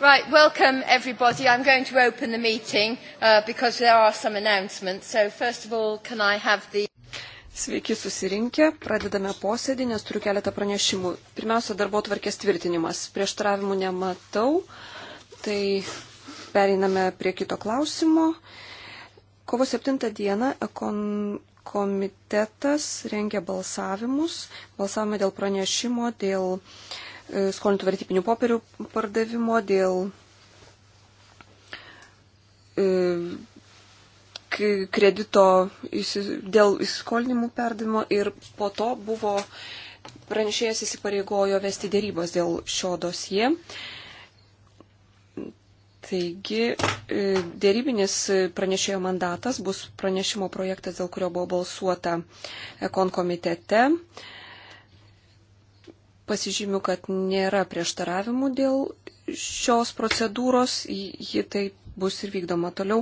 Right, welcome everybody. I'm going to open the meeting uh, because there are some announcements. So first of all, can I have the Sveiki susirinkę, pradedame posėdį, nes turiu keletą pranešimų. Pirmiausia, darbo tvarkės tvirtinimas. Prieštaravimų nematau, tai pereiname prie kito klausimo. Kovo 7 dieną ekon... komitetas rengia balsavimus. Balsavome dėl pranešimo, dėl uh, E, skolintų vertybinių popierių pardavimo, dėl e, kredito dėl įskolinimų perdavimo ir po to buvo pranešėjas įsipareigojo vesti dėrybas dėl šio dosie. Taigi e, dėrybinis pranešėjo mandatas bus pranešimo projektas, dėl kurio buvo balsuota Ekon komitete. Pasižymiu, kad nėra prieštaravimų dėl šios procedūros, ji taip bus ir vykdoma toliau.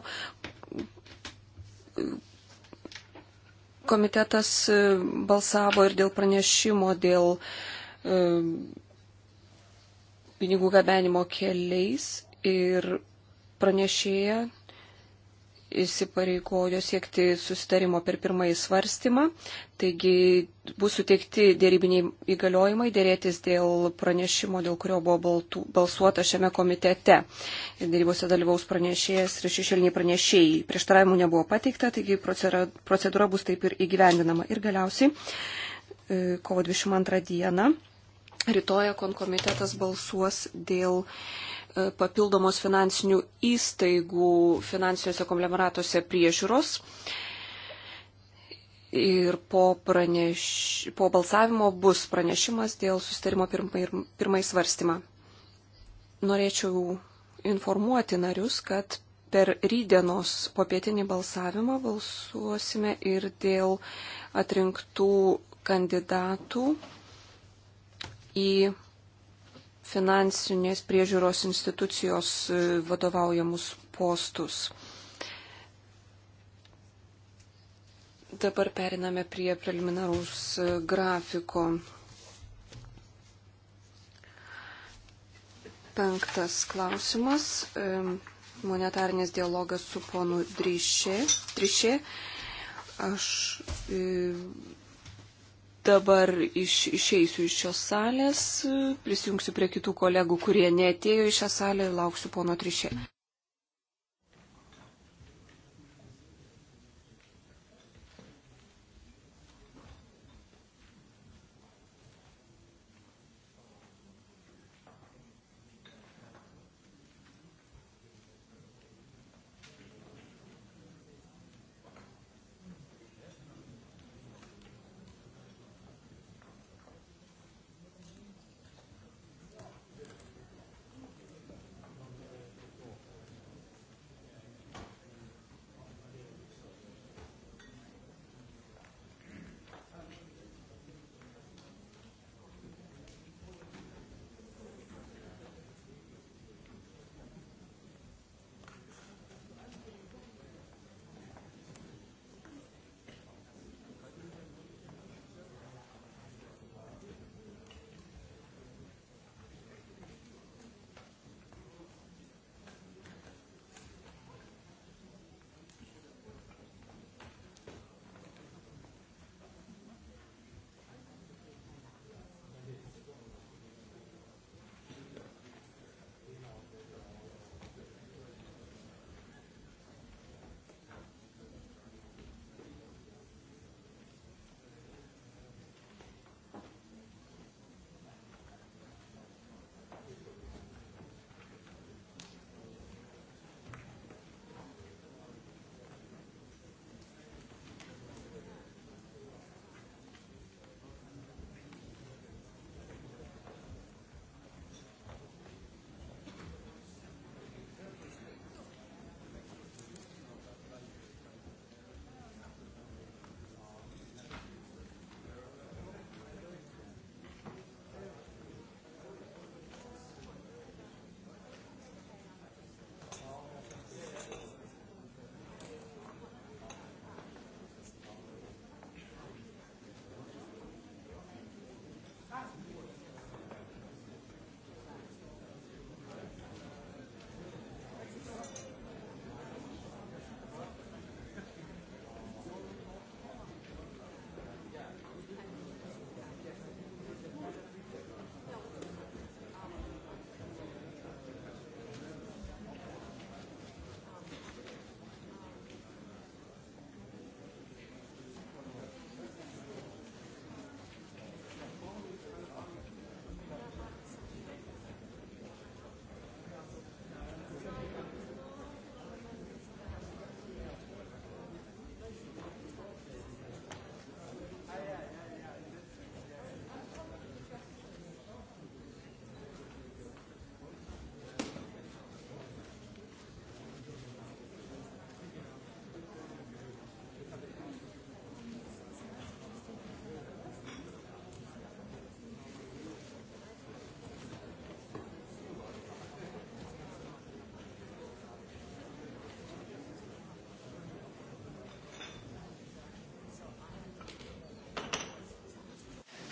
Komitetas e, balsavo ir dėl pranešimo, dėl e, pinigų gabenimo keliais ir pranešėja įsipareigojo siekti susitarimo per pirmąjį svarstymą, taigi bus suteikti dėrybiniai įgaliojimai dėrėtis dėl pranešimo, dėl kurio buvo baltų, balsuota šiame komitete. Dėrybose dalyvaus pranešėjas ir šešėliniai pranešėjai. Prieštaravimų nebuvo pateikta, taigi procedūra, procedūra bus taip ir įgyvendinama. Ir galiausiai e, kovo 22 dieną rytoje konkomitetas balsuos dėl papildomos finansinių įstaigų finansiniuose konglomeratuose priežiūros. Ir po, praneš... po balsavimo bus pranešimas dėl sustarimo pirmai, pirmai svarstymą. Norėčiau informuoti narius, kad per rydienos popietinį balsavimą balsuosime ir dėl atrinktų kandidatų į finansinės priežiūros institucijos e, vadovaujamus postus. Dabar periname prie preliminaraus e, grafiko. Penktas klausimas. E, Monetarnės dialogas su ponu Drišė. Drišė. Aš dabar iš, išeisiu iš šios salės, prisijungsiu prie kitų kolegų, kurie neatėjo į šią salę ir lauksiu pono Trišė.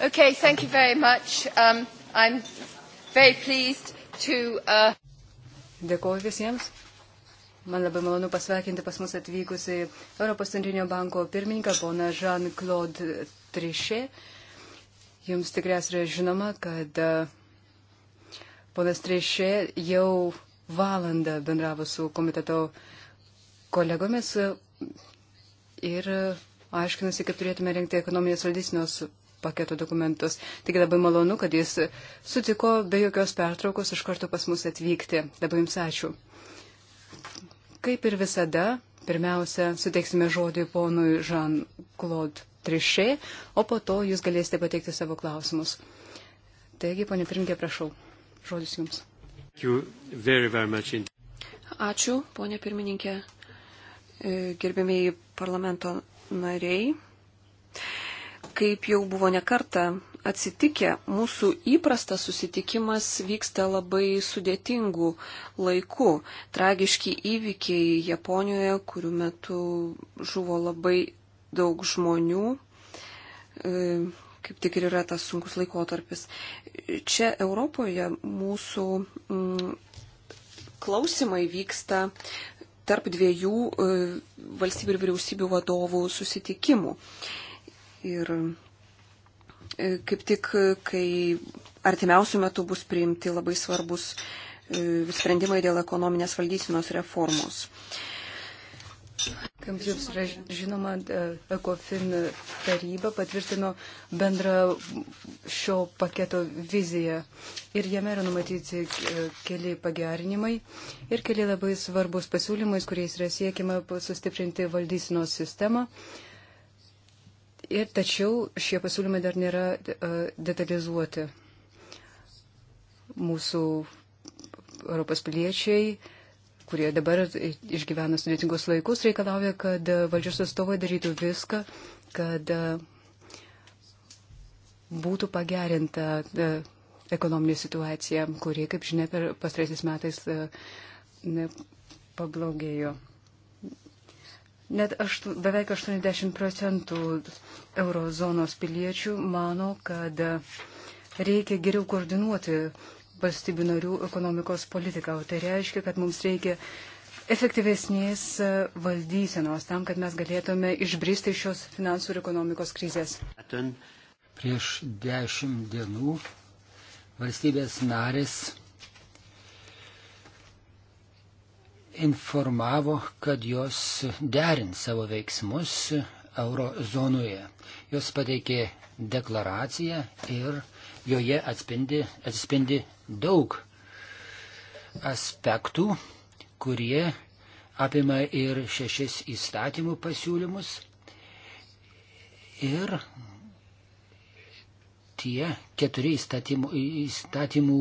Okay, thank you very much. Um, I'm very pleased to... Uh... Dėkuoju visiems. Man labai malonu pasveikinti pas mus atvykusi Europos centrinio banko pirmininką, poną Jean-Claude Trichet. Jums tikriausiai yra žinoma, kad uh, ponas Trichet jau valandą bendravo su komiteto kolegomis uh, ir uh, aiškinasi, kaip turėtume renkti ekonominės valdysinos paketo dokumentus. Taigi labai malonu, kad jis sutiko be jokios pertraukos iš karto pas mus atvykti. Labai jums ačiū. Kaip ir visada, pirmiausia, suteiksime žodį ponui Jean-Claude Trichet, o po to jūs galėsite pateikti savo klausimus. Taigi, ponė Pirmkė, prašau, žodis jums. Very, very Ačiū, ponė pirmininkė, e, gerbėmiai parlamento nariai, Kaip jau buvo nekarta atsitikę, mūsų įprastas susitikimas vyksta labai sudėtingų laikų. Tragiški įvykiai Japonijoje, kurių metu žuvo labai daug žmonių. E, kaip tik ir yra tas sunkus laikotarpis. Čia Europoje mūsų mm, klausimai vyksta tarp dviejų e, valstybių ir vyriausybių vadovų susitikimų. Ir e, kaip tik, e, kai artimiausių metų bus priimti labai svarbus e, sprendimai dėl ekonominės valdysinos reformos. Kaip jums yra žinoma, ECOFIN taryba patvirtino bendrą šio paketo viziją ir jame yra numatyti keli pagerinimai ir keli labai svarbus pasiūlymais, kuriais yra siekima sustiprinti valdysinos sistemą Ir tačiau šie pasiūlymai dar nėra e, detalizuoti. Mūsų Europos piliečiai, kurie dabar išgyvena sudėtingus laikus, reikalauja, kad valdžios atstovai darytų viską, kad e, būtų pagerinta e, ekonominė situacija, kuri, kaip žinia, per pastraisiais metais pablogėjo. Net aštu, beveik 80 procentų eurozonos piliečių mano, kad reikia geriau koordinuoti valstybių narių ekonomikos politiką. O tai reiškia, kad mums reikia efektyvesnės valdysenos tam, kad mes galėtume išbristi iš šios finansų ir ekonomikos krizės. Prieš dešimt dienų valstybės narės informavo, kad jos derins savo veiksmus eurozonoje. Jos pateikė deklaraciją ir joje atspindi, atspindi daug aspektų, kurie apima ir šešis įstatymų pasiūlymus. Ir tie keturi įstatymų, įstatymų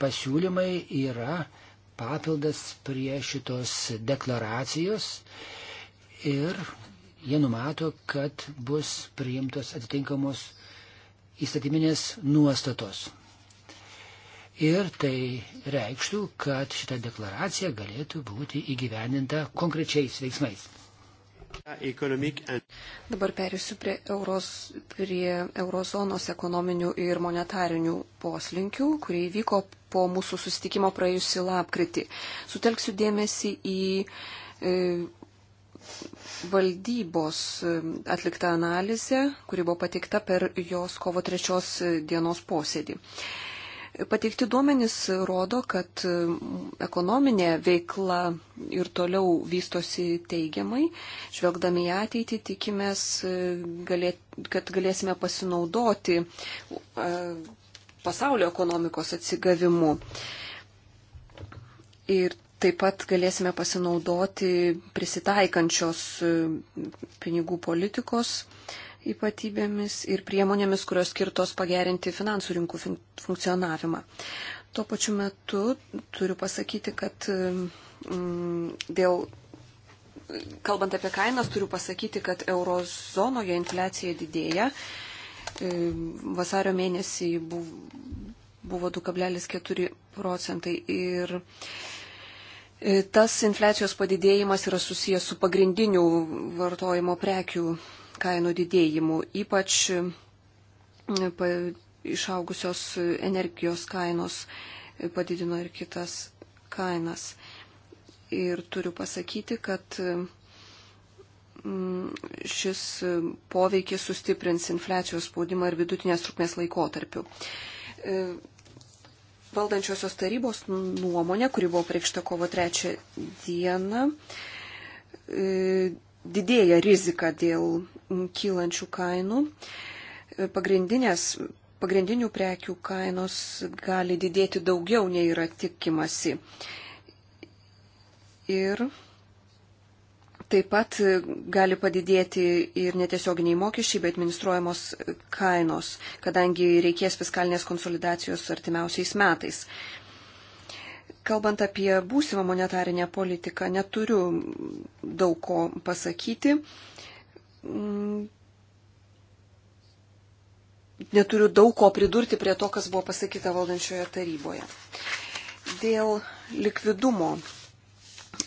pasiūlymai yra papildas prie šitos deklaracijos ir jie numato, kad bus priimtos atitinkamos įstatyminės nuostatos. Ir tai reikštų, kad šita deklaracija galėtų būti įgyveninta konkrečiais veiksmais. Dabar perėsiu prie, euros, prie eurozonos ekonominių ir monetarinių poslinkių, kurie įvyko po mūsų susitikimo praėjusį lapkritį. Sutelksiu dėmesį į e, valdybos e, atliktą analizę, kuri buvo pateikta per jos kovo trečios dienos posėdį. E, Pateikti duomenys rodo, kad mm, ekonominė veikla ir toliau vystosi teigiamai. Žvelgdami į ateitį tikimės, e, kad galėsime pasinaudoti e, pasaulio ekonomikos atsigavimu. Ir taip pat galėsime pasinaudoti prisitaikančios e, pinigų politikos ypatybėmis ir priemonėmis, kurios skirtos pagerinti finansų rinkų funkcionavimą. Tuo pačiu metu turiu pasakyti, kad mm, dėl, kalbant apie kainas, turiu pasakyti, kad eurozonoje infliacija didėja. E, vasario mėnesį buvo 2,4 procentai ir e, Tas infliacijos padidėjimas yra susijęs su pagrindinių vartojimo prekių kainų didėjimų, ypač e, išaugusios energijos kainos e, padidino ir kitas kainas. Ir turiu pasakyti, kad e, šis poveikis sustiprins infliacijos spaudimą ir vidutinės trukmės laikotarpių. Valdančiosios tarybos nuomonė, kuri buvo priekšta kovo trečią dieną, didėja rizika dėl kylančių kainų. Pagrindinės, pagrindinių prekių kainos gali didėti daugiau nei yra tikimasi. Ir taip pat gali padidėti ir netiesioginiai mokesčiai, bet administruojamos kainos, kadangi reikės fiskalinės konsolidacijos artimiausiais metais. Kalbant apie būsimą monetarinę politiką, neturiu daug ko pasakyti. Neturiu daug ko pridurti prie to, kas buvo pasakyta valdančioje taryboje. Dėl likvidumo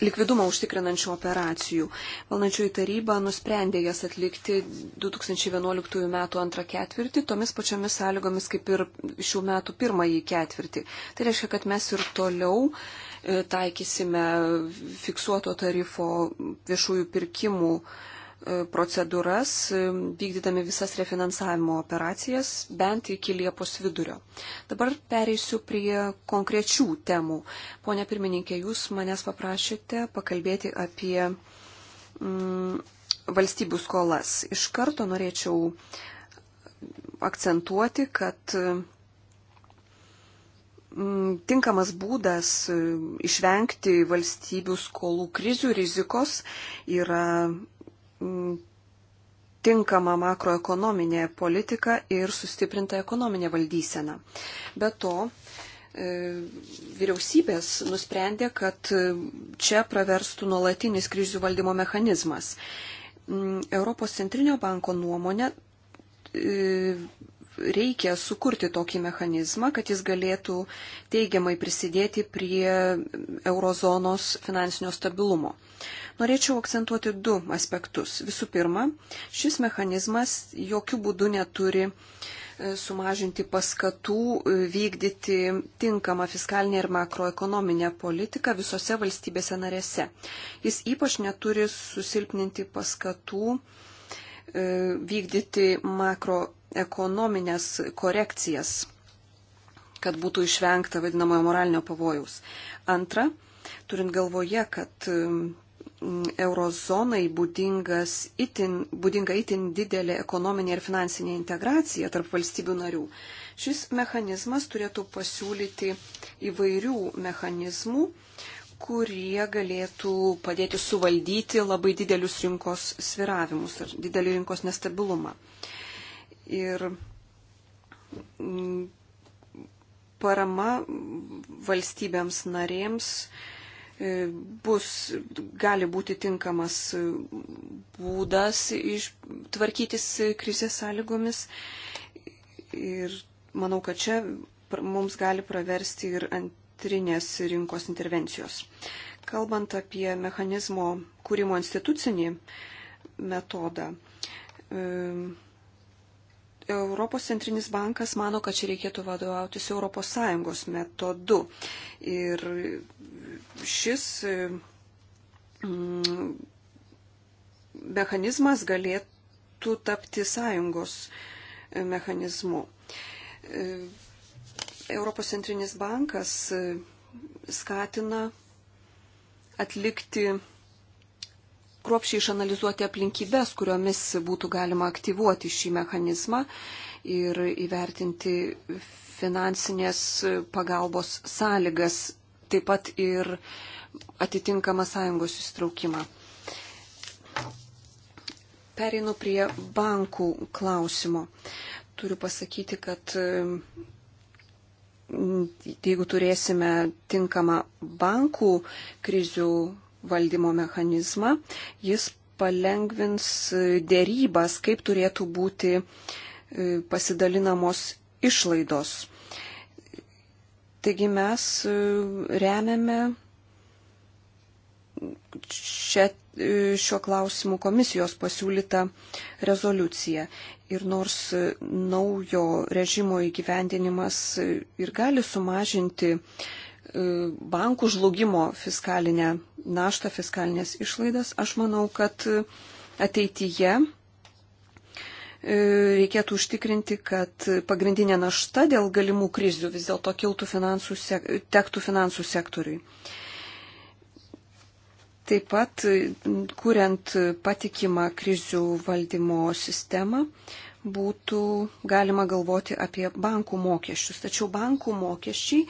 likvidumą užtikrinančių operacijų. Valdančioji taryba nusprendė jas atlikti 2011 m. antrą ketvirtį, tomis pačiomis sąlygomis kaip ir šių metų pirmąjį ketvirtį. Tai reiškia, kad mes ir toliau e, taikysime fiksuoto tarifo viešųjų pirkimų E, procedūras, e, vykdydami visas refinansavimo operacijas bent iki Liepos vidurio. Dabar pereisiu prie konkrečių temų. Pone pirmininkė, jūs manęs paprašėte pakalbėti apie mm, valstybių skolas. Iš karto norėčiau akcentuoti, kad mm, tinkamas būdas e, išvengti valstybių skolų krizių rizikos yra tinkamą makroekonominę politiką ir sustiprintą ekonominę valdyseną. Be to, e, vyriausybės nusprendė, kad čia praverstų nuolatinis krizių valdymo mechanizmas. Europos centrinio banko nuomonė e, reikia sukurti tokį mechanizmą, kad jis galėtų teigiamai prisidėti prie eurozonos finansinio stabilumo. Norėčiau akcentuoti du aspektus. Visų pirma, šis mechanizmas jokių būdų neturi e, sumažinti paskatų e, vykdyti tinkamą fiskalinę ir makroekonominę politiką visose valstybėse narėse. Jis ypač neturi susilpninti paskatų e, vykdyti makro ekonominės korekcijas, kad būtų išvengta vadinamojo moralinio pavojaus. Antra, turint galvoje, kad eurozonai itin, būdinga itin didelė ekonominė ir finansinė integracija tarp valstybių narių. Šis mechanizmas turėtų pasiūlyti įvairių mechanizmų, kurie galėtų padėti suvaldyti labai didelius rinkos sviravimus ar didelį rinkos nestabilumą. Uh, ir mm, parama valstybėms narėms e, bus, gali būti tinkamas būdas tvarkytis krizės sąlygomis. Ir manau, kad čia mums gali praversti ir antrinės rinkos intervencijos. Kalbant apie mechanizmo kūrimo institucinį metodą, e, Europos centrinis bankas mano, kad čia reikėtų vadovautis ES metodu. Ir šis mm, mechanizmas galėtų tapti sąjungos mechanizmu. Europos centrinis bankas skatina atlikti kruopšiai išanalizuoti aplinkybės, kuriomis būtų galima aktyvuoti šį mechanizmą ir įvertinti finansinės pagalbos sąlygas, taip pat ir atitinkamą sąjungos įstraukimą. Pereinu prie bankų klausimo. Turiu pasakyti, kad jeigu turėsime tinkamą bankų krizių valdymo mechanizmą. Jis palengvins dėrybas, kaip turėtų būti e, pasidalinamos išlaidos. Taigi mes e, remiame šia, e, šiuo klausimu komisijos pasiūlytą rezoliuciją. Ir nors naujo režimo įgyvendinimas ir gali sumažinti uh, E, bankų žlugimo fiskalinę naštą, fiskalinės išlaidas, aš manau, kad ateityje e, reikėtų užtikrinti, kad pagrindinė našta dėl galimų krizių vis dėlto kiltų finansų, tektų finansų sektoriui. Taip pat, kuriant patikimą krizių valdymo sistemą, būtų galima galvoti apie bankų mokesčius. Tačiau bankų mokesčiai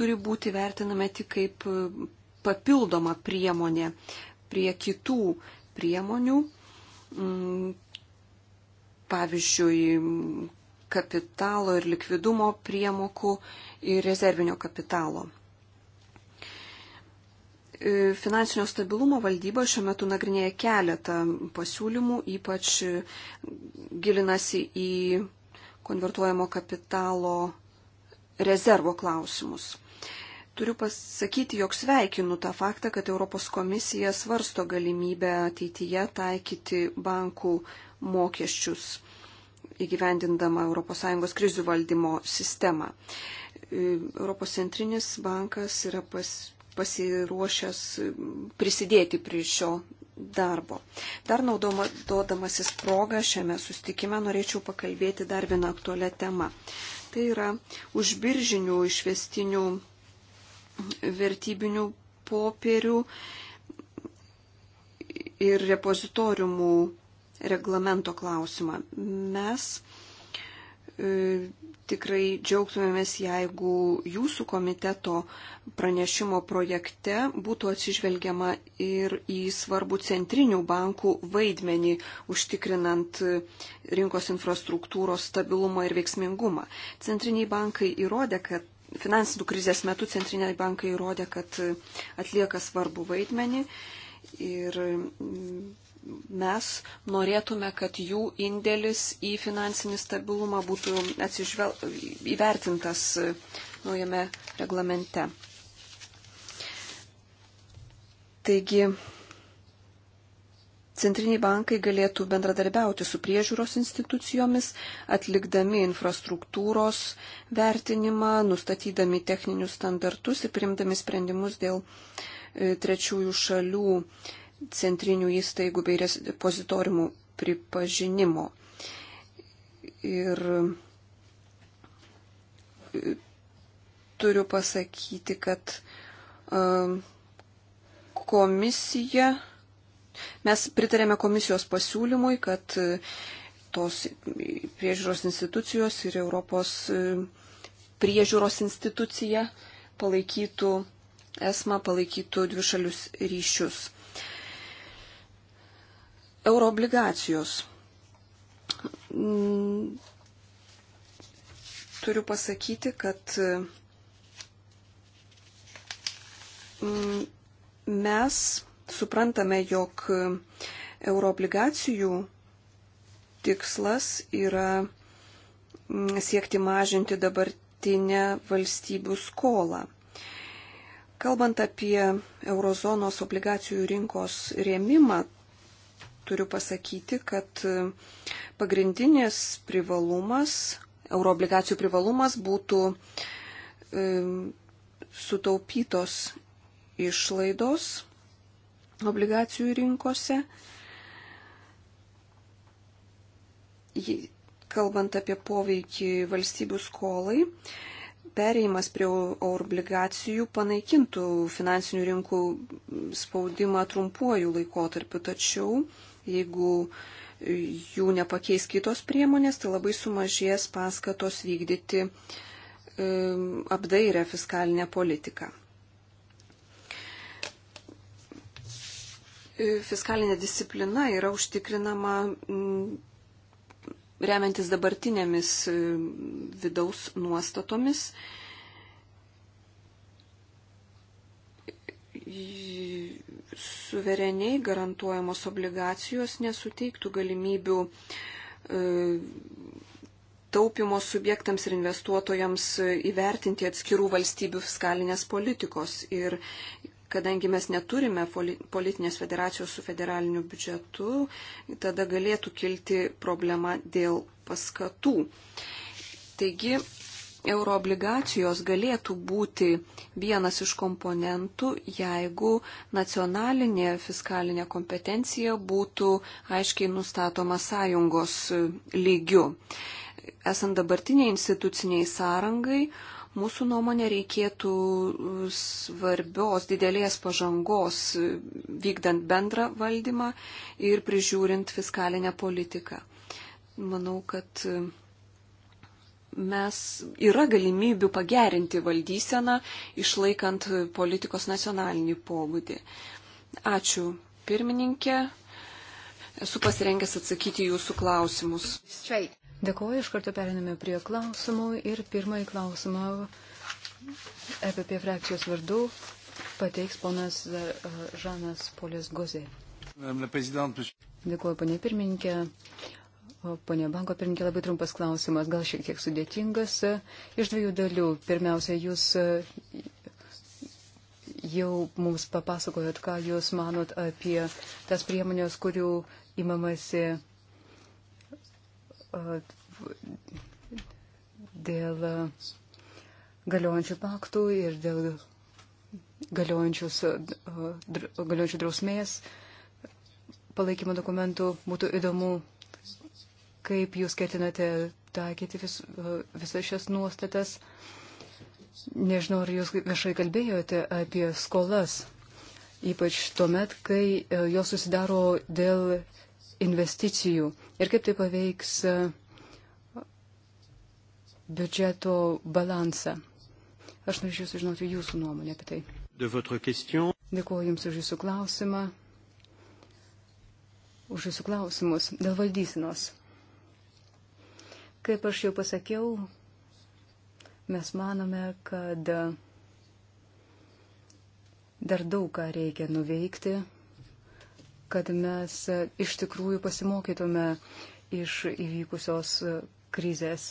turi būti vertinami tik kaip papildoma priemonė prie kitų priemonių, mm, pavyzdžiui, kapitalo ir likvidumo priemokų ir rezervinio kapitalo E, finansinio stabilumo valdyba šiuo metu nagrinėja keletą pasiūlymų, ypač e, gilinasi į konvertuojamo kapitalo rezervo klausimus. Turiu pasakyti, jog sveikinu tą faktą, kad Europos komisija svarsto galimybę ateityje taikyti bankų mokesčius įgyvendindama ES krizių valdymo sistemą. E, Europos centrinis bankas yra pas, pasiruošęs prisidėti prie šio darbo. Dar naudodamasis progą šiame sustikime norėčiau pakalbėti dar vieną aktualią temą. Tai yra užbiržinių išvestinių vertybinių popierių ir repozitoriumų reglamento klausimą. Mes E, tikrai džiaugtumėmės, jeigu jūsų komiteto pranešimo projekte būtų atsižvelgiama ir į svarbų centrinių bankų vaidmenį, užtikrinant rinkos infrastruktūros stabilumą ir veiksmingumą. Centriniai bankai įrodė, kad finansinių krizės metu centriniai bankai įrodė, kad atlieka svarbų vaidmenį ir mes norėtume, kad jų indėlis į finansinį stabilumą būtų atsižvel... įvertintas e, naujame reglamente. Taigi, centriniai bankai galėtų bendradarbiauti su priežiūros institucijomis, atlikdami infrastruktūros vertinimą, nustatydami techninius standartus ir primdami sprendimus dėl e, trečiųjų šalių centrinių įstaigų bei repozitorimų pripažinimo. Ir e, turiu pasakyti, kad e, komisija, mes pritarėme komisijos pasiūlymui, kad e, tos priežiūros institucijos ir Europos priežiūros institucija palaikytų esmą, palaikytų dvišalius ryšius euroobligacijos. Turiu pasakyti, kad mm, mes suprantame, jog euroobligacijų tikslas yra mm, siekti mažinti dabartinę valstybių skolą. Kalbant apie eurozonos obligacijų rinkos rėmimą, turiu pasakyti, kad e, pagrindinis privalumas, euroobligacijų privalumas būtų e, sutaupytos išlaidos obligacijų rinkose. Kalbant apie poveikį valstybių skolai, pereimas prie obligacijų panaikintų finansinių rinkų spaudimą trumpuoju laikotarpiu, tačiau Jeigu jų nepakeis kitos priemonės, tai labai sumažės paskatos vykdyti um, apdairę fiskalinę politiką. Fiskalinė disciplina yra užtikrinama mm, remiantis dabartinėmis mm, vidaus nuostatomis suvereniai garantuojamos obligacijos nesuteiktų galimybių e, taupimo subjektams ir investuotojams įvertinti atskirų valstybių fiskalinės politikos. Ir kadangi mes neturime politinės federacijos su federaliniu biudžetu, tada galėtų kilti problema dėl paskatų. Taigi euroobligacijos galėtų būti vienas iš komponentų, jeigu nacionalinė fiskalinė kompetencija būtų aiškiai nustatoma sąjungos e, lygiu. Esant dabartiniai instituciniai sąrangai, mūsų nuomonė reikėtų e, svarbios didelės pažangos e, vykdant bendrą valdymą ir prižiūrint fiskalinę politiką. Manau, kad mes yra galimybių pagerinti valdyseną, išlaikant politikos nacionalinį pobūdį. Ačiū, pirmininkė. Esu pasirengęs atsakyti jūsų klausimus. Straight. Dėkuoju, iš karto periname prie klausimų ir pirmąjį klausimą EPP frakcijos vardu pateiks ponas e, Žanas Polės Gozė. Dėkuoju, panė pirmininkė. Pone banko pirmininkė, labai trumpas klausimas, gal šiek tiek sudėtingas. Iš dviejų dalių. Pirmiausia, jūs e, jau mums papasakojot, ką jūs manot apie tas priemonės, kurių imamasi e, dėl galiojančių paktų ir dėl e, galiojančių drausmės palaikymo dokumentų. Būtų įdomu kaip jūs ketinate taikyti vis, visas šias nuostatas. Nežinau, ar jūs viešai kalbėjote apie skolas, ypač tuomet, kai e, jos susidaro dėl investicijų ir kaip tai paveiks e, biudžeto balansą. Aš norėčiau sužinoti jūsų nuomonę apie tai. Dėkuoju Jums už Jūsų klausimą, už Jūsų klausimus dėl valdysinos. Kaip aš jau pasakiau, mes manome, kad dar daug ką reikia nuveikti, kad mes iš tikrųjų pasimokytume iš įvykusios krizės,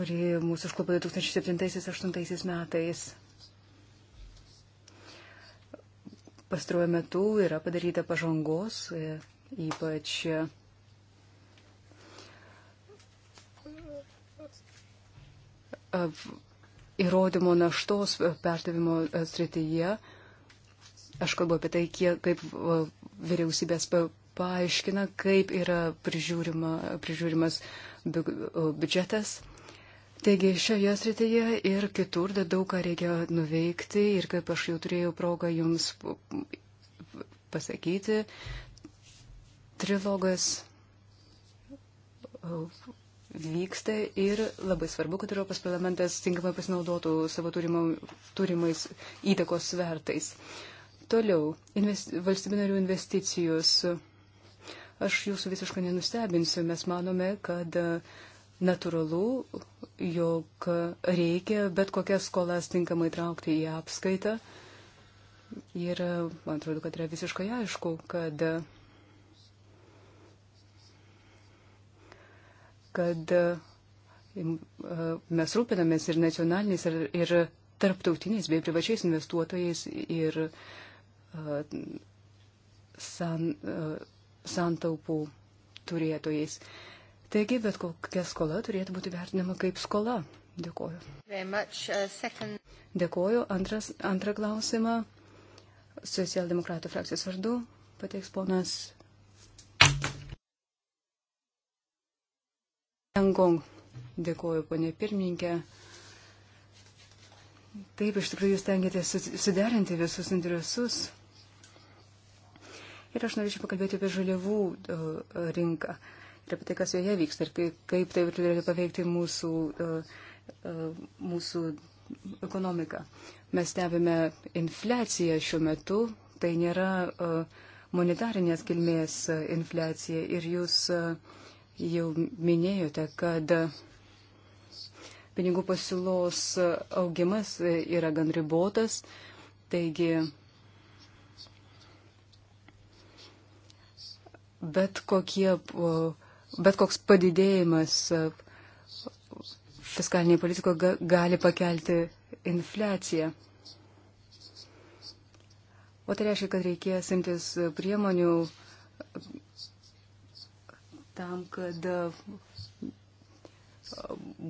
kuri mūsų užklupė 2007-2008 metais. Pastaruoju metu yra padaryta pažangos, ypač įrodymo naštos perdavimo srityje. Aš kalbu apie tai, kiek, kaip vyriausybės paaiškina, kaip yra prižiūrima, prižiūrimas bi biudžetas. Taigi šioje srityje ir kitur dar daug ką reikia nuveikti ir kaip aš jau turėjau progą jums pasakyti, trilogas vyksta ir labai svarbu, kad Europos parlamentas tinkamai pasinaudotų savo turimo, turimais įtakos svertais. Toliau, investi, valstybinarių investicijos. Aš jūsų visiškai nenustebinsiu, mes manome, kad e, natūralu, jog reikia bet kokias skolas tinkamai traukti į apskaitą. Ir e, man atrodo, kad yra visiškai aišku, kad e, kad e, e, mes rūpinamės ir nacionaliniais, ir, ir tarptautiniais bei privačiais investuotojais ir uh, san, uh, santaupų turėtojais. Taigi, bet kokia skola turėtų būti vertinama kaip skola. Dėkoju. Much, uh, second... Dėkoju. Antras, antrą klausimą socialdemokratų frakcijos vardu pateiks ponas Angong. Dėkuoju, ponė pirmininkė. Taip, iš tikrųjų, jūs tengiatės suderinti visus interesus. Ir aš norėčiau pakalbėti apie žaliavų uh, rinką ir apie tai, kas joje vyksta ir kaip tai turėtų paveikti mūsų, uh, uh, mūsų ekonomiką. Mes stebime infliaciją šiuo metu, tai nėra monetarinės kilmės infliacija ir jūs uh, jau minėjote, kad pinigų pasiūlos augimas yra gan ribotas, taigi bet, kokie, bet koks padidėjimas fiskalinėje politikoje gali pakelti infliaciją. O tai reiškia, kad reikės imtis priemonių tam, kad e,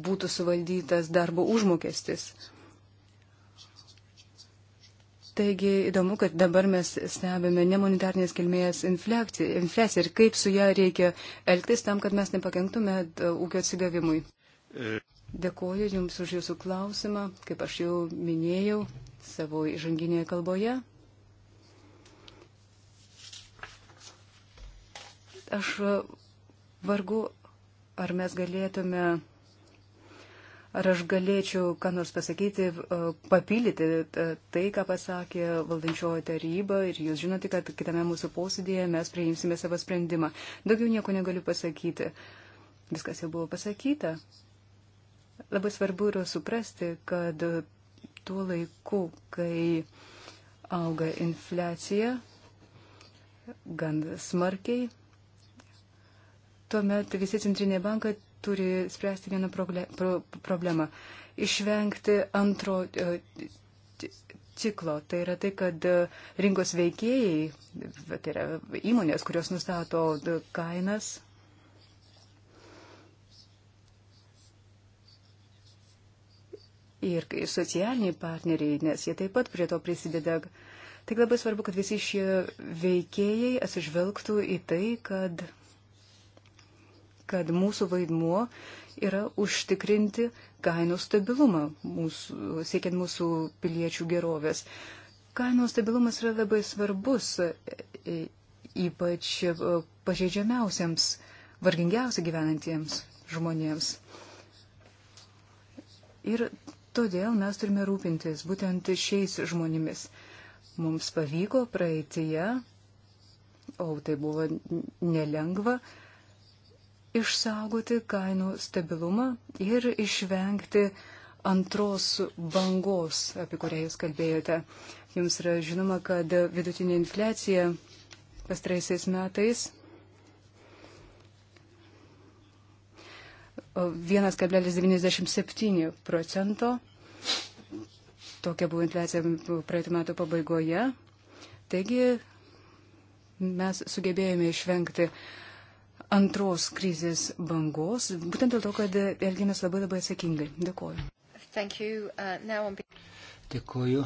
būtų suvaldytas darbo užmokestis. Taigi įdomu, kad dabar mes stebime nemonitarnės kilmės infliaciją ir kaip su ją reikia elgtis tam, kad mes nepakenktume e, ūkio atsigavimui. E. Dėkuoju Jums už Jūsų klausimą, kaip aš jau minėjau savo įžanginėje kalboje. Aš Vargu, ar mes galėtume, ar aš galėčiau, ką nors pasakyti, e, papildyti e, tai, ką pasakė valdančiojo taryba ir jūs žinote, kad kitame mūsų posėdėje mes priimsime savo sprendimą. Daugiau nieko negaliu pasakyti. Viskas jau buvo pasakyta. Labai svarbu yra suprasti, kad tuo laiku, kai auga infliacija, gan smarkiai, tuomet visi centriniai bankai turi spręsti vieną problemą - išvengti antro e, ciklo. Tai yra tai, kad e, rinkos veikėjai, tai yra įmonės, kurios nustato e, kainas, ir socialiniai partneriai, nes jie taip pat prie to prisideda. Tik labai svarbu, kad visi šie veikėjai atsižvelgtų į tai, kad kad mūsų vaidmuo yra užtikrinti kainų stabilumą, mūsų, siekiant mūsų piliečių gerovės. Kainų stabilumas yra labai svarbus, e, ypač e, pažeidžiamiausiams, vargingiausiai gyvenantiems žmonėms. Ir todėl mes turime rūpintis būtent šiais žmonėmis. Mums pavyko praeitėje, o tai buvo nelengva, išsaugoti kainų stabilumą ir išvengti antros bangos, apie kurią jūs kalbėjote. Jums yra žinoma, kad vidutinė infliacija pastraisiais metais 1,97 procento. Tokia buvo infliacija praeitų metų pabaigoje. Taigi mes sugebėjome išvengti uh, antros krizės bangos, būtent dėl to, kad elgėmės labai labai atsakingai. Dėkuoju. You, uh, on... Dėkuoju.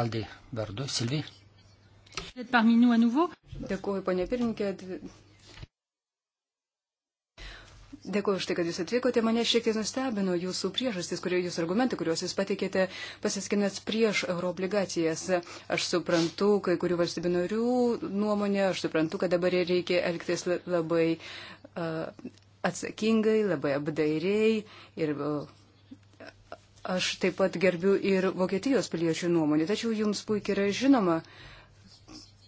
Aldai vardu, Silvi. Dėkuoju, ponė pirmininkė. Dėkuoju už tai, kad jūs atvykote. Mane šiek tiek nustebino jūsų priežastis, kurie jūs argumentai, kuriuos jūs pateikėte, pasiskinęs prieš euroobligacijas. Aš suprantu, kai kurių valstybių narių nuomonė, aš suprantu, kad dabar reikia elgtis labai uh, atsakingai, labai apdairiai ir. Uh, Aš taip pat gerbiu ir Vokietijos piliečių nuomonį, tačiau jums puikiai yra žinoma,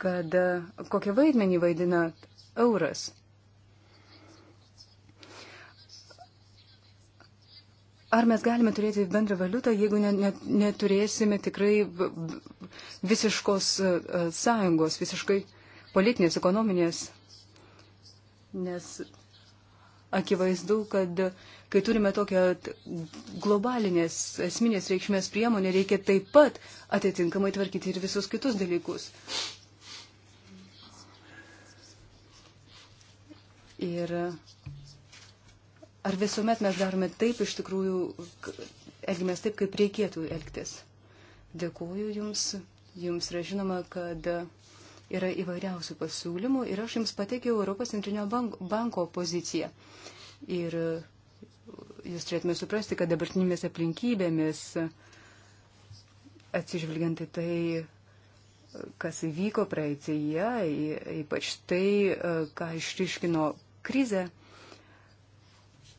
kad kokią vaidmenį vaidina euras. Ar mes galime turėti bendrą valiutą, jeigu ne, ne, neturėsime tikrai visiškos e, e, sąjungos, visiškai politinės, ekonominės? Nes akivaizdu, kad kai turime tokią globalinės esminės reikšmės priemonę, reikia taip pat atitinkamai tvarkyti ir visus kitus dalykus. Ir ar visuomet mes darome taip iš tikrųjų, elgiamės taip, kaip reikėtų elgtis. Dėkuoju Jums, Jums yra žinoma, kad yra įvairiausių pasiūlymų ir aš Jums pateikiau Europos centrinio banko poziciją. Ir Jūs turėtume suprasti, kad dabartinėmis aplinkybėmis, atsižvelgiant į tai, kas įvyko praeitėje, ypač tai, ką išriškino krizė,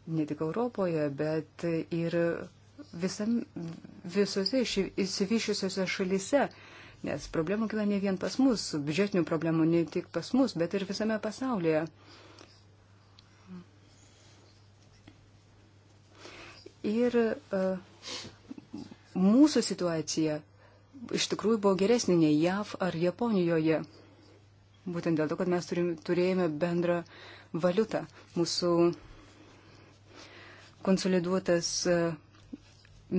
ne tik Europoje, bet ir visam, visose išsivyšiusiose šalise. Nes problemų kila ne vien pas mus, biudžetinių problemų ne tik pas mus, bet ir visame pasaulyje. Ir uh, mūsų situacija iš tikrųjų buvo geresnė nei JAV ar Japonijoje. Būtent dėl to, kad mes turim, turėjome bendrą valiutą. Mūsų uh, konsoliduotas e,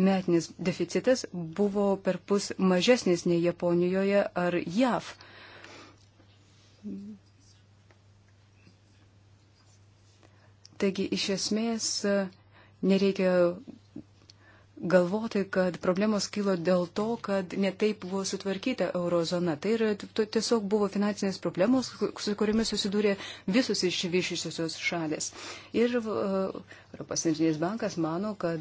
metinis deficitas buvo per pus mažesnis nei Japonijoje ar JAV. Taigi iš esmės e, nereikia galvoti, kad problemos kilo dėl to, kad netaip buvo sutvarkyta eurozona. Tai yra, tiesiog buvo finansinės problemos, su kuriamis susidūrė visus išvyšysiosios šalės. Ir Europos centrinis bankas mano, kad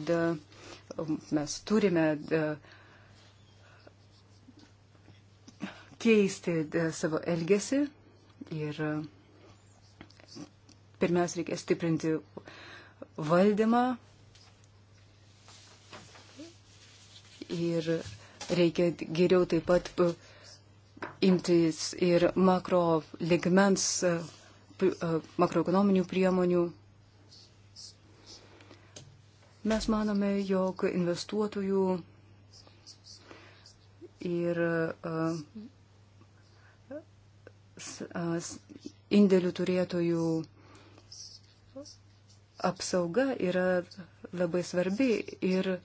mes turime e, keisti e, savo elgesį ir pirmiausia reikia stiprinti valdymą ir reikia geriau taip pat uh, imtis ir makro ligmens, uh, uh, makroekonominių priemonių. Mes manome, jog investuotojų ir indėlių turėtojų apsauga yra labai svarbi ir uh,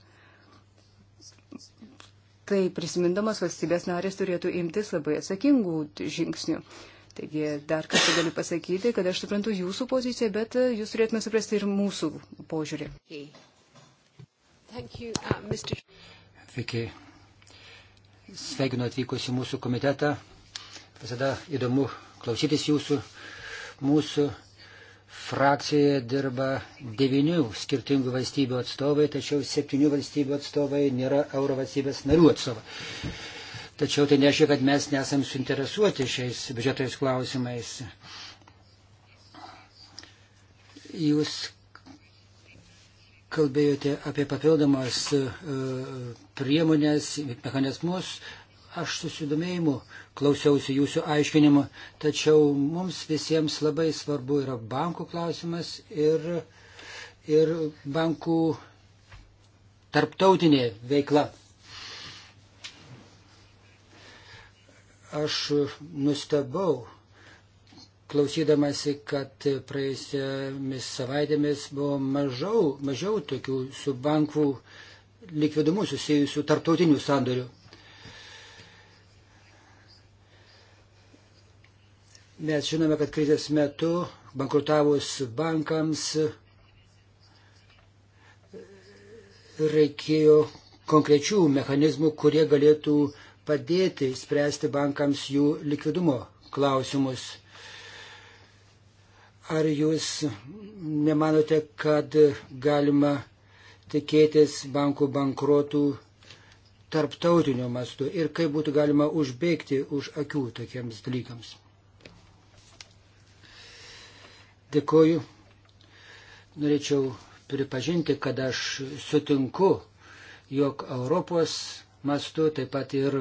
tai prisimindamas valstybės narės turėtų imtis labai atsakingų žingsnių. Taigi dar kartą galiu pasakyti, kad aš suprantu jūsų poziciją, bet e, jūs turėtume suprasti ir mūsų požiūrį. You, uh, Mr... Viki, sveikinu atvykus į mūsų komitetą. Visada įdomu klausytis jūsų. Mūsų Frakcijoje dirba devinių skirtingų valstybių atstovai, tačiau septynių valstybių atstovai nėra euro valstybės narių atstovai. Tačiau tai nereiškia, kad mes nesam suinteresuoti šiais biudžetais klausimais. Jūs kalbėjote apie papildomas e, priemonės, mechanizmus, Aš susidomėjimu klausiausi jūsų aiškinimu, tačiau mums visiems labai svarbu yra bankų klausimas ir, ir bankų tarptautinė veikla. Aš nustebau, klausydamasi, kad praėjusiamis savaitėmis buvo mažiau, mažiau tokių su bankų likvidumu susijusių tarptautinių sandorių. Mes žinome, kad krizės metu bankrutavus bankams reikėjo konkrečių mechanizmų, kurie galėtų padėti spręsti bankams jų likvidumo klausimus. Ar jūs nemanote, kad galima tikėtis bankų bankruotų tarptautinio mastu ir kaip būtų galima užbėgti už akių tokiems dalykams? Dėkuoju. Norėčiau pripažinti, kad aš sutinku, jog Europos mastu, taip pat ir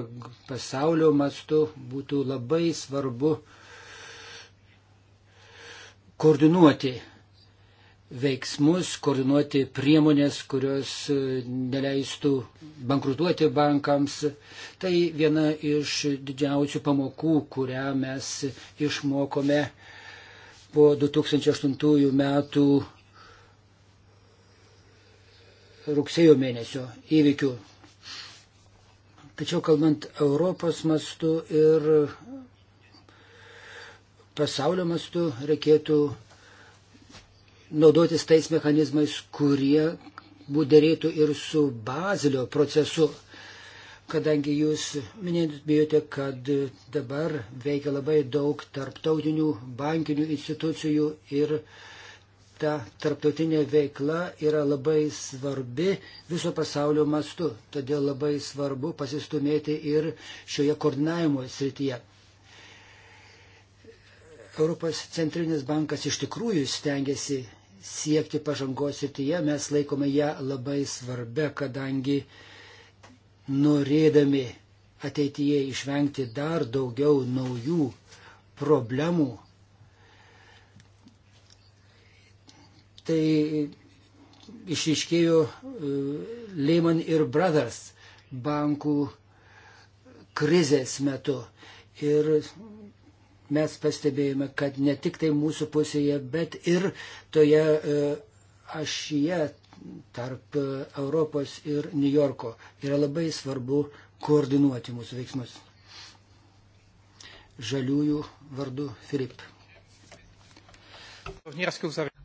pasaulio mastu būtų labai svarbu koordinuoti veiksmus, koordinuoti priemonės, kurios e, neleistų bankrutuoti bankams. Tai viena iš didžiausių pamokų, kurią mes išmokome po 2008 metų rugsėjo mėnesio įvykių. Tačiau kalbant Europos mastu ir pasaulio mastu reikėtų naudotis tais mechanizmais, kurie dėrėtų ir su Bazilio procesu kadangi jūs minėjote, kad dabar veikia labai daug tarptautinių bankinių institucijų ir ta tarptautinė veikla yra labai svarbi viso pasaulio mastu. Todėl labai svarbu pasistumėti ir šioje koordinavimo srityje. Europos centrinis bankas iš tikrųjų stengiasi siekti pažangos srityje, mes laikome ją labai svarbia, kadangi uh, norėdami ateityje išvengti dar daugiau naujų problemų, tai išiškėjo e, Lehman ir Brothers bankų krizės metu. Ir mes pastebėjome, kad ne tik tai mūsų pusėje, bet ir toje e, ašyje tarp Europos ir New Yorko. Yra labai svarbu koordinuoti mūsų veiksmus. Žaliųjų vardu Filip.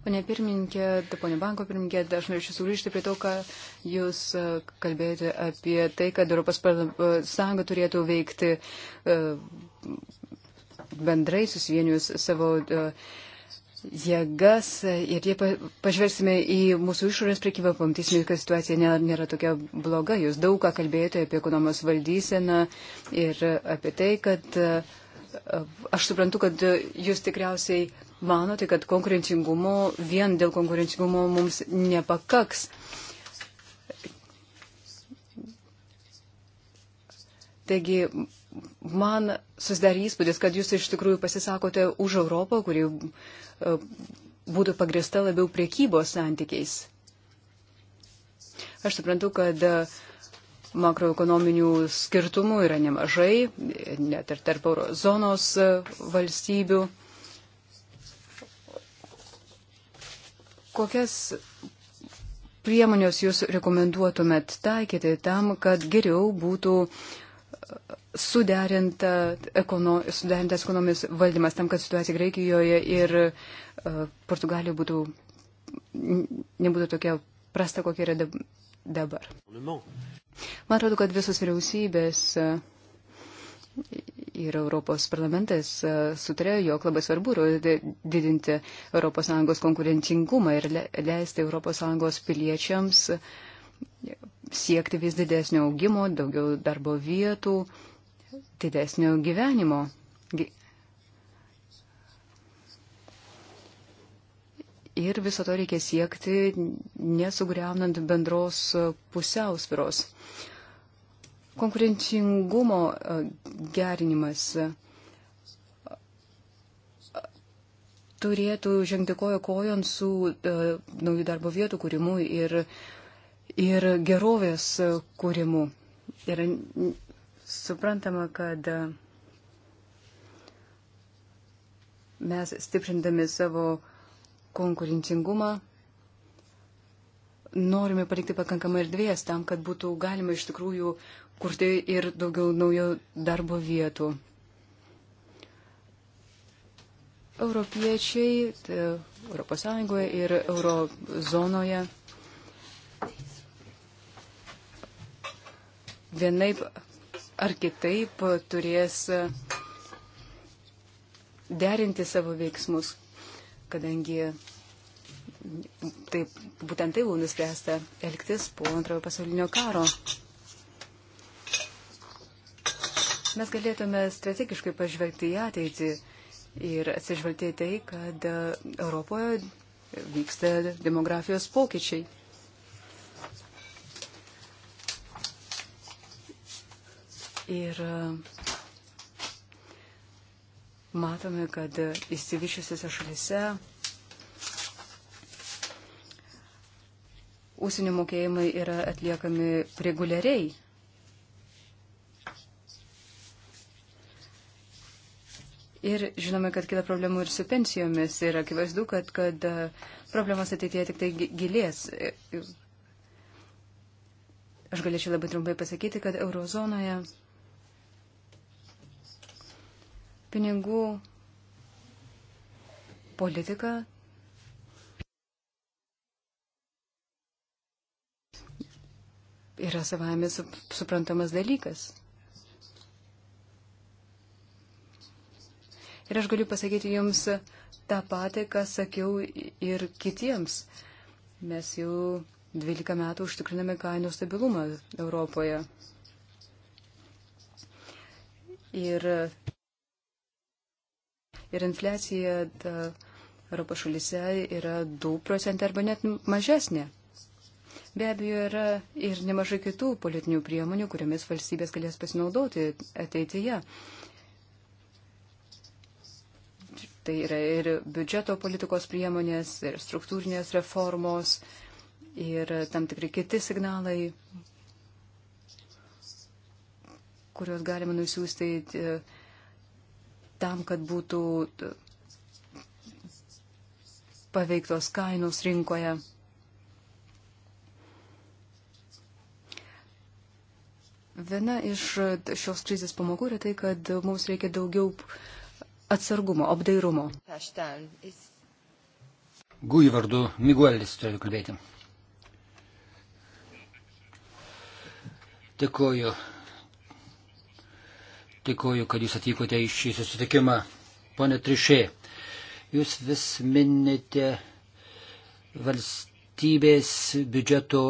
Pone pirmininkė, pone banko pirmininkė, aš norėčiau sugrįžti prie to, ką jūs e, kalbėjote apie tai, kad Europos e, sąjunga turėtų veikti e, bendrai susivienius savo uh, jėgas ir jei pažversime į mūsų išorės prekybą, pamatysime, kad situacija nėra, nėra tokia bloga. Jūs daug ką kalbėjote apie ekonomos valdyseną ir apie tai, kad e, aš suprantu, kad jūs tikriausiai manote, kad konkurencingumo vien dėl konkurencingumo mums nepakaks. Taigi man susidarė įspūdis, kad jūs iš tikrųjų pasisakote už Europą, kuri e, būtų pagrįsta labiau priekybos santykiais. Aš suprantu, kad e, makroekonominių skirtumų yra nemažai, net ir tarp eurozonos e, valstybių. Kokias priemonės jūs rekomenduotumėt taikyti tam, kad geriau būtų uh, suderinta ekono, suderintas ekonominis valdymas tam, kad situacija Graikijoje ir uh, e, Portugalijoje būtų, nebūtų tokia prasta, kokia yra dabar. Man atrodo, kad visos vyriausybės e, ir Europos parlamentas e, sutarė, jog labai svarbu yra didinti ES konkurencingumą ir leisti ES piliečiams uh, siekti vis didesnio augimo, daugiau darbo vietų, didesnio gyvenimo. Ir viso to reikia siekti, nesugriaunant bendros pusiausviros. Konkurencingumo e, gerinimas e, turėtų žengti kojo kojon su e, naujų darbo vietų kūrimu ir uh, ir gerovės kūrimu. Ir suprantama, kad e, mes stiprindami savo konkurencingumą norime palikti pakankamai erdvės tam, kad būtų galima iš tikrųjų kurti ir daugiau naujo darbo vietų. Europiečiai, tai Europos Sąjungoje ir Eurozonoje vienaip ar kitaip turės derinti savo veiksmus, kadangi taip, būtent tai buvo nuspręsta elgtis po antrojo pasaulinio karo. Mes galėtume strategiškai pažvelgti į ateitį ir atsižvelgti į tai, kad Europoje vyksta demografijos pokyčiai. Ir e, matome, kad įsivyšiusiuose šalise ūsinių mokėjimai yra atliekami reguliariai. Ir žinome, kad kita problemų ir su pensijomis yra akivaizdu, kad, kad e, problemas ateityje tik tai gilės. E, aš galėčiau labai trumpai pasakyti, kad eurozonoje pinigų politiką. Yra savame suprantamas dalykas. Ir aš galiu pasakyti jums tą patį, ką sakiau ir kitiems. Mes jau 12 metų užtikriname kainų stabilumą Europoje. Ir ir infliacija Europos šalyse yra 2 procentai arba net mažesnė. Be abejo, yra ir nemažai kitų politinių priemonių, kuriomis valstybės galės pasinaudoti ateityje. Tai yra ir biudžeto politikos priemonės, ir struktūrinės reformos, ir tam tikri kiti signalai, kuriuos galima nusiųsti e, tam, kad būtų paveiktos kainos rinkoje. Viena iš šios krizės pamokų yra tai, kad mums reikia daugiau atsargumo, apdairumo. Gui vardu Miguelis turiu kalbėti. Dėkuoju Dėkuoju, kad jūs atvykote į šį susitikimą. Pone Trišė, jūs vis minite valstybės biudžeto,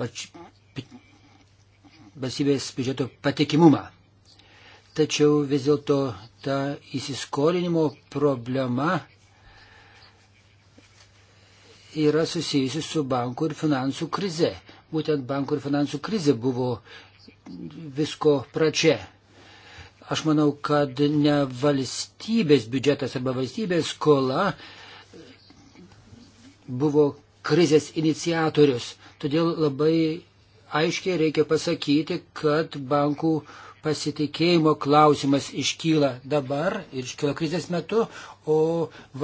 valstybės biudžeto patikimumą. Tačiau vis dėlto ta įsiskolinimo problema yra susijusi su bankų ir finansų krize. Būtent bankų ir finansų krize buvo visko pradžia. Aš manau, kad ne valstybės biudžetas arba valstybės skola buvo krizės iniciatorius. Todėl labai aiškiai reikia pasakyti, kad bankų pasitikėjimo klausimas iškyla dabar ir iškyla krizės metu, o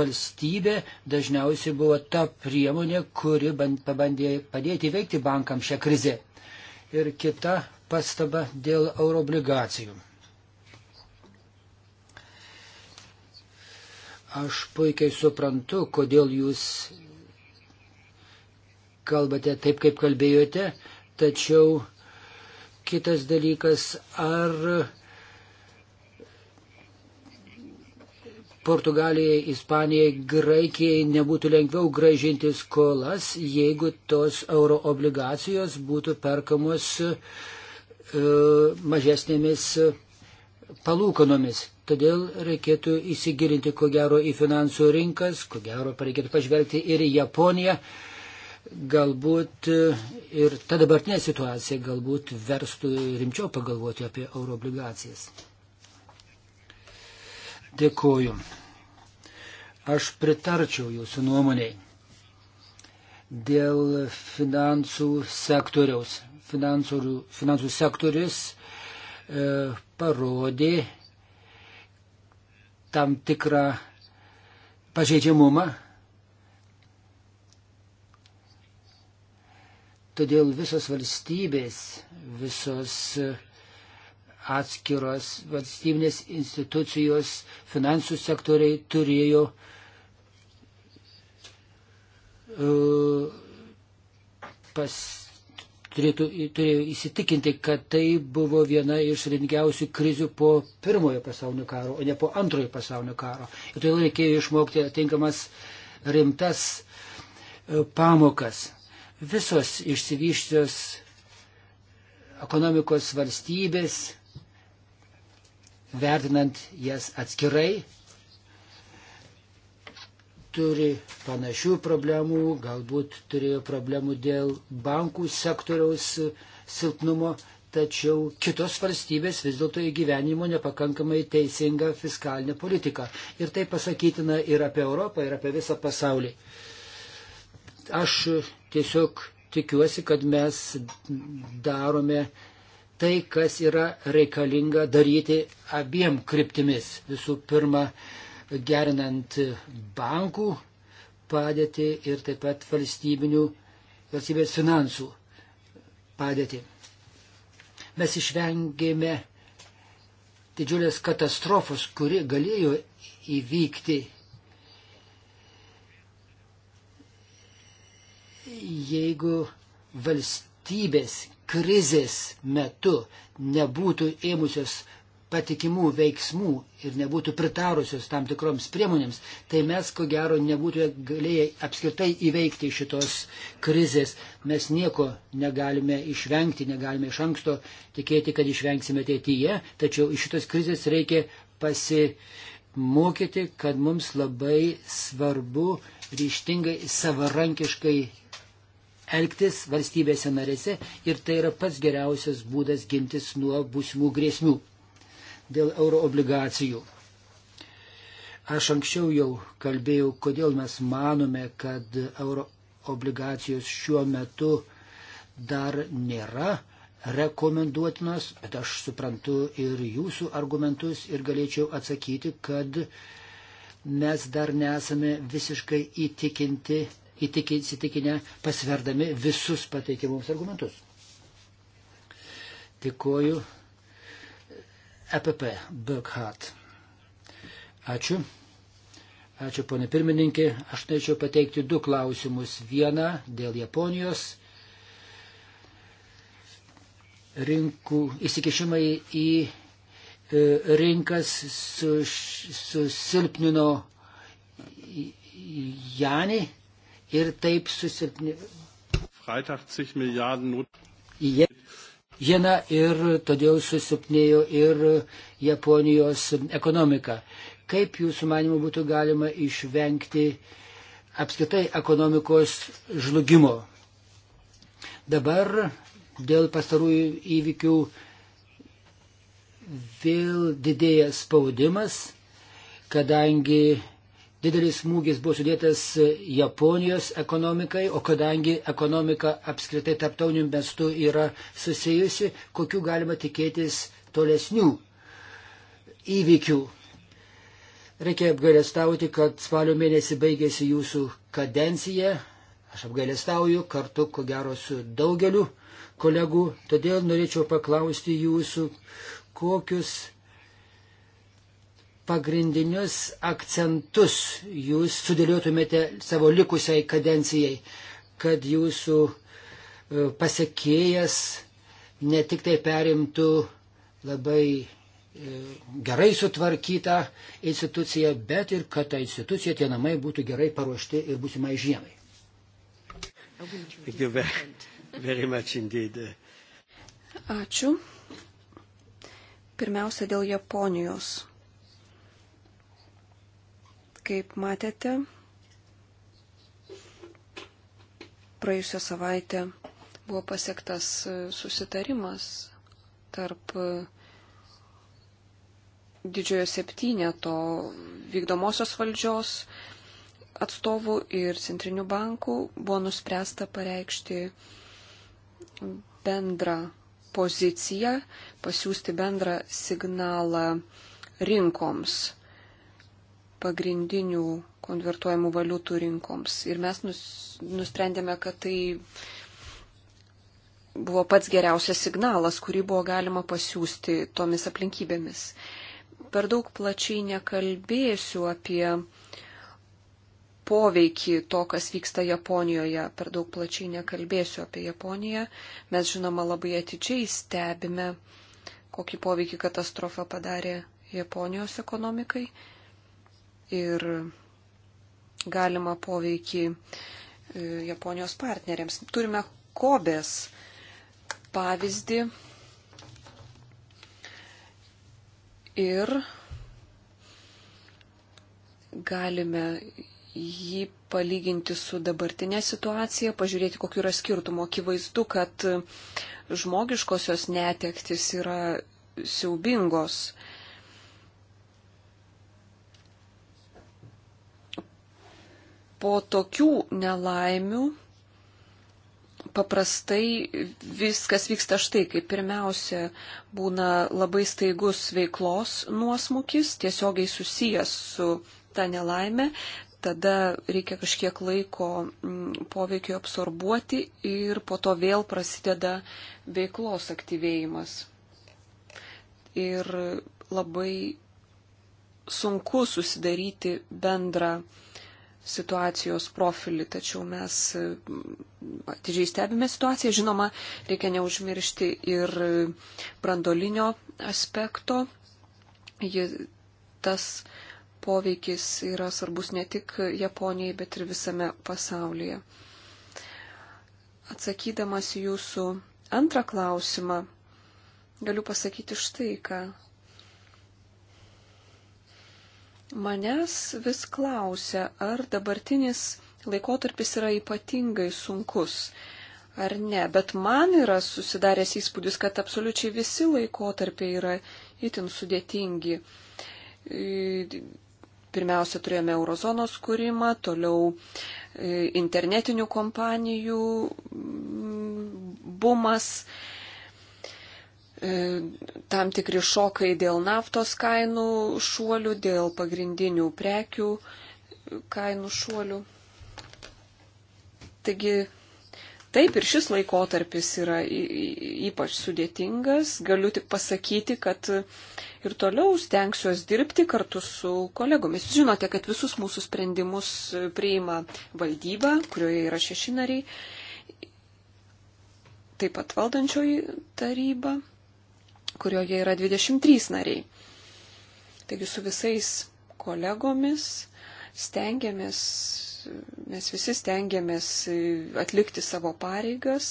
valstybė dažniausiai buvo ta priemonė, kuri pabandė padėti veikti bankam šią krizę. Ir kita pastaba dėl euroobligacijų. Aš puikiai suprantu, kodėl jūs kalbate taip, kaip kalbėjote, tačiau kitas dalykas, ar Portugalijai, Ispanijai, Graikijai nebūtų lengviau gražinti skolas, jeigu tos euro obligacijos būtų perkamos e, mažesnėmis palūkanomis. Todėl reikėtų įsigilinti, ko gero, į finansų rinkas, ko gero, reikėtų pažvelgti ir į Japoniją. Galbūt e, ir ta dabartinė situacija galbūt verstų rimčiau pagalvoti apie euroobligacijas. Dėkuoju. Aš pritarčiau jūsų nuomoniai dėl finansų sektoriaus. Finansų, finansų sektorius E, parodė tam tikrą pažeidžiamumą. Todėl visos valstybės, visos atskiros valstybinės institucijos, finansų sektoriai turėjo uh, pas, turėtų, turėjo įsitikinti, kad tai buvo viena iš rinkiausių krizių po pirmojo pasaulio karo, o ne po antrojo pasaulio karo. Ir todėl tai reikėjo išmokti atinkamas rimtas e, pamokas. Visos išsivyščios ekonomikos valstybės, vertinant jas atskirai, turi panašių problemų, galbūt turėjo problemų dėl bankų sektoriaus silpnumo, tačiau kitos valstybės vis dėlto įgyvenimo nepakankamai teisinga fiskalinė politika. Ir tai pasakytina ir apie Europą, ir apie visą pasaulį. Aš tiesiog tikiuosi, kad mes darome tai, kas yra reikalinga daryti abiem kryptimis. Visų pirma, gerinant bankų padėtį ir taip pat valstybinių, valstybės finansų padėtį. Mes išvengėme didžiulės katastrofos, kuri galėjo įvykti, jeigu valstybės krizės metu nebūtų ėmusios patikimų veiksmų ir nebūtų pritarusios tam tikroms priemonėms, tai mes ko gero nebūtume galėję apskritai įveikti šitos krizės. Mes nieko negalime išvengti, negalime iš anksto tikėti, kad išvengsime ateityje, tačiau iš šitos krizės reikia pasimokyti, kad mums labai svarbu ryštingai savarankiškai elgtis valstybėse narėse ir tai yra pats geriausias būdas gintis nuo būsimų grėsmių dėl euro obligacijų. Aš anksčiau jau kalbėjau, kodėl mes manome, kad euro obligacijos šiuo metu dar nėra rekomenduotinas, bet aš suprantu ir jūsų argumentus ir galėčiau atsakyti, kad mes dar nesame visiškai įtikinti, įtikinę, pasverdami visus pateikiamus argumentus. Tikoju EPP Burkhardt. Ačiū. Ačiū, ponė pirmininkė. Aš norėčiau pateikti du klausimus. Vieną dėl Japonijos. Rinkų įsikešimai į e, rinkas susilpnino su Janį ir taip susilpnino. Freitag 10 milijardų. Jie jeną ir todėl susilpnėjo ir Japonijos ekonomika. Kaip jūsų manimo būtų galima išvengti apskritai ekonomikos žlugimo? Dabar dėl pastarųjų įvykių vėl didėja spaudimas, kadangi didelis smūgis buvo sudėtas Japonijos ekonomikai, o kadangi ekonomika apskritai taptaunių mestų yra susijusi, kokiu galima tikėtis tolesnių įvykių. Reikia apgailestauti, kad spalio mėnesį baigėsi jūsų kadencija. Aš apgailestauju kartu, ko gero, su daugeliu kolegų. Todėl norėčiau paklausti jūsų, kokius pagrindinius akcentus jūs sudėliotumėte savo likusiai kadencijai, kad jūsų e, pasiekėjas ne tik tai perimtų labai e, gerai sutvarkytą instituciją, bet ir kad ta institucija, tie namai būtų gerai paruošti ir būsimai žiemai. Ačiū. Pirmiausia, dėl Japonijos. Kaip matėte, praėjusią savaitę buvo pasiektas susitarimas tarp didžiojo septyneto vykdomosios valdžios atstovų ir centrinių bankų buvo nuspręsta pareikšti bendrą poziciją, pasiūsti bendrą signalą rinkoms pagrindinių konvertuojamų valiutų rinkoms. Ir mes nusprendėme, kad tai buvo pats geriausias signalas, kurį buvo galima pasiūsti tomis aplinkybėmis. Per daug plačiai nekalbėsiu apie poveikį to, kas vyksta Japonijoje. Per daug plačiai nekalbėsiu apie Japoniją. Mes, žinoma, labai atidžiai stebime, kokį poveikį katastrofa padarė Japonijos ekonomikai ir galima poveikį e, Japonijos partneriams. Turime Kobės pavyzdį ir galime jį palyginti su dabartinė situacija, pažiūrėti, kokiu yra skirtumo. Akivaizdu, kad žmogiškosios netektis yra siaubingos. po tokių nelaimių paprastai viskas vyksta štai, kaip pirmiausia būna labai staigus veiklos nuosmukis, tiesiogiai susijęs su ta nelaime, tada reikia kažkiek laiko mm, poveikio absorbuoti ir po to vėl prasideda veiklos aktyvėjimas. Ir labai sunku susidaryti bendrą situacijos profilį, tačiau mes mm, atidžiai stebime situaciją. Žinoma, reikia neužmiršti ir brandolinio aspekto. Ji, tas poveikis yra svarbus ne tik Japonijai, bet ir visame pasaulyje. Atsakydamas jūsų antrą klausimą, galiu pasakyti štai ką. Manęs vis klausia, ar dabartinis laikotarpis yra ypatingai sunkus ar ne, bet man yra susidaręs įspūdis, kad absoliučiai visi laikotarpiai yra itin sudėtingi. E, pirmiausia, turėjome eurozonos kūrimą, toliau e, internetinių kompanijų bumas, E, tam tikri šokai dėl naftos kainų šuolių, dėl pagrindinių prekių kainų šuolių. Taigi taip ir šis laikotarpis yra ypač sudėtingas. Galiu tik pasakyti, kad ir toliau stengsiuos dirbti kartu su kolegomis. Žinote, kad visus mūsų sprendimus priima valdyba, kurioje yra šeši nariai, taip pat valdančioji taryba kurioje yra 23 nariai. Taigi su visais kolegomis stengiamės, mes visi stengiamės atlikti savo pareigas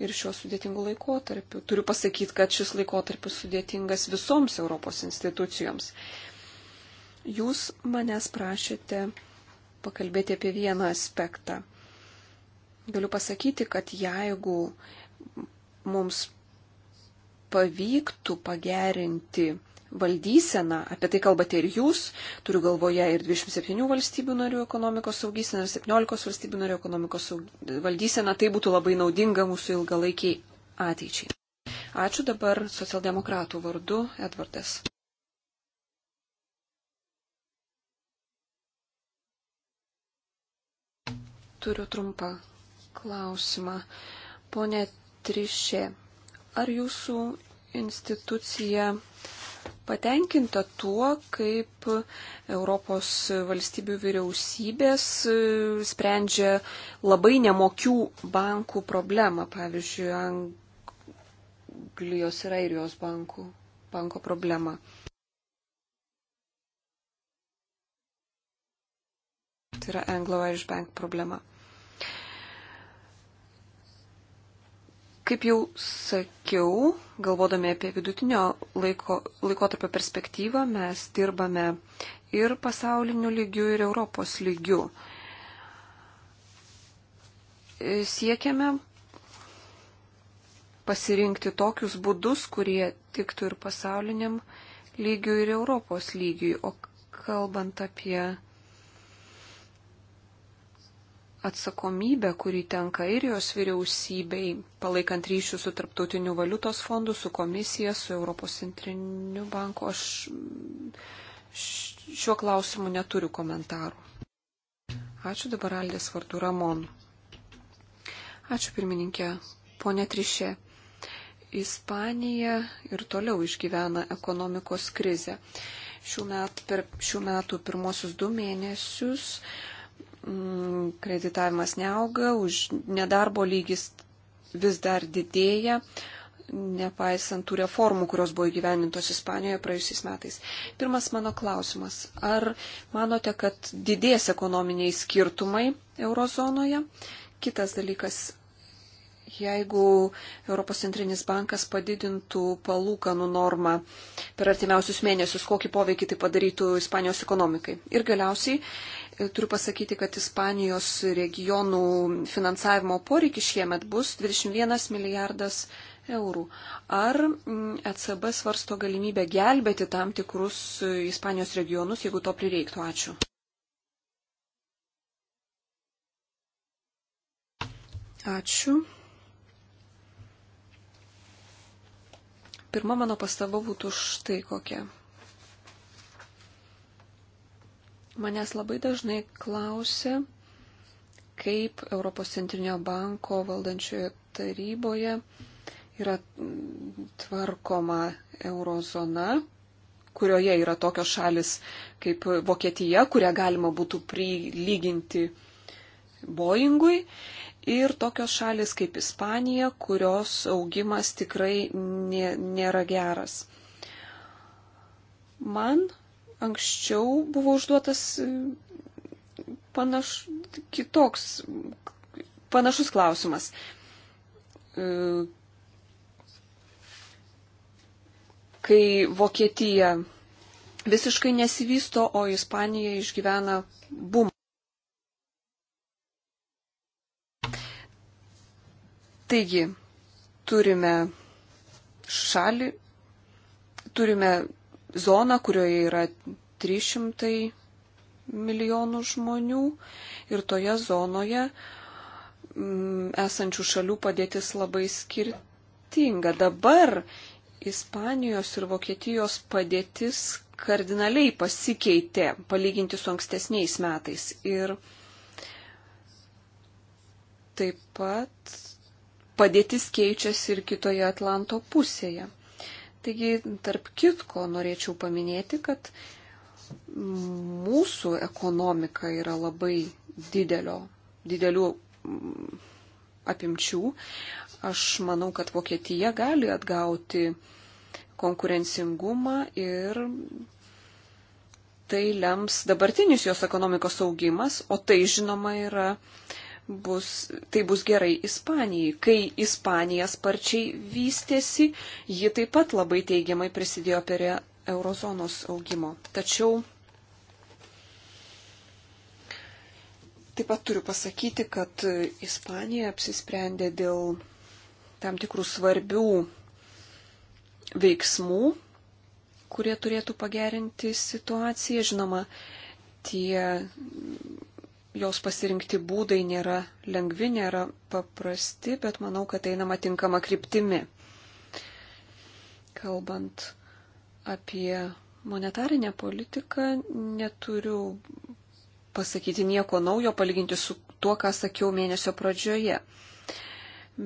ir šiuo sudėtingu laikotarpiu. Turiu pasakyti, kad šis laikotarpis sudėtingas visoms Europos institucijoms. Jūs manęs prašėte pakalbėti apie vieną aspektą. Galiu pasakyti, kad jeigu mums pavyktų pagerinti valdyseną, apie tai kalbate ir jūs, turiu galvoje ir 27 valstybių narių ekonomikos saugyseną, ir 17 valstybių narių ekonomikos valdyseną, tai būtų labai naudinga mūsų ilgalaikiai ateičiai. Ačiū dabar socialdemokratų vardu Edvardas. Turiu trumpą klausimą. Pone Trišė, Ar jūsų institucija patenkinta tuo, kaip Europos valstybių vyriausybės e, sprendžia labai nemokių bankų problemą, pavyzdžiui, Anglijos ir Airijos bankų, banko problemą? Tai yra Anglo-Irish Bank problema. Kaip jau sakiau, galvodami apie vidutinio laiko, laikotarpio perspektyvą, mes dirbame ir pasauliniu lygiu, ir Europos lygiu. Siekiame pasirinkti tokius būdus, kurie tiktų ir pasauliniam lygiui, ir Europos lygiui. O kalbant apie atsakomybę, kuri tenka ir jos vyriausybei, palaikant ryšių su Tarptautiniu valiutos fondu, su komisija, su Europos centriniu banku, aš šiuo klausimu neturiu komentarų. Ačiū dabar Aldės vardu Ramon. Ačiū pirmininkė, ponė Trišė. Ispanija ir toliau išgyvena ekonomikos krizę. Šių metų, per šių metų pirmosius du mėnesius Mm, kreditavimas neauga, už nedarbo lygis vis dar didėja, nepaisant tų reformų, kurios buvo įgyvenintos Ispanijoje praėjusiais metais. Pirmas mano klausimas. Ar manote, kad didės ekonominiai skirtumai eurozonoje? Kitas dalykas. Jeigu Europos centrinis bankas padidintų palūkanų normą per artimiausius mėnesius, kokį poveikį tai padarytų Ispanijos ekonomikai. Ir galiausiai turiu pasakyti, kad Ispanijos regionų finansavimo poreikis šiemet bus 21 milijardas eurų. Ar mm, ECB svarsto galimybę gelbėti tam tikrus e, Ispanijos regionus, jeigu to prireiktų? Ačiū. Ačiū. Pirma mano pastaba būtų štai kokia. Manęs labai dažnai klausia, kaip Europos centrinio banko valdančioje taryboje yra tvarkoma eurozona, kurioje yra tokios šalis kaip Vokietija, kurią galima būtų prilyginti Boeingui, ir tokios šalis kaip Ispanija, kurios augimas tikrai nėra geras. Man Anksčiau buvo užduotas e, panaš, kitoks, panašus klausimas. E, kai Vokietija visiškai nesivysto, o Ispanija išgyvena bumą. Taigi, turime šalį, turime zoną, kurioje yra 300 milijonų žmonių ir toje zonoje mm, esančių šalių padėtis labai skirtinga. Dabar Ispanijos ir Vokietijos padėtis kardinaliai pasikeitė palyginti su ankstesniais metais. Ir taip pat padėtis keičiasi ir kitoje Atlanto pusėje. Taigi, tarp kitko, norėčiau paminėti, kad mūsų ekonomika yra labai didelio, didelių mm, apimčių. Aš manau, kad Vokietija gali atgauti konkurencingumą ir tai lems dabartinis jos ekonomikos augimas, o tai žinoma yra uh, bus, tai bus gerai Ispanijai. Kai Ispanija sparčiai vystėsi, ji taip pat labai teigiamai prisidėjo prie eurozonos augimo. Tačiau taip pat turiu pasakyti, kad Ispanija apsisprendė dėl tam tikrų svarbių veiksmų, kurie turėtų pagerinti situaciją. Žinoma, tie jos pasirinkti būdai nėra lengvi, nėra paprasti, bet manau, kad einama tinkama kryptimi. Kalbant apie monetarinę politiką, neturiu pasakyti nieko naujo, palyginti su tuo, ką sakiau mėnesio pradžioje.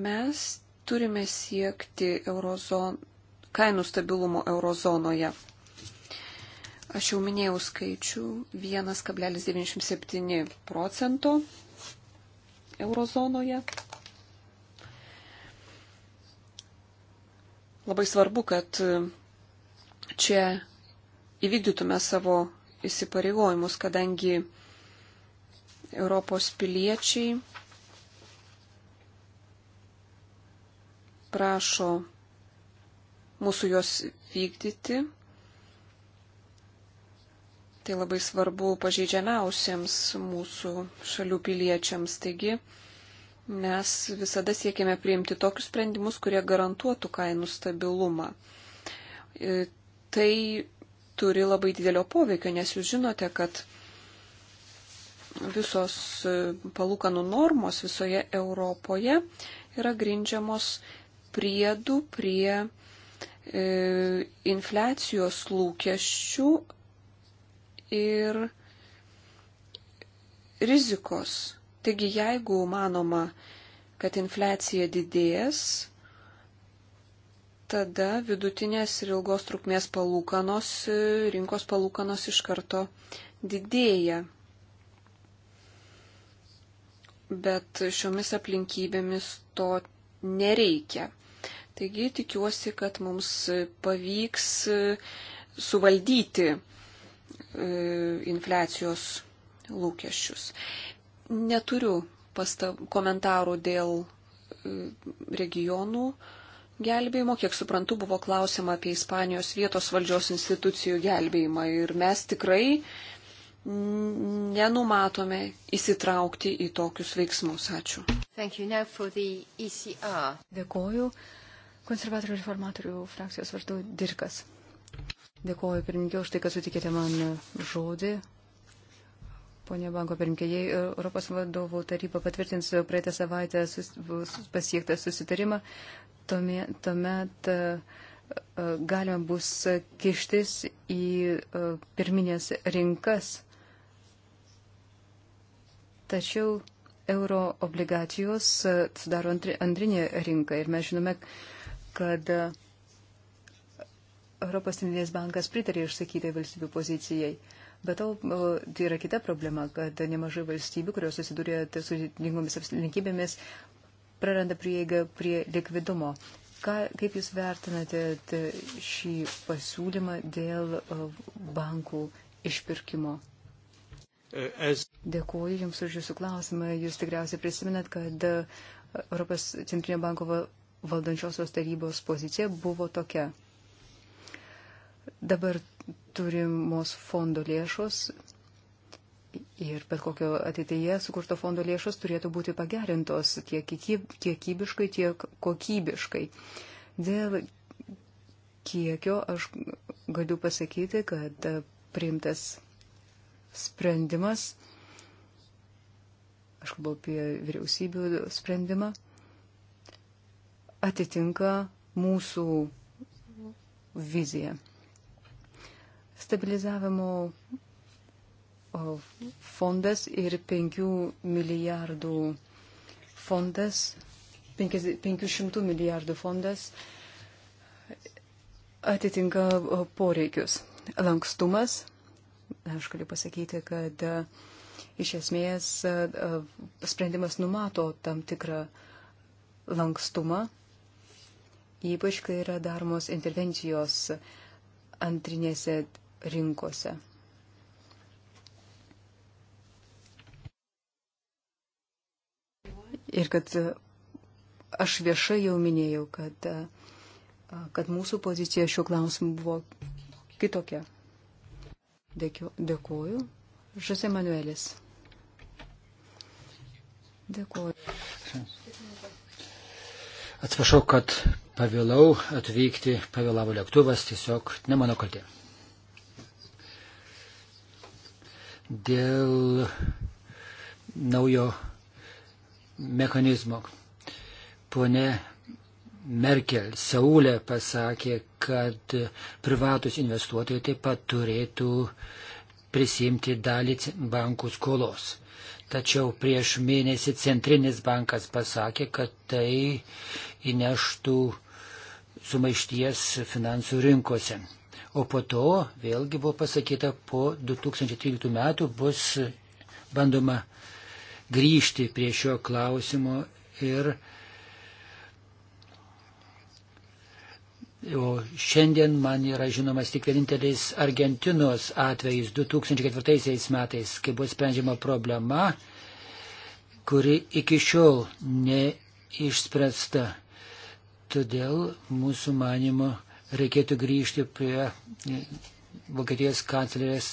Mes turime siekti eurozon... kainų stabilumo eurozonoje. Aš jau minėjau skaičių 1,97 procento eurozonoje. Labai svarbu, kad čia įvykdytume savo įsipareigojimus, kadangi Europos piliečiai prašo mūsų juos vykdyti Tai labai svarbu pažeidžiamiausiems mūsų šalių piliečiams. Taigi mes visada siekiame priimti tokius sprendimus, kurie garantuotų kainų stabilumą. E, tai turi labai didelio poveikio, nes jūs žinote, kad visos e, palūkanų normos visoje Europoje yra grindžiamos priedų prie e, infliacijos lūkesčių ir rizikos. Taigi, jeigu manoma, kad infliacija didės, tada vidutinės ir ilgos trukmės palūkanos, rinkos palūkanos iš karto didėja. Bet šiomis aplinkybėmis to nereikia. Taigi tikiuosi, kad mums pavyks suvaldyti E, infliacijos lūkesčius. Neturiu pastav, komentarų dėl e, regionų gelbėjimo. Kiek suprantu, buvo klausima apie Ispanijos vietos valdžios institucijų gelbėjimą ir mes tikrai nenumatome įsitraukti į tokius veiksmus. Ačiū. E Dėkoju. Konservatorių reformatorių frakcijos vardu Dirkas. Dėkuoju pirmininkė už tai, kad sutikėte man žodį. Pone banko pirmininkė, jei Europos vadovų taryba patvirtins praeitą savaitę sus, pasiektą susitarimą, tuomet, tuomet e, galima bus kištis į e, pirminės rinkas. Tačiau euro obligacijos e, sudaro antrinė rinka ir mes žinome, kad uh, Europos Centrinės bankas pritarė išsakytai valstybių pozicijai. Bet to tai yra kita problema, kad nemažai valstybių, kurios susidūrė su dingomis aplinkybėmis, praranda prieigą prie likvidumo. Ką, kaip Jūs vertinate šį pasiūlymą dėl bankų išpirkimo? Uh, Dėkuoju Jums už Jūsų klausimą. Jūs tikriausiai prisiminat, kad uh, Europos Centrinio banko valdančiosios tarybos pozicija buvo tokia. Dabar turimos fondo lėšos ir bet kokio ateityje sukurto fondo lėšos turėtų būti pagerintos tiek kiekybiškai, tiek kokybiškai. Dėl kiekio aš galiu pasakyti, kad priimtas sprendimas, aš kalbu apie vyriausybių sprendimą, atitinka mūsų viziją. Stabilizavimo fondas ir 5 milijardų fondas, 500 milijardų fondas atitinka poreikius. Lankstumas, aš galiu pasakyti, kad e, iš esmės e, e, sprendimas numato tam tikrą lankstumą, ypač kai yra daromos intervencijos antrinėse rinkose. Ir kad e, aš viešai jau minėjau, kad, e, kad mūsų pozicija šiuo klausimu buvo kitokia. Dėkiu, dėkuoju. Žose Manuelis. Dėkuoju. Atsiprašau, kad pavėlau atvykti, pavėlavo lėktuvas, tiesiog ne mano kaltė. dėl naujo mechanizmo. Pone Merkel Seulė pasakė, kad privatus investuotojai taip pat turėtų prisimti dalį bankų skolos. Tačiau prieš mėnesį Centrinis bankas pasakė, kad tai įneštų sumaišties finansų rinkose o po to vėlgi buvo pasakyta, po 2013 metų bus bandoma grįžti prie šio klausimo ir O šiandien man yra žinomas tik vienintelis Argentinos atvejis 2004 metais, kai buvo sprendžiama problema, kuri iki šiol neišspręsta. Todėl mūsų manimo reikėtų grįžti prie Vokietijos kanclerės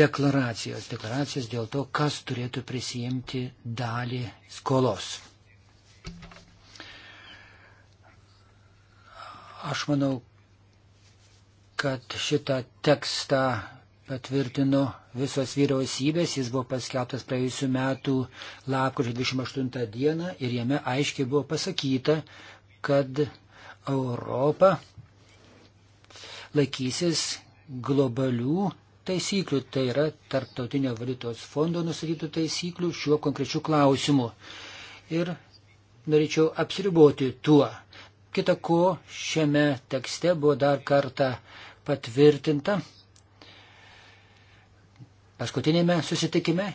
deklaracijos. Deklaracijos dėl to, kas turėtų prisijimti dalį skolos. Aš manau, kad šitą tekstą patvirtino visos vyriausybės, jis buvo paskelbtas praėjusiu metu lapkričio 28 dieną ir jame aiškiai buvo pasakyta, kad Europa laikysis globalių taisyklių, tai yra tarptautinio valiutos fondo nusakytų taisyklių šiuo konkrečiu klausimu. Ir norėčiau apsiriboti tuo. Kita ko šiame tekste buvo dar kartą patvirtinta paskutinėme susitikime.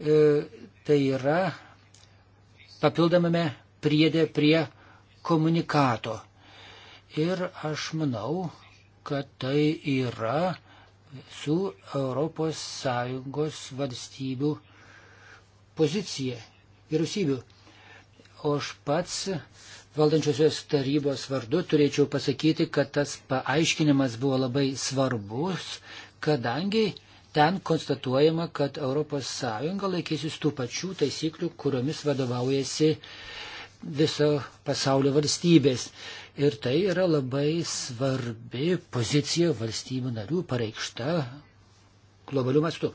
E, tai yra papildomame priedė prie komunikato. Ir aš manau, kad tai yra su ES valstybių pozicija, vyriausybių. O aš pats valdančiosios tarybos vardu turėčiau pasakyti, kad tas paaiškinimas buvo labai svarbus, kadangi ten konstatuojama, kad ES laikysis tų pačių taisyklių, kuriomis vadovaujasi viso pasaulio valstybės. Ir tai yra labai svarbi pozicija valstybių narių pareikšta globalių mastų.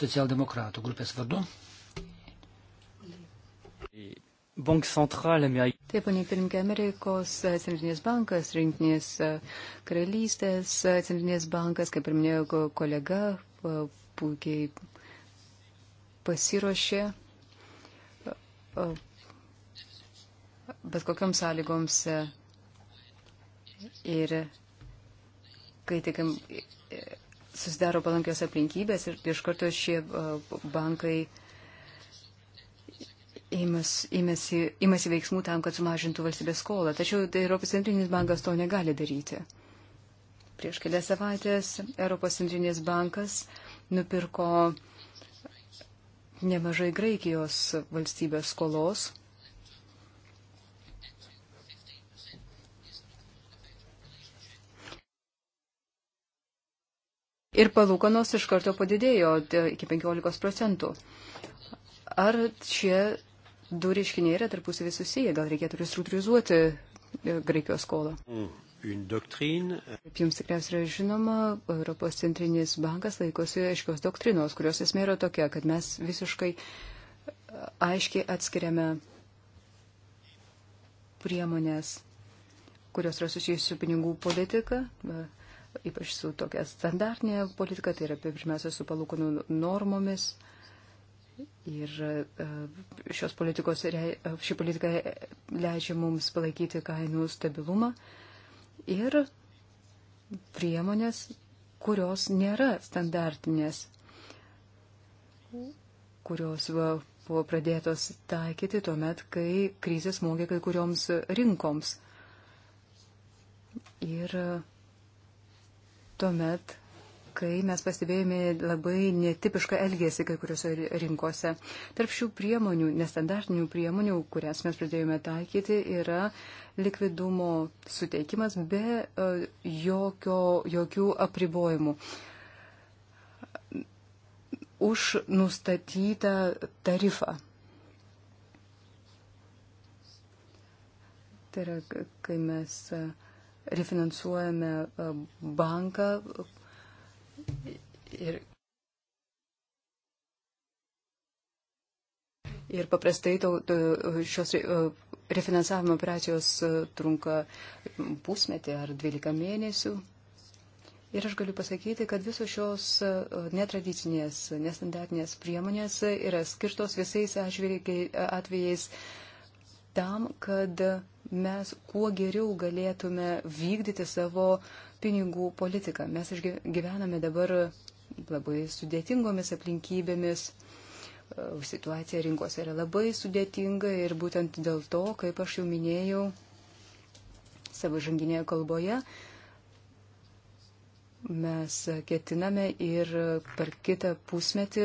Socialdemokratų grupės vardu. Bank Central Amerika. Taip, panė pirmininkė, Amerikos centrinės bankas, rinktinės karalystės centrinės bankas, kaip ir minėjo kolega, puikiai pasiruošė bet kokiam sąlygoms e, ir kai tik e, susidaro palankios aplinkybės ir iš karto šie bankai imasi, imasi, imasi veiksmų tam, kad sumažintų valstybės skolą. Tačiau tai Europos centrinis bankas to negali daryti. Prieš kelias savaitės Europos centrinis bankas nupirko uh, nemažai Graikijos valstybės skolos. Ir palūkanos iš karto padidėjo iki 15 procentų. Ar šie du reiškiniai yra tarpusavį susiję? Gal reikėtų restruktūrizuoti e, Graikijos skolą? Mm. Kaip jums tikriausiai yra žinoma, Europos centrinis bankas laikosi aiškios doktrinos, kurios esmė yra tokia, kad mes visiškai e, aiškiai atskiriame priemonės, kurios yra susijusi su pinigų politika, e, ypač su tokia standartinė politika, tai yra pirmiausia su palūkanų normomis. Ir e, šios politikos, ši politika leidžia mums palaikyti kainų stabilumą ir priemonės, kurios nėra standartinės, kurios buvo pradėtos taikyti tuo met, kai krizės smogė kai kurioms rinkoms. Ir tuomet kai mes pastebėjome labai netipišką elgesį kai kuriuose rinkose. Tarp šių priemonių, nestandartinių priemonių, kurias mes pradėjome taikyti, yra likvidumo suteikimas be e, jokio, jokių apribojimų. Už nustatytą tarifą. Tai yra, kai mes e, refinansuojame e, banką, Ir, ir paprastai to, to, šios refinansavimo operacijos e, trunka pusmetį ar 12 mėnesių. Ir aš galiu pasakyti, kad visos šios e, netradicinės, nestandartinės priemonės yra skirtos visais e, atvejais tam, kad mes kuo geriau galėtume vykdyti savo uh, pinigų politiką. Mes gyvename dabar labai sudėtingomis aplinkybėmis. E, situacija rinkose yra labai sudėtinga ir būtent dėl to, kaip aš jau minėjau savo žanginėje kalboje, mes ketiname ir per kitą pusmetį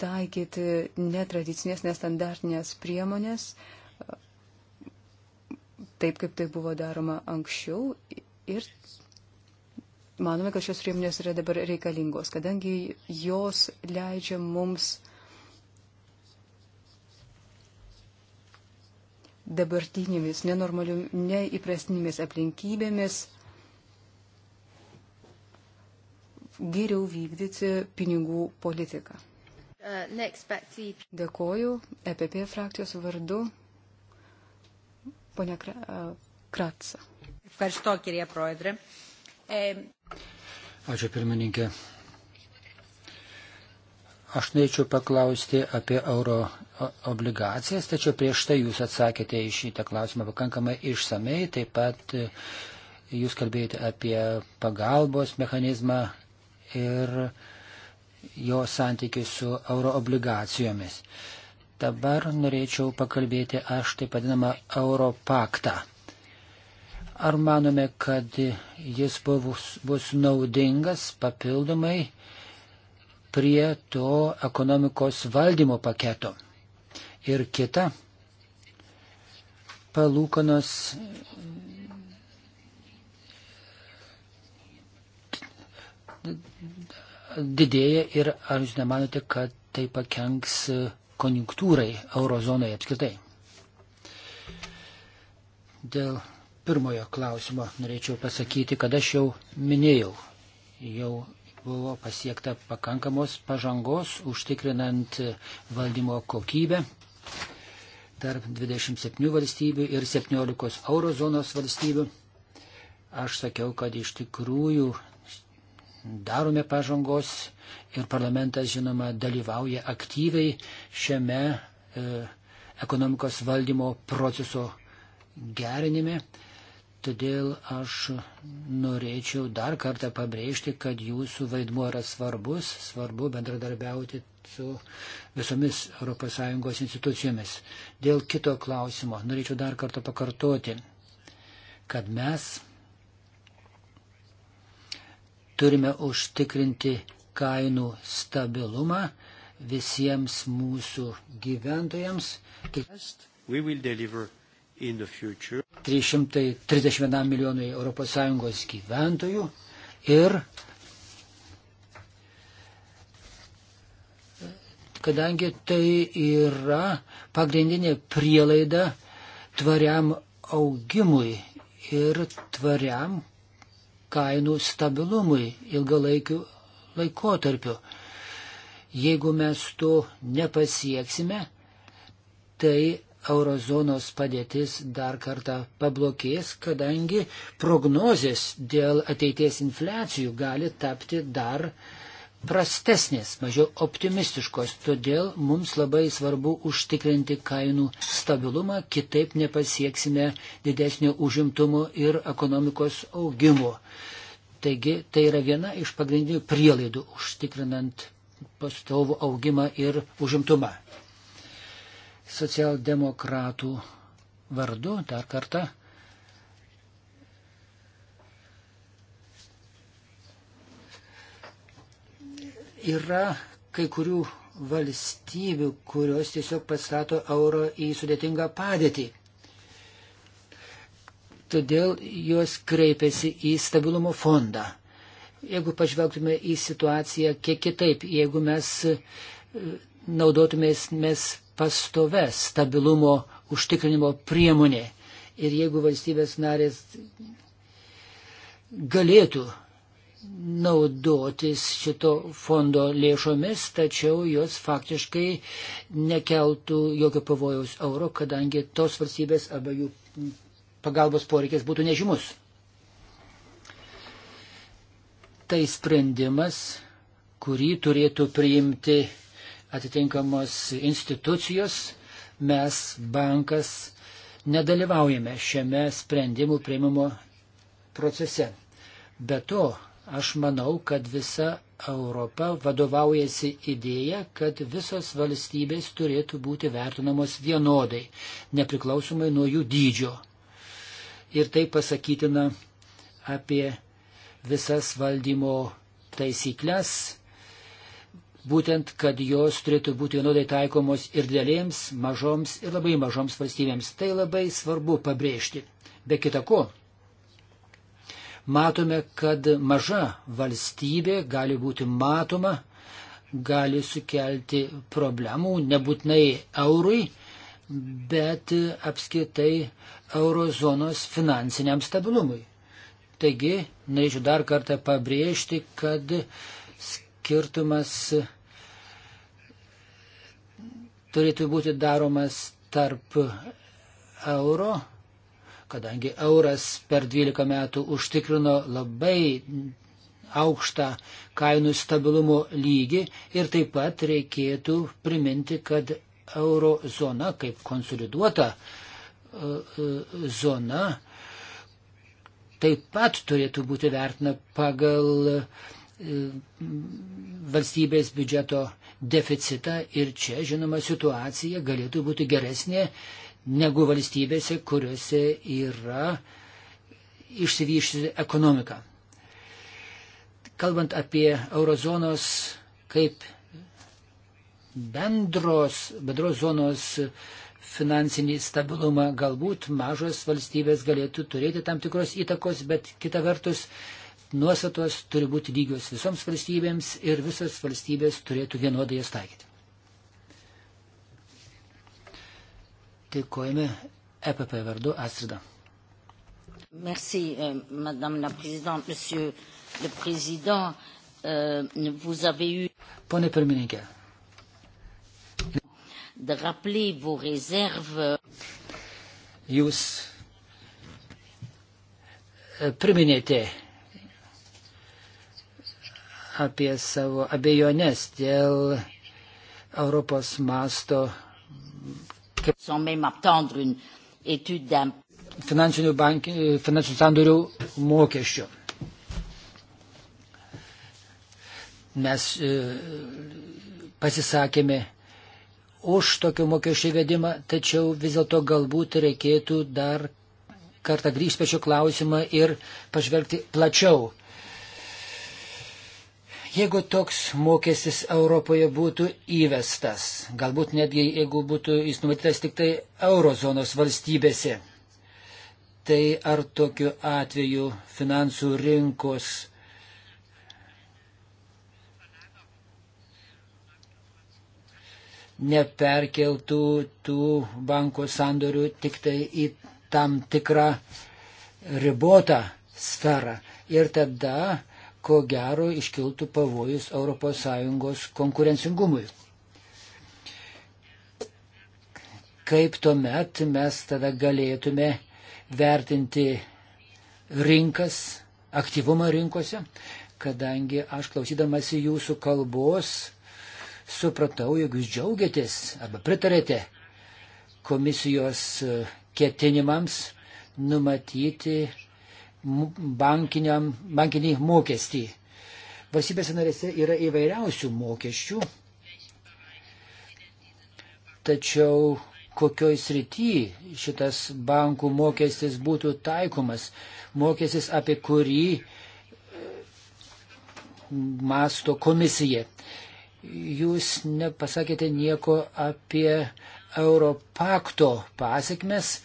taikyti netradicinės, nestandartinės priemonės, e, taip kaip tai buvo daroma anksčiau ir manome, kad šios priemonės yra dabar reikalingos, kadangi jos leidžia mums dabartinėmis, neįprastinėmis aplinkybėmis geriau vykdyti pinigų politiką. Uh, e Dėkoju EPP frakcijos vardu, ponia uh, Kratsa. Ευχαριστώ κυρία Πρόεδρε. Ε, Ačiū pirmininkė. Aš norėčiau paklausti apie euro obligacijas, tačiau prieš tai jūs atsakėte į šitą klausimą pakankamai išsamei, taip pat e, jūs kalbėjote apie pagalbos mechanizmą ir jo santykius su euro obligacijomis. Dabar norėčiau pakalbėti aš taip vadinamą euro paktą. Ar manome, kad jis bus, bus naudingas papildomai prie to ekonomikos valdymo paketo? Ir kita, palūkanos didėja ir ar jūs nemanote, kad tai pakenks konjunktūrai eurozonoje apskritai? Dėl pirmojo klausimo norėčiau pasakyti, kad aš jau minėjau, jau buvo pasiekta pakankamos pažangos užtikrinant valdymo kokybę tarp 27 valstybių ir 17 eurozonos valstybių. Aš sakiau, kad iš tikrųjų darome pažangos ir parlamentas, žinoma, dalyvauja aktyviai šiame e, ekonomikos valdymo proceso gerinime. Todėl aš norėčiau dar kartą pabrėžti, kad jūsų vaidmuo yra svarbus, svarbu bendradarbiauti su visomis ES institucijomis. Dėl kito klausimo norėčiau dar kartą pakartoti, kad mes turime užtikrinti kainų stabilumą visiems mūsų gyventojams. We will deliver 331 milijonui ES gyventojų ir kadangi tai yra pagrindinė prielaida tvariam augimui ir tvariam kainų stabilumui ilgalaikiu laikotarpiu. Jeigu mes to nepasieksime, tai eurozonos padėtis dar kartą pablokės, kadangi prognozės dėl ateities infliacijų gali tapti dar prastesnės, mažiau optimistiškos. Todėl mums labai svarbu užtikrinti kainų stabilumą, kitaip nepasieksime didesnio užimtumo ir ekonomikos augimo. Taigi tai yra viena iš pagrindinių prielaidų užtikrinant pastovų augimą ir užimtumą socialdemokratų vardu dar kartą. Yra kai kurių valstybių, kurios tiesiog pastato euro į sudėtingą padėtį. Todėl jos kreipiasi į stabilumo fondą. Jeigu pažvelgtume į situaciją kiek kitaip, jeigu mes e, naudotumės mes pastove stabilumo užtikrinimo priemonė. Ir jeigu valstybės narės galėtų naudotis šito fondo lėšomis, tačiau jos faktiškai nekeltų jokio pavojaus euro, kadangi tos valstybės arba jų pagalbos poreikis būtų nežymus. Tai sprendimas, kurį turėtų priimti atitinkamos institucijos, mes bankas nedalyvaujame šiame sprendimų prieimimo procese. Be to, aš manau, kad visa Europa vadovaujasi idėja, kad visos valstybės turėtų būti vertinamos vienodai, nepriklausomai nuo jų dydžio. Ir tai pasakytina apie visas valdymo taisyklės, būtent, kad jos turėtų būti vienodai taikomos ir didelėms, mažoms ir labai mažoms valstybėms. Tai labai svarbu pabrėžti. Be kita ko, matome, kad maža valstybė gali būti matoma, gali sukelti problemų, nebūtinai eurui, bet apskaitai eurozonos finansiniam stabilumui. Taigi, norėčiau dar kartą pabrėžti, kad skirtumas turėtų būti daromas tarp euro, kadangi euras per 12 metų užtikrino labai aukštą kainų stabilumo lygį ir taip pat reikėtų priminti, kad euro zona kaip konsoliduota e, e, zona taip pat turėtų būti vertina pagal valstybės biudžeto deficitą ir čia, žinoma, situacija galėtų būti geresnė negu valstybėse, kuriuose yra išsivyšusi ekonomika. Kalbant apie eurozonos kaip bendros, bendros zonos finansinį stabilumą, galbūt mažos valstybės galėtų turėti tam tikros įtakos, bet kita vertus, nuostatos turi būti lygios visoms valstybėms ir visas valstybės turėtų vienodai jas taikyti. Dėkojame EPP vardu Astrida. Merci, euh, Madame la Présidente, Monsieur le Président, euh, vous avez eu. Pone pirmininkė. De rappeler vos réserves. Jūs e, priminėte apie savo abejonės dėl Europos masto finansinių, bank, finansinių sandorių mokesčių. Mes e, pasisakėme už tokio mokesčio įvedimą, tačiau vis dėlto galbūt reikėtų dar kartą grįžti prie šio klausimą ir pažvelgti plačiau. Jeigu toks mokestis Europoje būtų įvestas, galbūt netgi jeigu būtų jis numatytas tik tai eurozonos valstybėse, tai ar tokiu atveju finansų rinkos neperkeltų tų bankų sandorių tik tai į tam tikrą ribotą sferą. Ir tada ko gero iškiltų pavojus ES konkurencingumui. Kaip tuomet mes tada galėtume vertinti rinkas, aktyvumą rinkose, kadangi aš klausydamasi jūsų kalbos supratau, jog jūs džiaugiatės arba pritarėte komisijos ketinimams numatyti bankinį mokestį. Valstybėse narėse yra įvairiausių mokesčių, tačiau kokioj srity šitas bankų mokestis būtų taikomas, mokestis apie kurį e, masto komisija. Jūs nepasakėte nieko apie Europakto pasiekmes,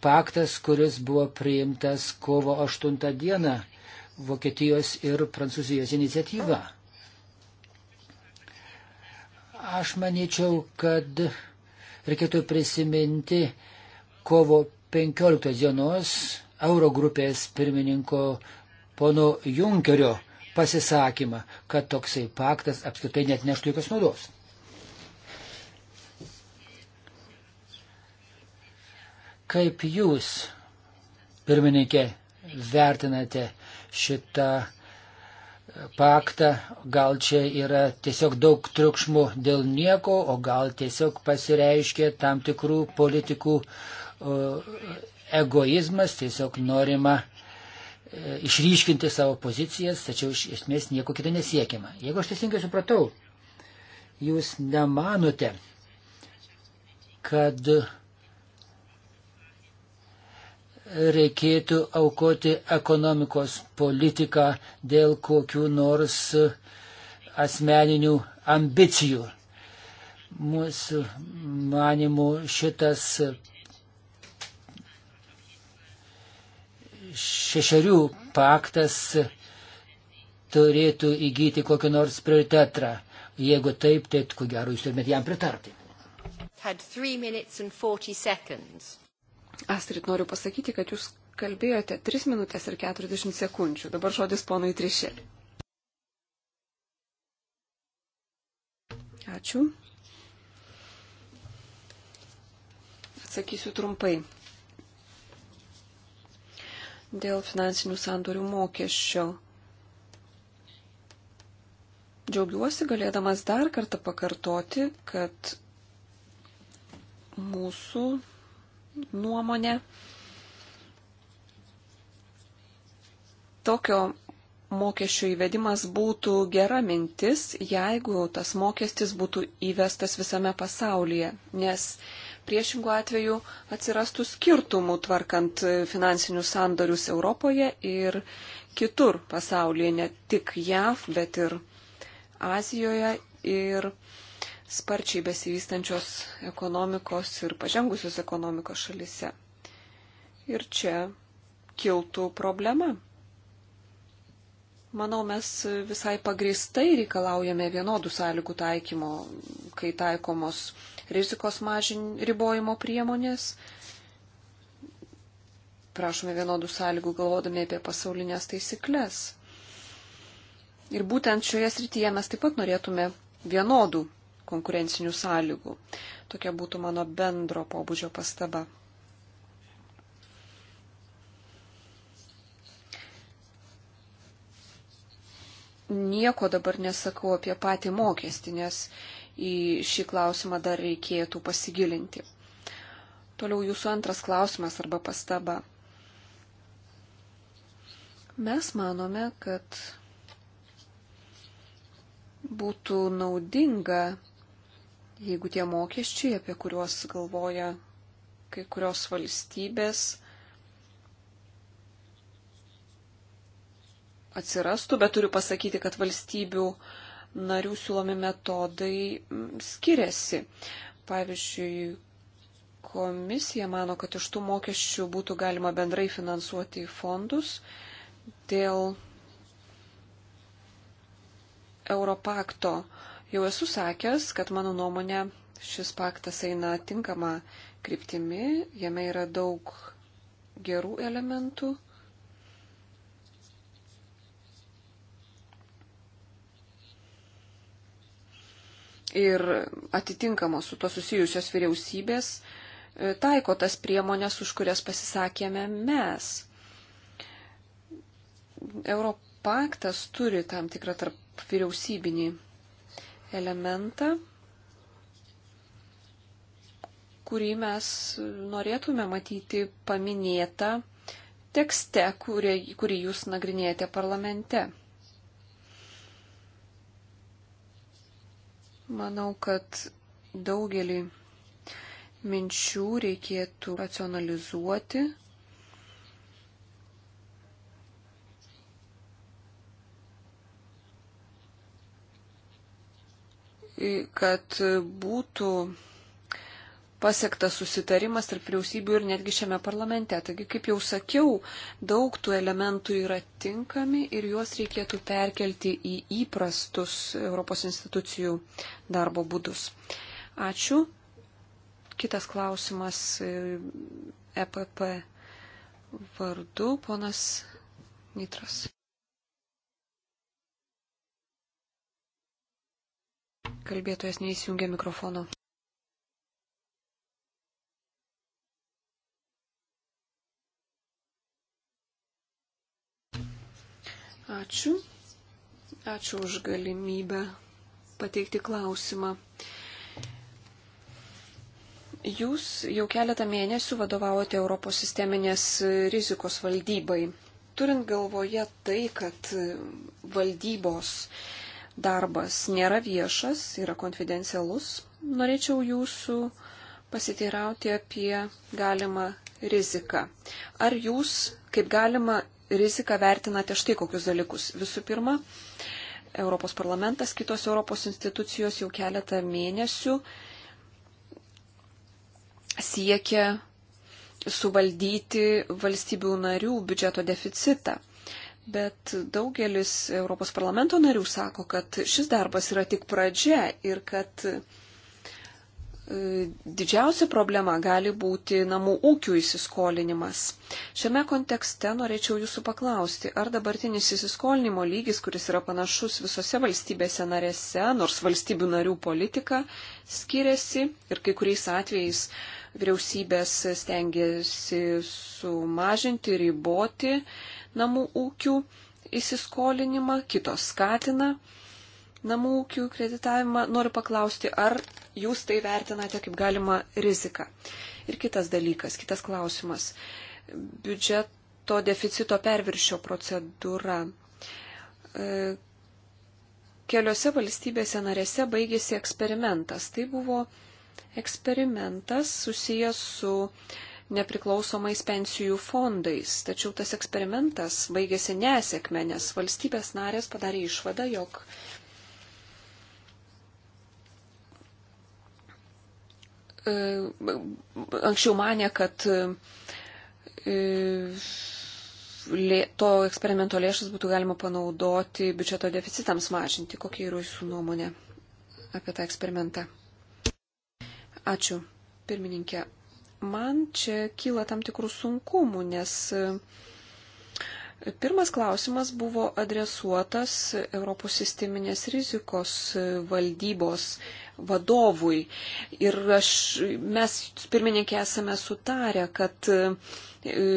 paktas, kuris buvo priimtas kovo 8 dieną Vokietijos ir Prancūzijos iniciatyva. Aš manyčiau, kad reikėtų prisiminti kovo 15 dienos Eurogrupės pirmininko pono Junkerio pasisakymą, kad toksai paktas apskritai net neštų jokios naudos. Kaip jūs, pirmininkė, vertinate šitą paktą? Gal čia yra tiesiog daug triukšmų dėl nieko, o gal tiesiog pasireiškia tam tikrų politikų egoizmas, tiesiog norima e, išryškinti savo pozicijas, tačiau iš esmės nieko kito nesiekiama. Jeigu aš teisingai supratau, jūs nemanote, kad reikėtų aukoti ekonomikos politiką dėl kokių nors asmeninių ambicijų. Mūsų manimų šitas šešerių paktas turėtų įgyti kokį nors prioritetą. Jeigu taip, tai ko gero jūs turėtumėte jam pritarti. Astrid, noriu pasakyti, kad jūs kalbėjote 3 minutės ir 40 sekundžių. Dabar žodis ponui Trišė. Ačiū. Atsakysiu trumpai. Dėl finansinių sandorių mokesčio. Džiaugiuosi galėdamas dar kartą pakartoti, kad mūsų nuomonę. Tokio mokesčių įvedimas būtų gera mintis, jeigu tas mokestis būtų įvestas visame pasaulyje, nes priešingų atveju atsirastų skirtumų tvarkant finansinius sandorius Europoje ir kitur pasaulyje, ne tik JAV, bet ir Azijoje ir sparčiai besivystančios ekonomikos ir pažengusios ekonomikos šalise. Ir čia kiltų problema. Manau, mes visai pagristai reikalaujame vienodų sąlygų taikymo, kai taikomos rizikos mažin ribojimo priemonės. Prašome vienodų sąlygų galvodami apie pasaulinės taisyklės. Ir būtent šioje srityje mes taip pat norėtume vienodų konkurencinių sąlygų. Tokia būtų mano bendro pobūdžio pastaba. Nieko dabar nesakau apie patį mokestį, nes į šį klausimą dar reikėtų pasigilinti. Toliau jūsų antras klausimas arba pastaba. Mes manome, kad būtų naudinga jeigu tie mokesčiai, apie kuriuos galvoja kai kurios valstybės, atsirastų, bet turiu pasakyti, kad valstybių narių siūlomi metodai mm, skiriasi. Pavyzdžiui, komisija mano, kad iš tų mokesčių būtų galima bendrai finansuoti fondus dėl Europakto Jau esu sakęs, kad mano nuomonė šis paktas eina tinkama kryptimi, jame yra daug gerų elementų. Ir atitinkamos su to susijusios vyriausybės e, taiko tas priemonės, už kurias pasisakėme mes. Europaktas turi tam tikrą tarp vyriausybinį elementą, kurį mes norėtume matyti paminėtą tekste, kurį, kurį jūs nagrinėjate parlamente. Manau, kad daugelį minčių reikėtų racionalizuoti kad būtų pasiektas susitarimas tarp vyriausybių ir netgi šiame parlamente. Taigi, kaip jau sakiau, daug tų elementų yra tinkami ir juos reikėtų perkelti į įprastus Europos institucijų darbo būdus. Ačiū. Kitas klausimas EPP e vardu, ponas Nitras. Kalbėtojas neįsijungia mikrofono. Ačiū. Ačiū už galimybę pateikti klausimą. Jūs jau keletą mėnesių vadovavote Europos sisteminės rizikos valdybai. Turint galvoje tai, kad valdybos darbas nėra viešas, yra konfidencialus. Norėčiau jūsų pasiteirauti apie galimą riziką. Ar jūs kaip galima riziką vertinate štai kokius dalykus? Visų pirma, Europos parlamentas, kitos Europos institucijos jau keletą mėnesių siekia suvaldyti valstybių narių biudžeto deficitą. Bet daugelis Europos parlamento narių sako, kad šis darbas yra tik pradžia ir kad e, didžiausia problema gali būti namų ūkių įsiskolinimas. Šiame kontekste norėčiau jūsų paklausti, ar dabartinis įsiskolinimo lygis, kuris yra panašus visose valstybėse narėse, nors valstybių narių politika skiriasi ir kai kuriais atvejais vyriausybės stengiasi sumažinti, riboti, uh, namų ūkių įsiskolinimą, kitos skatina namų ūkių kreditavimą. Noriu paklausti, ar jūs tai vertinate kaip galima riziką. Ir kitas dalykas, kitas klausimas. Biudžeto deficito perviršio procedūra. E, keliose valstybėse narėse baigėsi eksperimentas. Tai buvo eksperimentas susijęs su nepriklausomais pensijų fondais. Tačiau tas eksperimentas baigėsi nesėkme, nes valstybės narės padarė išvadą, jog e, anksčiau mane, kad e, to eksperimento lėšas būtų galima panaudoti biudžeto deficitams mažinti. Kokia yra jūsų nuomonė apie tą eksperimentą? Ačiū, pirmininkė man čia kyla tam tikrų sunkumų, nes e, pirmas klausimas buvo adresuotas Europos sisteminės rizikos e, valdybos vadovui. Ir aš, mes pirmininkė esame sutarę, kad e,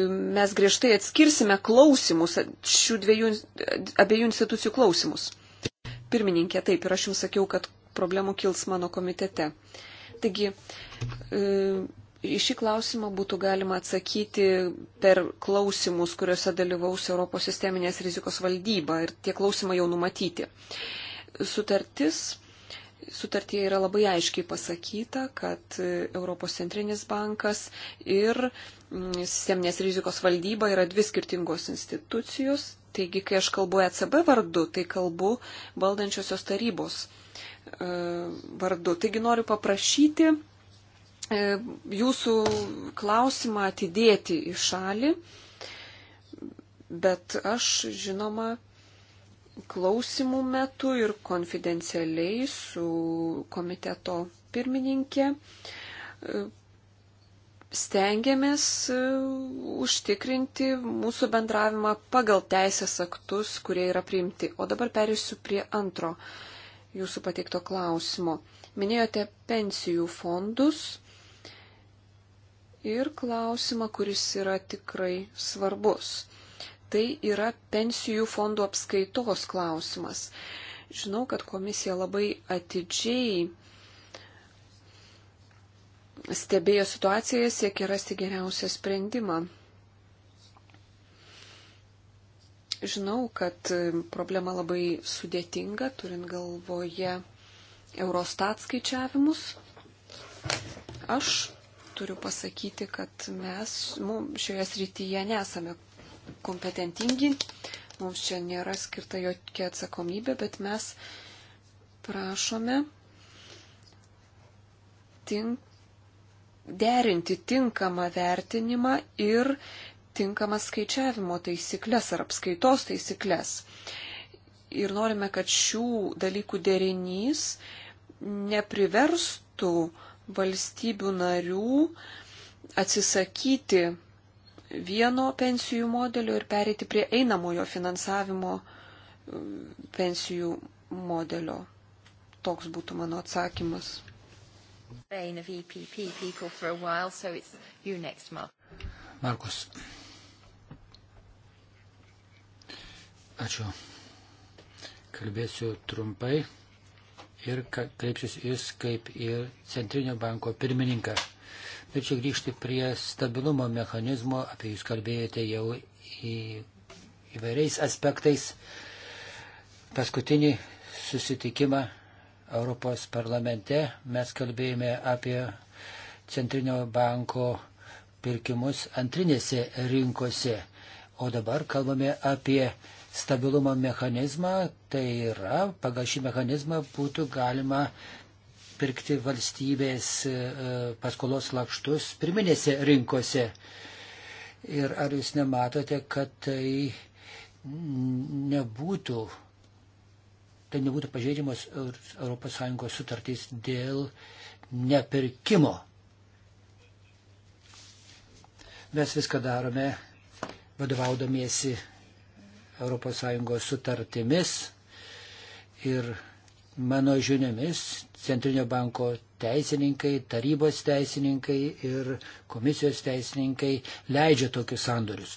mes griežtai atskirsime klausimus, šių dviejų, abiejų institucijų klausimus. Pirmininkė, taip, ir aš jums sakiau, kad problemų kils mano komitete. Taigi, Į šį klausimą būtų galima atsakyti per klausimus, kuriuose dalyvaus Europos sisteminės rizikos valdyba ir tie klausimai jau numatyti. Sutartis, sutartyje yra labai aiškiai pasakyta, kad e, Europos centrinis bankas ir mm, sisteminės rizikos valdyba yra dvi skirtingos institucijos. Taigi, kai aš kalbu ECB vardu, tai kalbu valdančiosios tarybos e, vardu. Taigi noriu paprašyti E, jūsų klausimą atidėti į šalį, bet aš, žinoma, klausimų metu ir konfidencialiai su komiteto pirmininkė e, stengiamės e, užtikrinti mūsų bendravimą pagal teisės aktus, kurie yra priimti. O dabar perėsiu prie antro jūsų pateikto klausimo. Minėjote pensijų fondus ir klausimą, kuris yra tikrai svarbus. Tai yra pensijų fondų apskaitos klausimas. Žinau, kad komisija labai atidžiai stebėjo situaciją, siekė rasti geriausią sprendimą. Žinau, kad problema labai sudėtinga, turint galvoje Eurostat skaičiavimus. Aš turiu pasakyti, kad mes šioje srityje nesame kompetentingi, mums čia nėra skirta jokia atsakomybė, bet mes prašome tink, derinti tinkamą vertinimą ir tinkamas skaičiavimo taisyklės ar apskaitos taisyklės. Ir norime, kad šių dalykų derinys nepriverstų uh, valstybių narių atsisakyti vieno pensijų modelio ir perėti prie einamojo finansavimo mm, pensijų modelio. Toks būtų mano atsakymas. E Markus. Ačiū. Kalbėsiu trumpai ir kreipsius jūs kaip į Centrinio banko pirmininką. Norėčiau grįžti prie stabilumo mechanizmo, apie jūs kalbėjote jau į, įvairiais aspektais. Paskutinį susitikimą Europos parlamente mes kalbėjome apie Centrinio banko pirkimus antrinėse rinkose, o dabar kalbame apie stabilumo mechanizmą, tai yra pagal šį mechanizmą būtų galima pirkti valstybės e, paskolos lakštus pirminėse rinkose. Ir ar jūs nematote, kad tai nebūtų, tai nebūtų pažeidžiamos ES sutartys dėl nepirkimo? Mes viską darome vadovaudamiesi ES sutartimis ir mano žiniomis Centrinio banko teisininkai, tarybos teisininkai ir komisijos teisininkai leidžia tokius sandorius.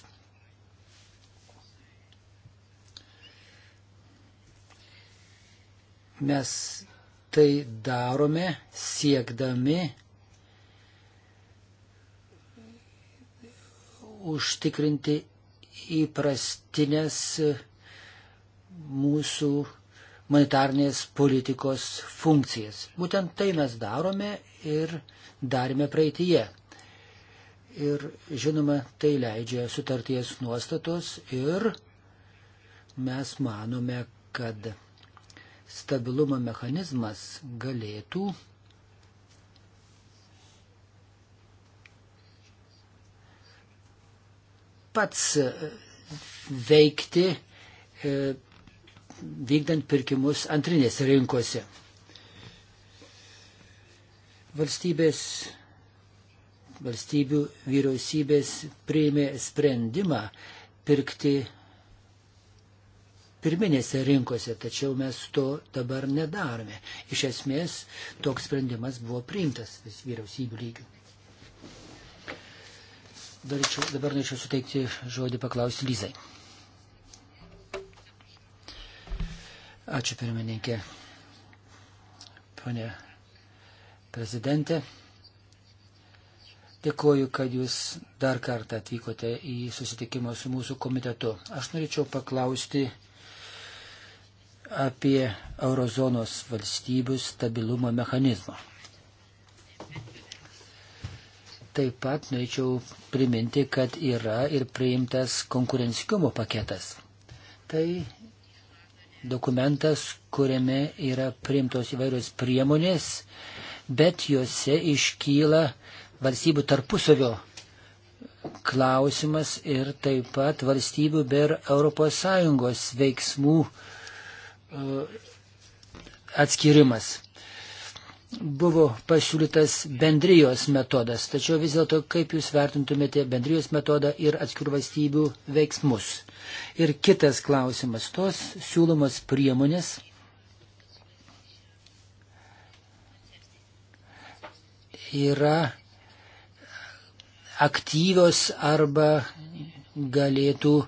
mes tai darome siekdami užtikrinti įprastinės mūsų humanitarnės politikos funkcijas. Būtent tai mes darome ir darėme praeitie. Ir žinoma, tai leidžia sutarties nuostatos ir mes manome, kad stabilumo mechanizmas galėtų pats veikti e, vykdant pirkimus antrinės rinkose. Valstybės, valstybių vyriausybės priėmė sprendimą pirkti pirminėse rinkose, tačiau mes to dabar nedarome. Iš esmės, toks sprendimas buvo priimtas vis vyriausybių lygių. Daryčiau, dabar norėčiau suteikti žodį paklausti Lyzai. Ačiū pirmininkė. Pane prezidentė, dėkoju, kad jūs dar kartą atvykote į susitikimą su mūsų komitetu. Aš norėčiau paklausti apie eurozonos valstybių stabilumo mechanizmą. Taip pat norėčiau priminti, kad yra ir priimtas konkurenciškumo paketas. Tai dokumentas, kuriame yra priimtos įvairios priemonės, bet juose iškyla valstybių tarpusavio klausimas ir taip pat valstybių ber ES veiksmų uh, atskirimas buvo pasiūlytas bendrijos metodas, tačiau vis dėlto kaip jūs vertintumėte bendrijos metodą ir atskirų valstybių veiksmus. Ir kitas klausimas, tos siūlomos priemonės yra aktyvios arba galėtų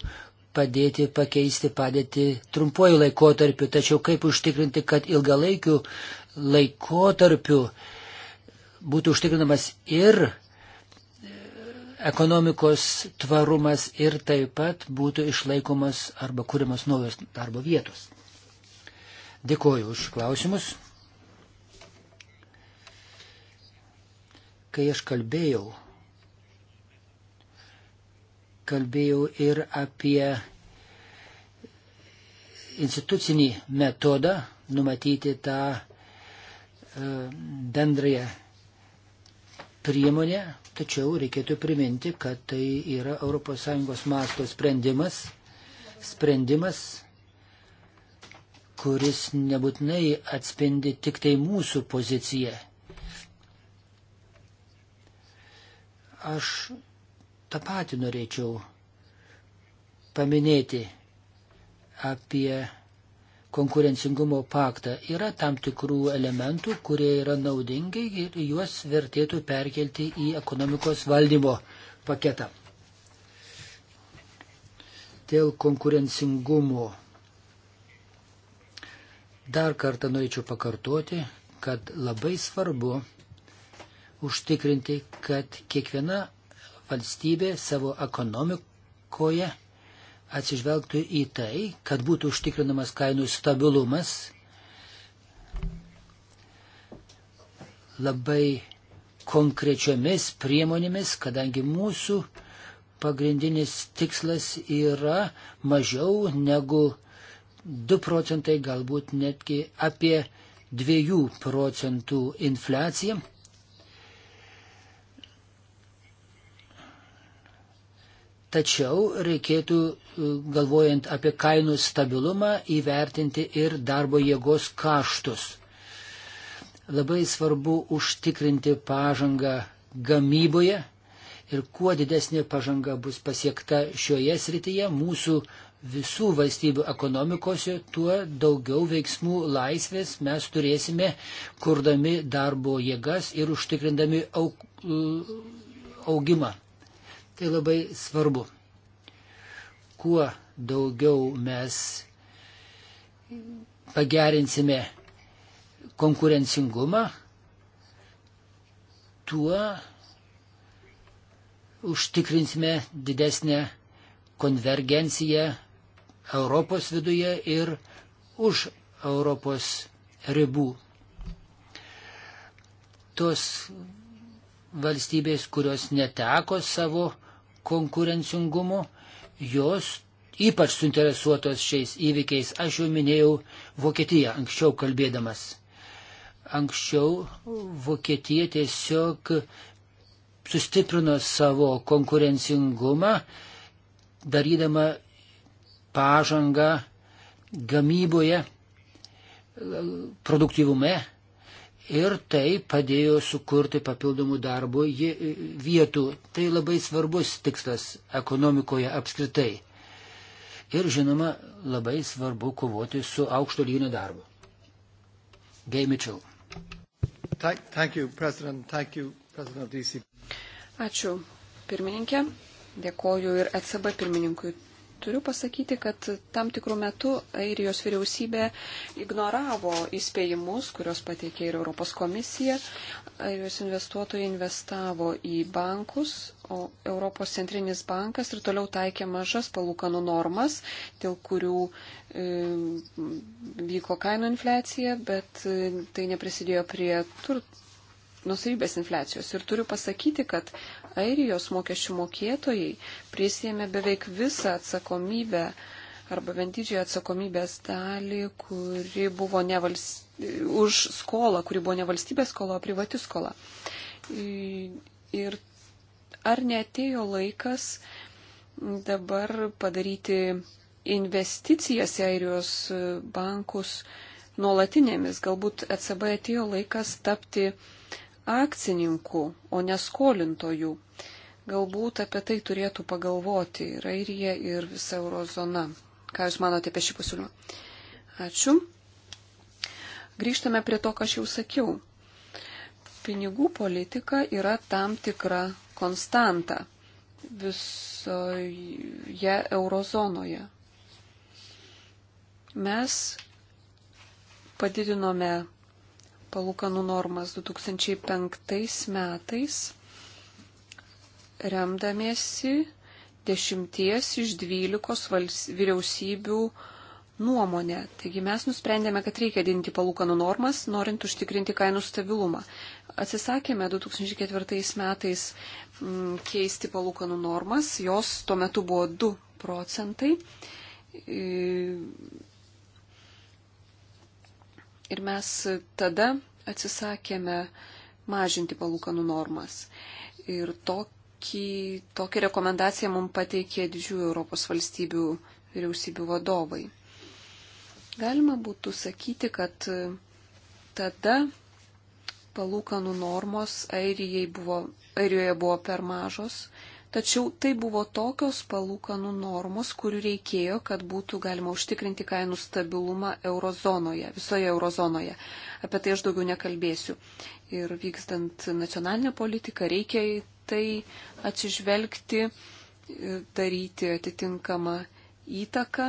padėti pakeisti padėti trumpuoju laikotarpiu, tačiau kaip užtikrinti, kad ilgalaikiu laikotarpiu būtų užtikrinamas ir e, ekonomikos tvarumas ir taip pat būtų išlaikomas arba kūrimas naujos darbo vietos. Dėkuoju už klausimus. Kai aš kalbėjau, kalbėjau ir apie institucinį metodą numatyti tą E, bendrąją priemonę, tačiau reikėtų priminti, kad tai yra ES masto sprendimas, sprendimas, kuris nebūtinai atspindi tik tai mūsų poziciją. Aš tą patį norėčiau paminėti apie konkurencingumo paktą. Yra tam tikrų elementų, kurie yra naudingi ir juos vertėtų perkelti į ekonomikos valdymo paketą. Dėl konkurencingumo dar kartą norėčiau pakartoti, kad labai svarbu užtikrinti, kad kiekviena valstybė savo ekonomikoje atsižvelgtų į tai, kad būtų užtikrinamas kainų stabilumas. Labai konkrečiomis priemonėmis, kadangi mūsų pagrindinis tikslas yra mažiau negu 2 procentai, galbūt netgi apie 2 procentų infliaciją. Tačiau reikėtų, e, galvojant apie kainų stabilumą, įvertinti ir darbo jėgos kaštus. Labai svarbu užtikrinti pažangą gamyboje ir kuo didesnė pažanga bus pasiekta šioje srityje mūsų visų valstybių ekonomikose, tuo daugiau veiksmų laisvės mes turėsime, kurdami darbo jėgas ir užtikrindami e, augimą. Tai labai svarbu. Kuo daugiau mes pagerinsime konkurencingumą, tuo užtikrinsime didesnę konvergenciją Europos viduje ir už Europos ribų. Tos valstybės, kurios neteko savo konkurencingumu, jos ypač suinteresuotos šiais įvykiais. Aš jau minėjau Vokietiją anksčiau kalbėdamas. Anksčiau Vokietija tiesiog sustiprino savo konkurencingumą, darydama pažangą gamyboje, produktyvume, ir tai padėjo sukurti papildomų darbo vietų. Tai labai svarbus tikslas ekonomikoje apskritai. Ir žinoma, labai svarbu kovoti su aukšto lygio nedarbu. Gay Mitchell. Thank you, President. Thank you, President of DC. Ačiū, pirmininkė. Dėkoju ir ECB pirmininkui Turiu pasakyti, kad tam tikrų metų Airijos vyriausybė ignoravo įspėjimus, kurios pateikė ir Europos komisija. Airijos investuotojai investavo į bankus, o Europos centrinis bankas ir toliau taikė mažas palūkanų normas, dėl kurių e, vyko kainų infliacija, bet e, tai neprisidėjo prie tur, nusavybės infliacijos. Ir turiu pasakyti, kad Airijos mokesčių mokėtojai prisėmė beveik visą atsakomybę arba bent didžiąją atsakomybės dalį, kuri buvo ne valst... už skolą, kuri buvo ne valstybės skola, o privati skola. Ir ar netėjo laikas dabar padaryti investicijas į airijos bankus nuolatinėmis? Galbūt ECB atėjo laikas tapti uh, akcininkų, o ne skolintojų. Galbūt apie tai turėtų pagalvoti ir Airija, ir visa eurozona. Ką Jūs manote apie šį pasiūlymą? Ačiū. Grįžtame prie to, ką aš jau sakiau. Pinigų politika yra tam tikra konstanta visoje eurozonoje. Mes padidinome palūkanų normas 2005 metais, remdamiesi 10 iš 12 vals, vyriausybių nuomonę. Taigi mes nusprendėme, kad reikia didinti palūkanų normas, norint užtikrinti kainų stabilumą. Atsisakėme 2004 metais m, mm, keisti palūkanų normas, jos tuo metu buvo 2 procentai. E, Ir mes tada atsisakėme mažinti palūkanų normas. Ir tokį, tokią rekomendaciją mums pateikė didžiųjų Europos valstybių vyriausybių vadovai. Galima būtų sakyti, kad tada palūkanų normos Airijai buvo, Airijoje buvo per mažos Tačiau tai buvo tokios palūkanų normos, kurių reikėjo, kad būtų galima užtikrinti kainų stabilumą eurozonoje, visoje eurozonoje. Apie tai aš daugiau nekalbėsiu. Ir vykstant nacionalinę politiką reikia į tai atsižvelgti, daryti atitinkamą įtaką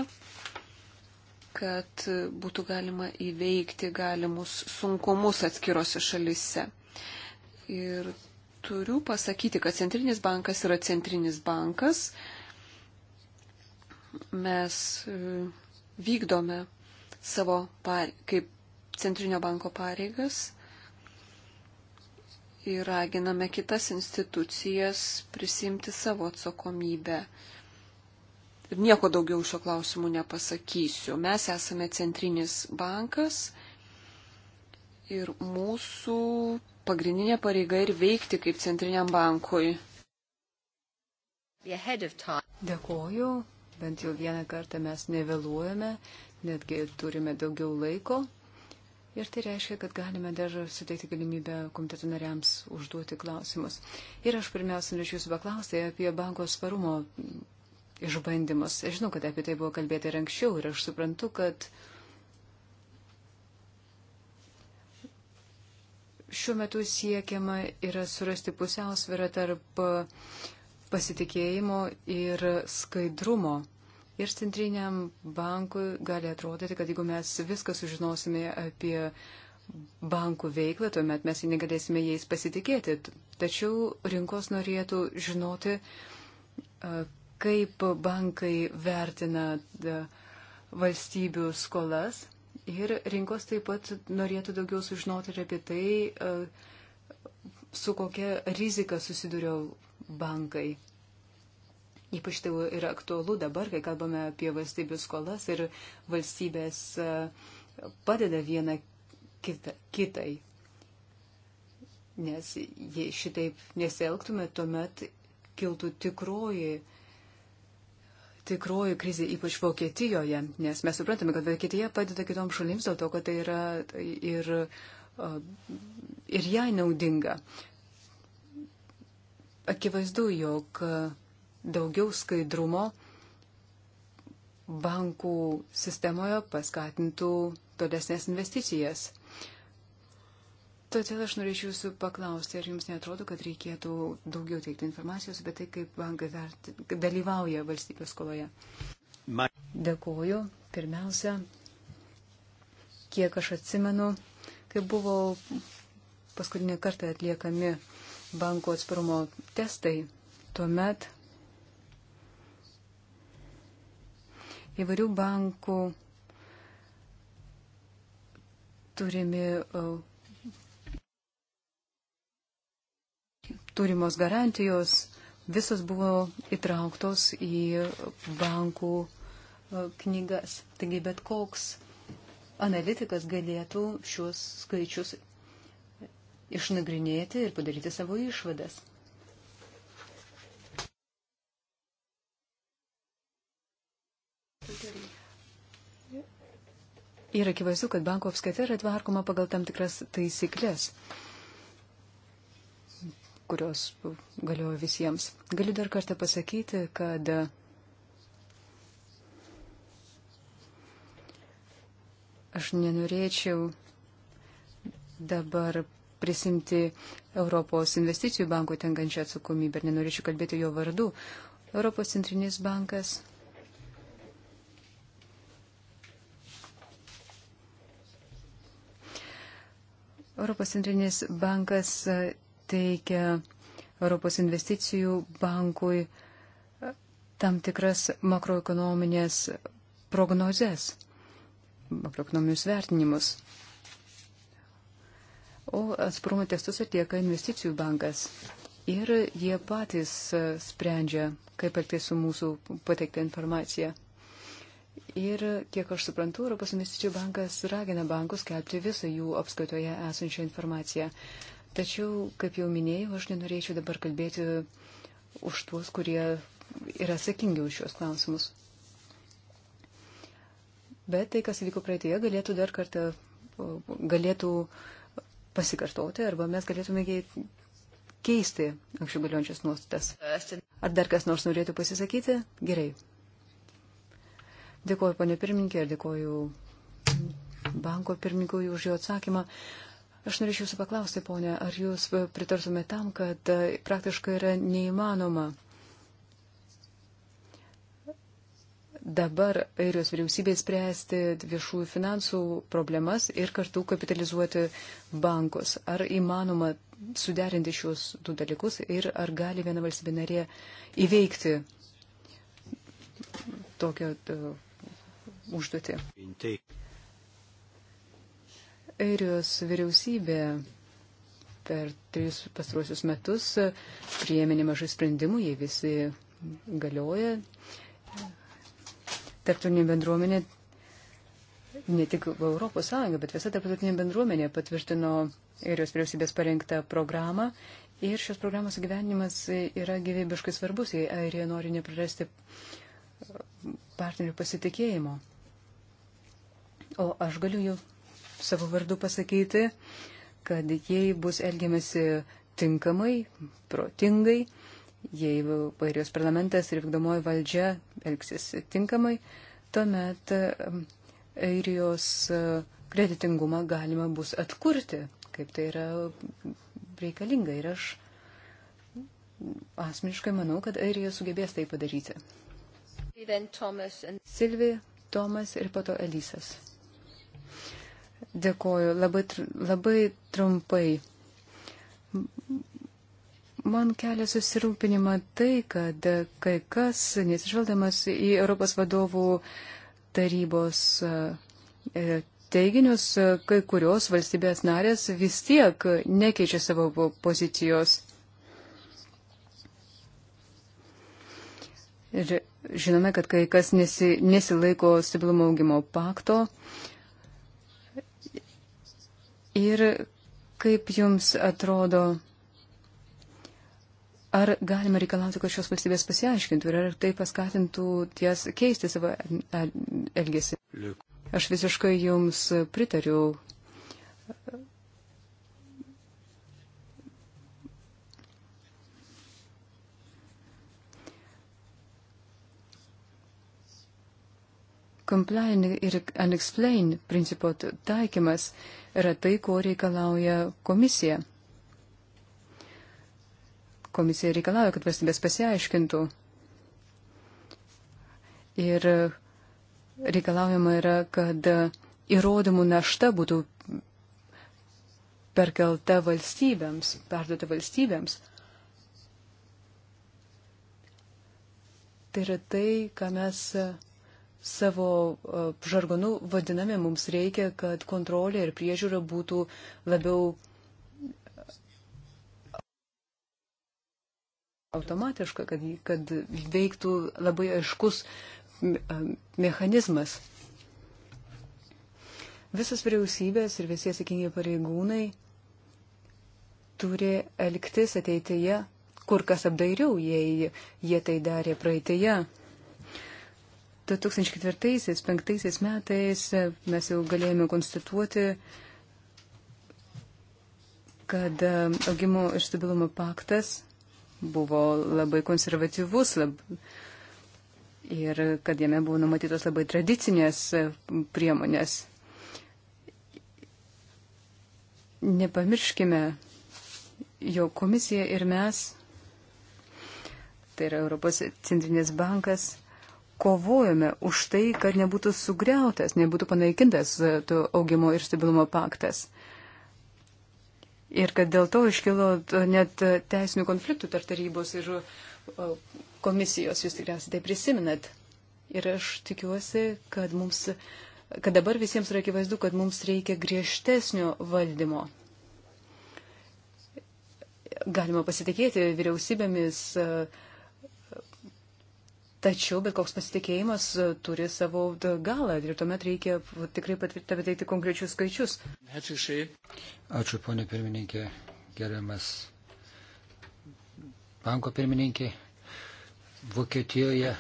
kad būtų galima įveikti galimus sunkumus atskirose šalise. Ir turiu pasakyti, kad centrinis bankas yra centrinis bankas. Mes e, vykdome savo par, kaip centrinio banko pareigas ir raginame kitas institucijas prisimti savo atsakomybę. Ir nieko daugiau šio klausimu nepasakysiu. Mes esame centrinis bankas ir mūsų pagrindinė pareiga ir veikti kaip centriniam bankui. Dėkoju, bent jau vieną kartą mes nevėluojame, netgi turime daugiau laiko. Ir tai reiškia, kad galime dar suteikti galimybę komiteto nariams užduoti klausimus. Ir aš pirmiausia norėčiau jūsų paklausti apie banko svarumo išbandymus. Aš žinau, kad apie tai buvo kalbėta ir anksčiau ir aš suprantu, kad uh, šiuo metu siekiama yra surasti pusiausvyrą tarp uh, pasitikėjimo ir skaidrumo. Ir centriniam bankui gali atrodyti, kad jeigu mes viską sužinosime apie bankų veiklą, tuomet mes negalėsime jais pasitikėti. Tačiau rinkos norėtų žinoti, uh, kaip bankai vertina uh, valstybių skolas Ir rinkos taip pat norėtų daugiau sužinoti ir apie tai, e, su kokia rizika susiduria bankai. Ypač tai yra aktualu dabar, kai kalbame apie valstybių skolas ir valstybės e, padeda viena kita, kitai. Nes jei šitaip nesielgtume, tuomet kiltų tikroji uh, tikroji krizė, ypač Vokietijoje, nes mes suprantame, kad Vokietija padeda kitoms šalims dėl to, kad tai yra tai ir, ir jai naudinga. Akivaizdu, jog daugiau skaidrumo bankų sistemoje paskatintų tolesnės investicijas. Todėl aš norėčiau jūsų paklausti, ar jums netrodo, kad reikėtų daugiau teikti informacijos apie tai, kaip bankai dalyvauja valstybės skoloje? Dėkuoju. Pirmiausia, kiek aš atsimenu, kai buvo paskutinį kartą atliekami banko atsparumo testai, tuomet įvairių bankų turimi. Uh, turimos garantijos visos buvo įtrauktos į bankų e, knygas. Taigi bet koks analitikas galėtų šios skaičius išnagrinėti ir padaryti savo išvadas. Ir akivaizdu, kad banko apskaita yra tvarkoma pagal tam tikras taisyklės kurios galioja visiems. Galiu dar kartą pasakyti, kad aš nenorėčiau dabar prisimti Europos investicijų banko tenkančią atsakomybę ir nenorėčiau kalbėti jo vardu. Europos centrinis bankas Europos centrinis bankas teikia Europos investicijų bankui e, tam tikras makroekonominės prognozes, makroekonominius vertinimus. O atsparumo testus atlieka investicijų bankas. Ir jie patys e, sprendžia, kaip elgtis su mūsų pateikta informacija. Ir, kiek aš suprantu, Europos investicijų bankas ragina bankus kelbti visą jų apskaitoje esančią informaciją. Tačiau, kaip jau minėjau, aš nenorėčiau dabar kalbėti už tuos, kurie yra atsakingi už šios klausimus. Bet tai, kas vyko praeitėje, galėtų dar kartą, galėtų pasikartoti arba mes galėtume keisti anksčiau galiojančias nuostatas. Ar dar kas nors norėtų pasisakyti? Gerai. Dėkuoju, ponė pirmininkė, ir dėkuoju banko pirmininkui už jo atsakymą. Uh, Aš norėčiau jūsų paklausti, ponė, ar jūs e, pritartumėte tam, kad e, praktiškai yra neįmanoma dabar airijos vyriausybė spręsti viešųjų finansų problemas ir kartu kapitalizuoti bankus. Ar įmanoma suderinti šios du dalykus ir ar gali viena valstybė narė įveikti tokią uh, užduotį? Airijos vyriausybė per tris pastruosius metus priėmė nemažai sprendimų, jie visi galioja. Tarptautinė bendruomenė, ne tik Europos Sąjunga, bet visa tarptautinė bendruomenė patvirtino Airijos vyriausybės parengtą programą ir šios programos gyvenimas yra gyvybiškai svarbus, jei Airija nori neprarasti partnerių pasitikėjimo. O aš galiu jų savo vardu pasakyti, kad jei bus elgiamasi tinkamai, protingai, jei Airijos parlamentas ir vykdomoji valdžia elgsis tinkamai, tuomet Airijos e, kreditingumą galima bus atkurti, kaip tai yra reikalinga. Ir aš asmeniškai manau, kad Airija sugebės tai padaryti. Silvi, Tomas ir pato Elisas. Dėkoju. Labai, labai trumpai. Man kelia susirūpinimą tai, kad kai kas, nesižvelgdamas į Europos vadovų tarybos e, teiginius, kai kurios valstybės narės vis tiek nekeičia savo pozicijos. Ir žinome, kad kai kas nesi, nesilaiko stabilumo augimo pakto, uh, Ir kaip jums atrodo, ar galima reikalauti, kad šios valstybės pasiaiškintų ir ar tai paskatintų ties keisti savo e- e- elgesį? Aš visiškai jums pritariu. Complain ir unexplain principo taikymas uh, yra tai, ko reikalauja komisija. Komisija reikalauja, kad valstybės pasiaiškintų. Ir reikalaujama yra, kad įrodymų našta būtų perkelta valstybėms, perduota valstybėms. Tai yra tai, ką mes savo e, žargonu vadiname, mums reikia, kad kontrolė ir priežiūra būtų labiau automatiška, kad, kad veiktų labai aiškus e, mechanizmas. Visas vyriausybės ir visi atsakingi pareigūnai turi elgtis ateityje kur kas apdairiau, jei jie tai darė praeitėje. 2004-2005 metais mes jau galėjome konstatuoti, kad um, augimo ir stabilumo paktas buvo labai konservatyvus lab... ir kad jame buvo numatytos labai tradicinės um, priemonės. Nepamirškime, jo komisija ir mes, tai yra Europos centrinės bankas, kovojame už tai, kad nebūtų sugriautas, nebūtų panaikintas e, to augimo ir stabilumo paktas. Ir kad dėl to iškilo e, net e, teisinių konfliktų tarp tarybos ir komisijos, jūs tikriausiai tai prisiminat. Ir aš tikiuosi, kad, mums, kad dabar visiems yra akivaizdu, kad mums reikia griežtesnio valdymo. Galima pasitikėti vyriausybėmis. Uh, Tačiau bet koks pasitikėjimas e, turi savo e, galą ir tuomet reikia tikrai patvirtinti tai konkrečius skaičius. Ačiū, ponė pirmininkė, geriamas banko pirmininkė. Vokietijoje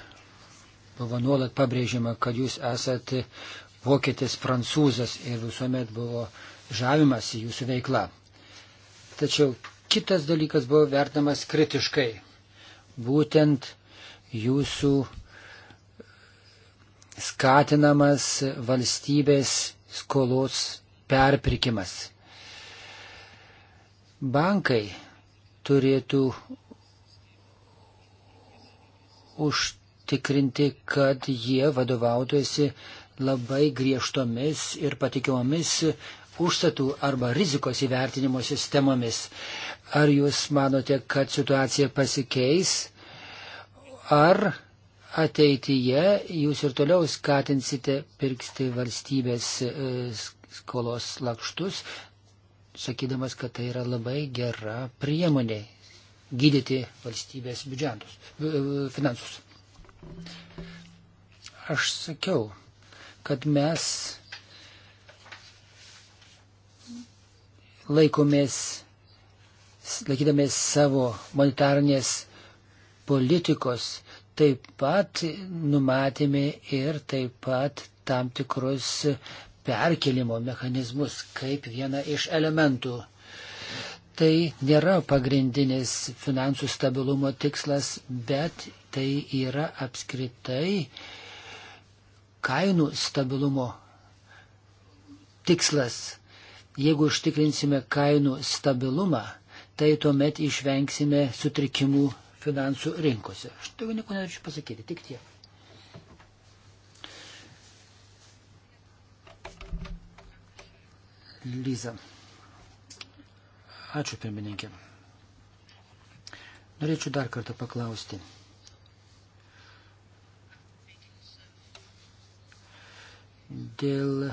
buvo nuolat pabrėžima, kad jūs esate vokietis prancūzas ir visuomet buvo žavimas jūsų veikla. Tačiau kitas dalykas buvo vertinamas kritiškai. Būtent jūsų skatinamas valstybės skolos perprikimas. Bankai turėtų užtikrinti, kad jie vadovautųsi labai griežtomis ir patikimomis užstatų arba rizikos įvertinimo sistemomis. Ar jūs manote, kad situacija pasikeis ar ateityje jūs ir toliau skatinsite pirkti valstybės e, skolos lakštus, sakydamas, kad tai yra labai gera priemonė gydyti valstybės biudžetus, e, finansus. Aš sakiau, kad mes laikomės, laikydamės savo monetarnės politikos. Taip pat numatėme ir taip pat tam tikrus perkelimo mechanizmus kaip vieną iš elementų. Tai nėra pagrindinis finansų stabilumo tikslas, bet tai yra apskritai kainų stabilumo tikslas. Jeigu užtikrinsime kainų stabilumą, tai tuomet išvengsime sutrikimų finansų rinkose. Aš tau nieko norėčiau pasakyti, tik tiek. Lyza. Ačiū, pirmininkė. Norėčiau dar kartą paklausti. Dėl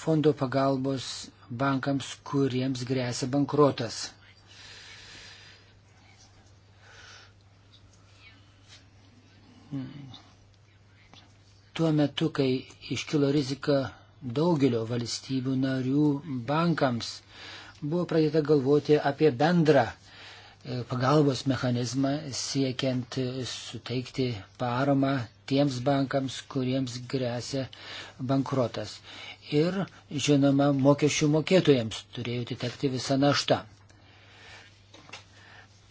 fondo pagalbos bankams, kuriems grėsia bankrotas. Tuo metu, kai iškilo rizika daugelio valstybių narių bankams, buvo pradėta galvoti apie bendrą e, pagalbos mechanizmą siekiant suteikti paramą tiems bankams, kuriems grėsia bankrotas ir, žinoma, mokesčių mokėtojams turėjo atitekti visą naštą.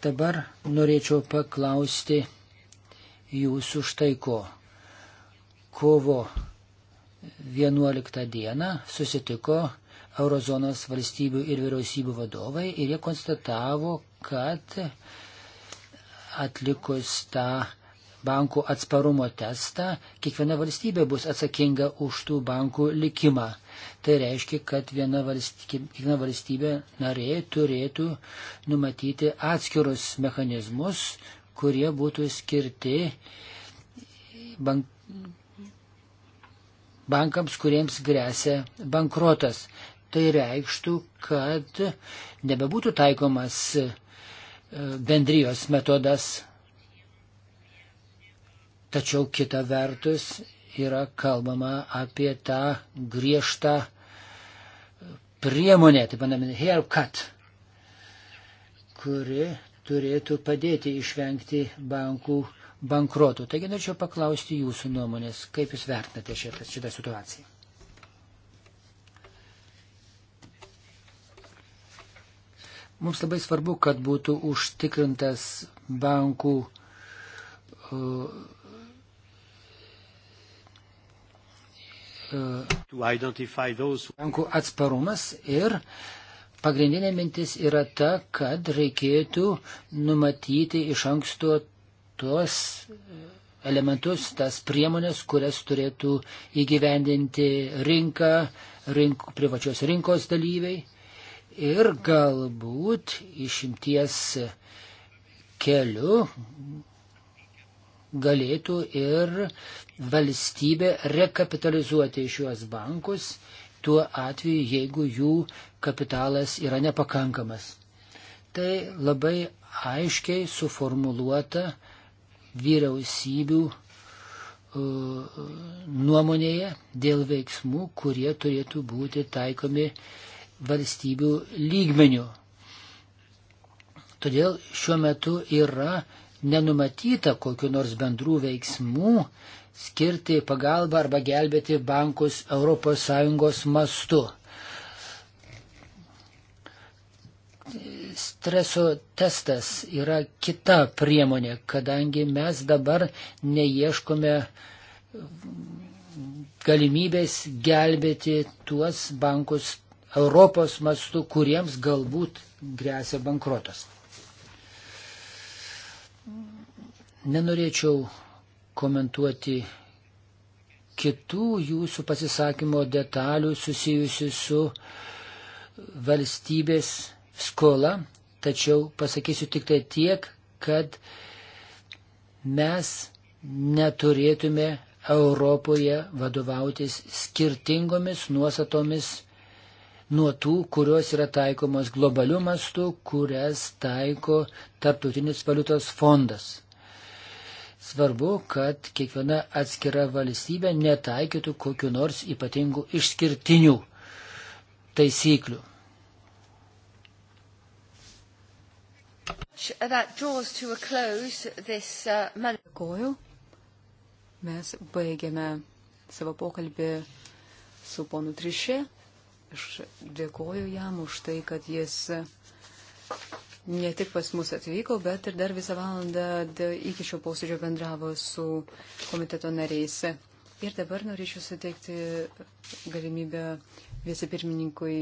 Dabar norėčiau paklausti jūsų štai ko. Kovo 11 dieną susitiko Eurozonos valstybių ir vyriausybių vadovai ir jie konstatavo, kad atlikus tą bankų atsparumo testą, kiekviena valstybė bus atsakinga už tų bankų likimą. Tai reiškia, kad valstybė, kiekviena valstybė narė turėtų numatyti atskirus mechanizmus, kurie būtų skirti bank, bankams, kuriems grėsia bankrotas. Tai reikštų, kad nebebūtų taikomas e, bendrijos metodas Tačiau kita vertus yra kalbama apie tą griežtą priemonę, taip vadinamą haircut, kuri turėtų padėti išvengti bankų bankruotų. Taigi norėčiau paklausti jūsų nuomonės, kaip jūs vertinate šitą, šitą situaciją. Mums labai svarbu, kad būtų užtikrintas bankų uh, bankų atsparumas ir pagrindinė mintis yra ta, kad reikėtų numatyti iš anksto tuos e, elementus, tas priemonės, kurias turėtų įgyvendinti rinka, rink, privačios rinkos dalyviai ir galbūt išimties keliu galėtų ir valstybė rekapitalizuoti šiuos bankus tuo atveju, jeigu jų kapitalas yra nepakankamas. Tai labai aiškiai suformuluota vyriausybių e, nuomonėje dėl veiksmų, kurie turėtų būti taikomi valstybių lygmenių. Todėl šiuo metu yra nenumatyta kokiu nors bendrų veiksmų skirti pagalbą arba gelbėti bankus ES mastu. Streso testas yra kita priemonė, kadangi mes dabar neieškome galimybės gelbėti tuos bankus Europos mastu, kuriems galbūt grėsia bankrotas. Nenorėčiau komentuoti kitų jūsų pasisakymo detalių susijusių su valstybės skola, tačiau pasakysiu tik tai tiek, kad mes neturėtume Europoje vadovautis skirtingomis nuostatomis nuo tų, kurios yra taikomos globaliu mastu, kurias taiko Tartutinis valiutos fondas. Svarbu, kad kiekviena atskira valstybė netaikytų kokiu nors ypatingu išskirtiniu taisyklių. Uh, dėkoju. Mes baigiame savo pokalbį su ponu Trišė. Aš dėkoju jam už tai, kad jis ne tik pas mus atvyko, bet ir dar visą valandą iki šio posėdžio bendravo su komiteto nariais. Ir dabar norėčiau suteikti galimybę vicepirmininkui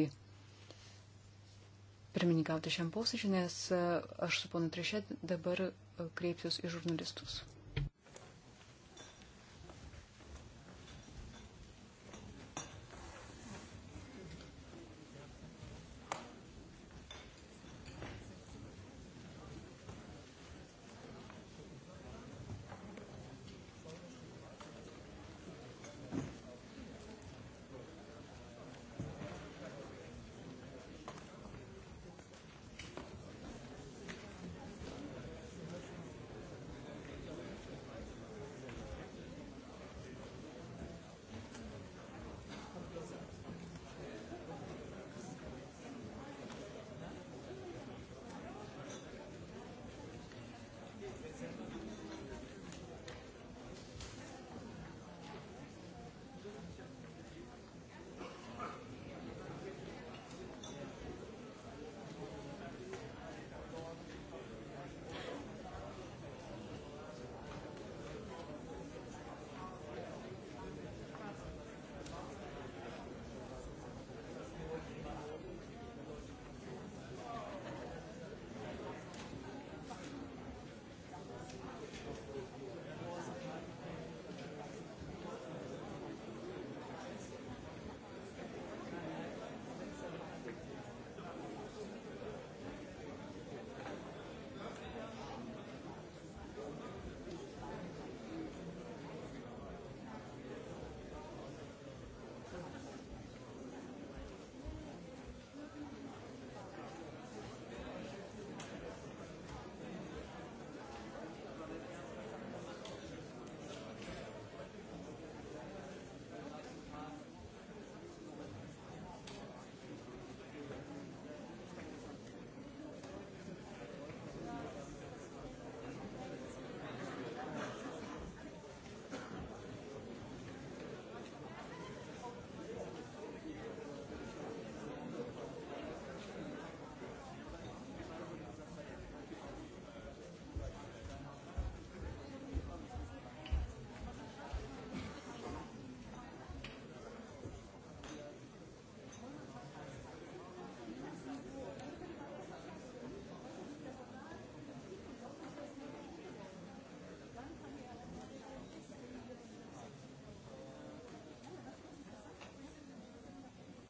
pirmininkauti šiam posėdžiui, nes aš su ponu Trišė dabar kreipsiuosi į žurnalistus.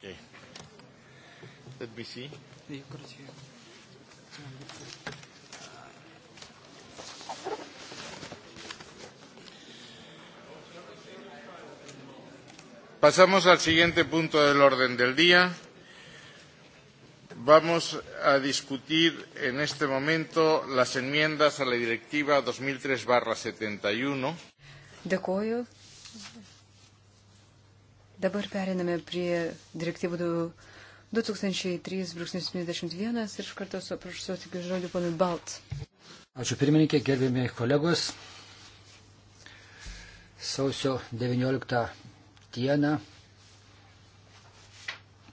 Okay. Eh. Let me see. You've got it here. Pasamos al siguiente punto del orden del día. Vamos a discutir en este momento las enmiendas a la Directiva 2003-71. Dėkoju. Dabar periname prie direktyvų 2003-71 ir iš karto suprašau tik žodžiu panui Balt. Ačiū pirmininkė, gerbėmi kolegos. Sausio 19 dieną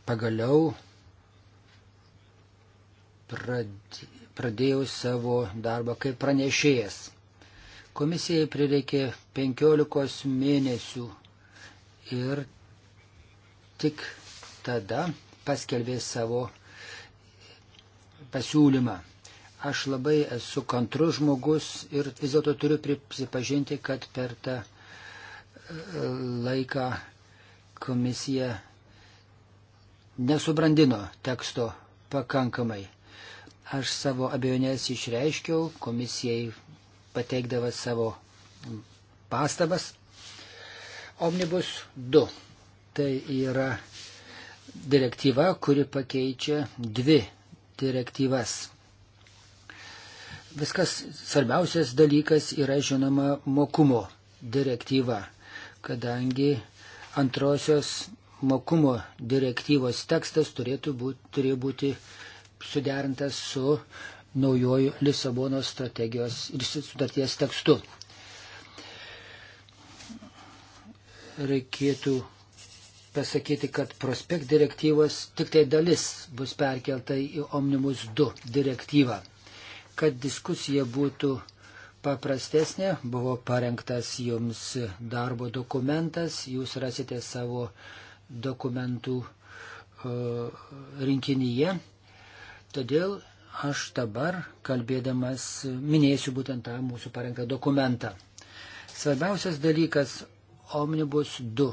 pagaliau pradėjau savo darbą kaip pranešėjas. Komisijai prireikė 15 mėnesių ir tik tada paskelbė savo pasiūlymą. Aš labai esu kantrus žmogus ir vis dėlto turiu prisipažinti, kad per tą e, laiką komisija nesubrandino teksto pakankamai. Aš savo abejonės išreiškiau, komisijai pateikdavas savo pastabas. Omnibus 2 Tai yra direktyva, kuri pakeičia dvi direktyvas. Viskas svarbiausias dalykas yra žinoma mokumo direktyva, kadangi antrosios mokumo direktyvos tekstas turėtų būti, turėjo būti suderintas su naujoju Lisabono strategijos ir sutarties tekstu. Reikėtų pasakyti, kad prospekt direktyvos tik tai dalis bus perkelta į Omnibus 2 direktyvą. Kad diskusija būtų paprastesnė, buvo parengtas jums darbo dokumentas, jūs rasite savo dokumentų uh, rinkinyje. Todėl aš dabar, kalbėdamas, minėsiu būtent tą mūsų parengtą dokumentą. Svarbiausias dalykas Omnibus 2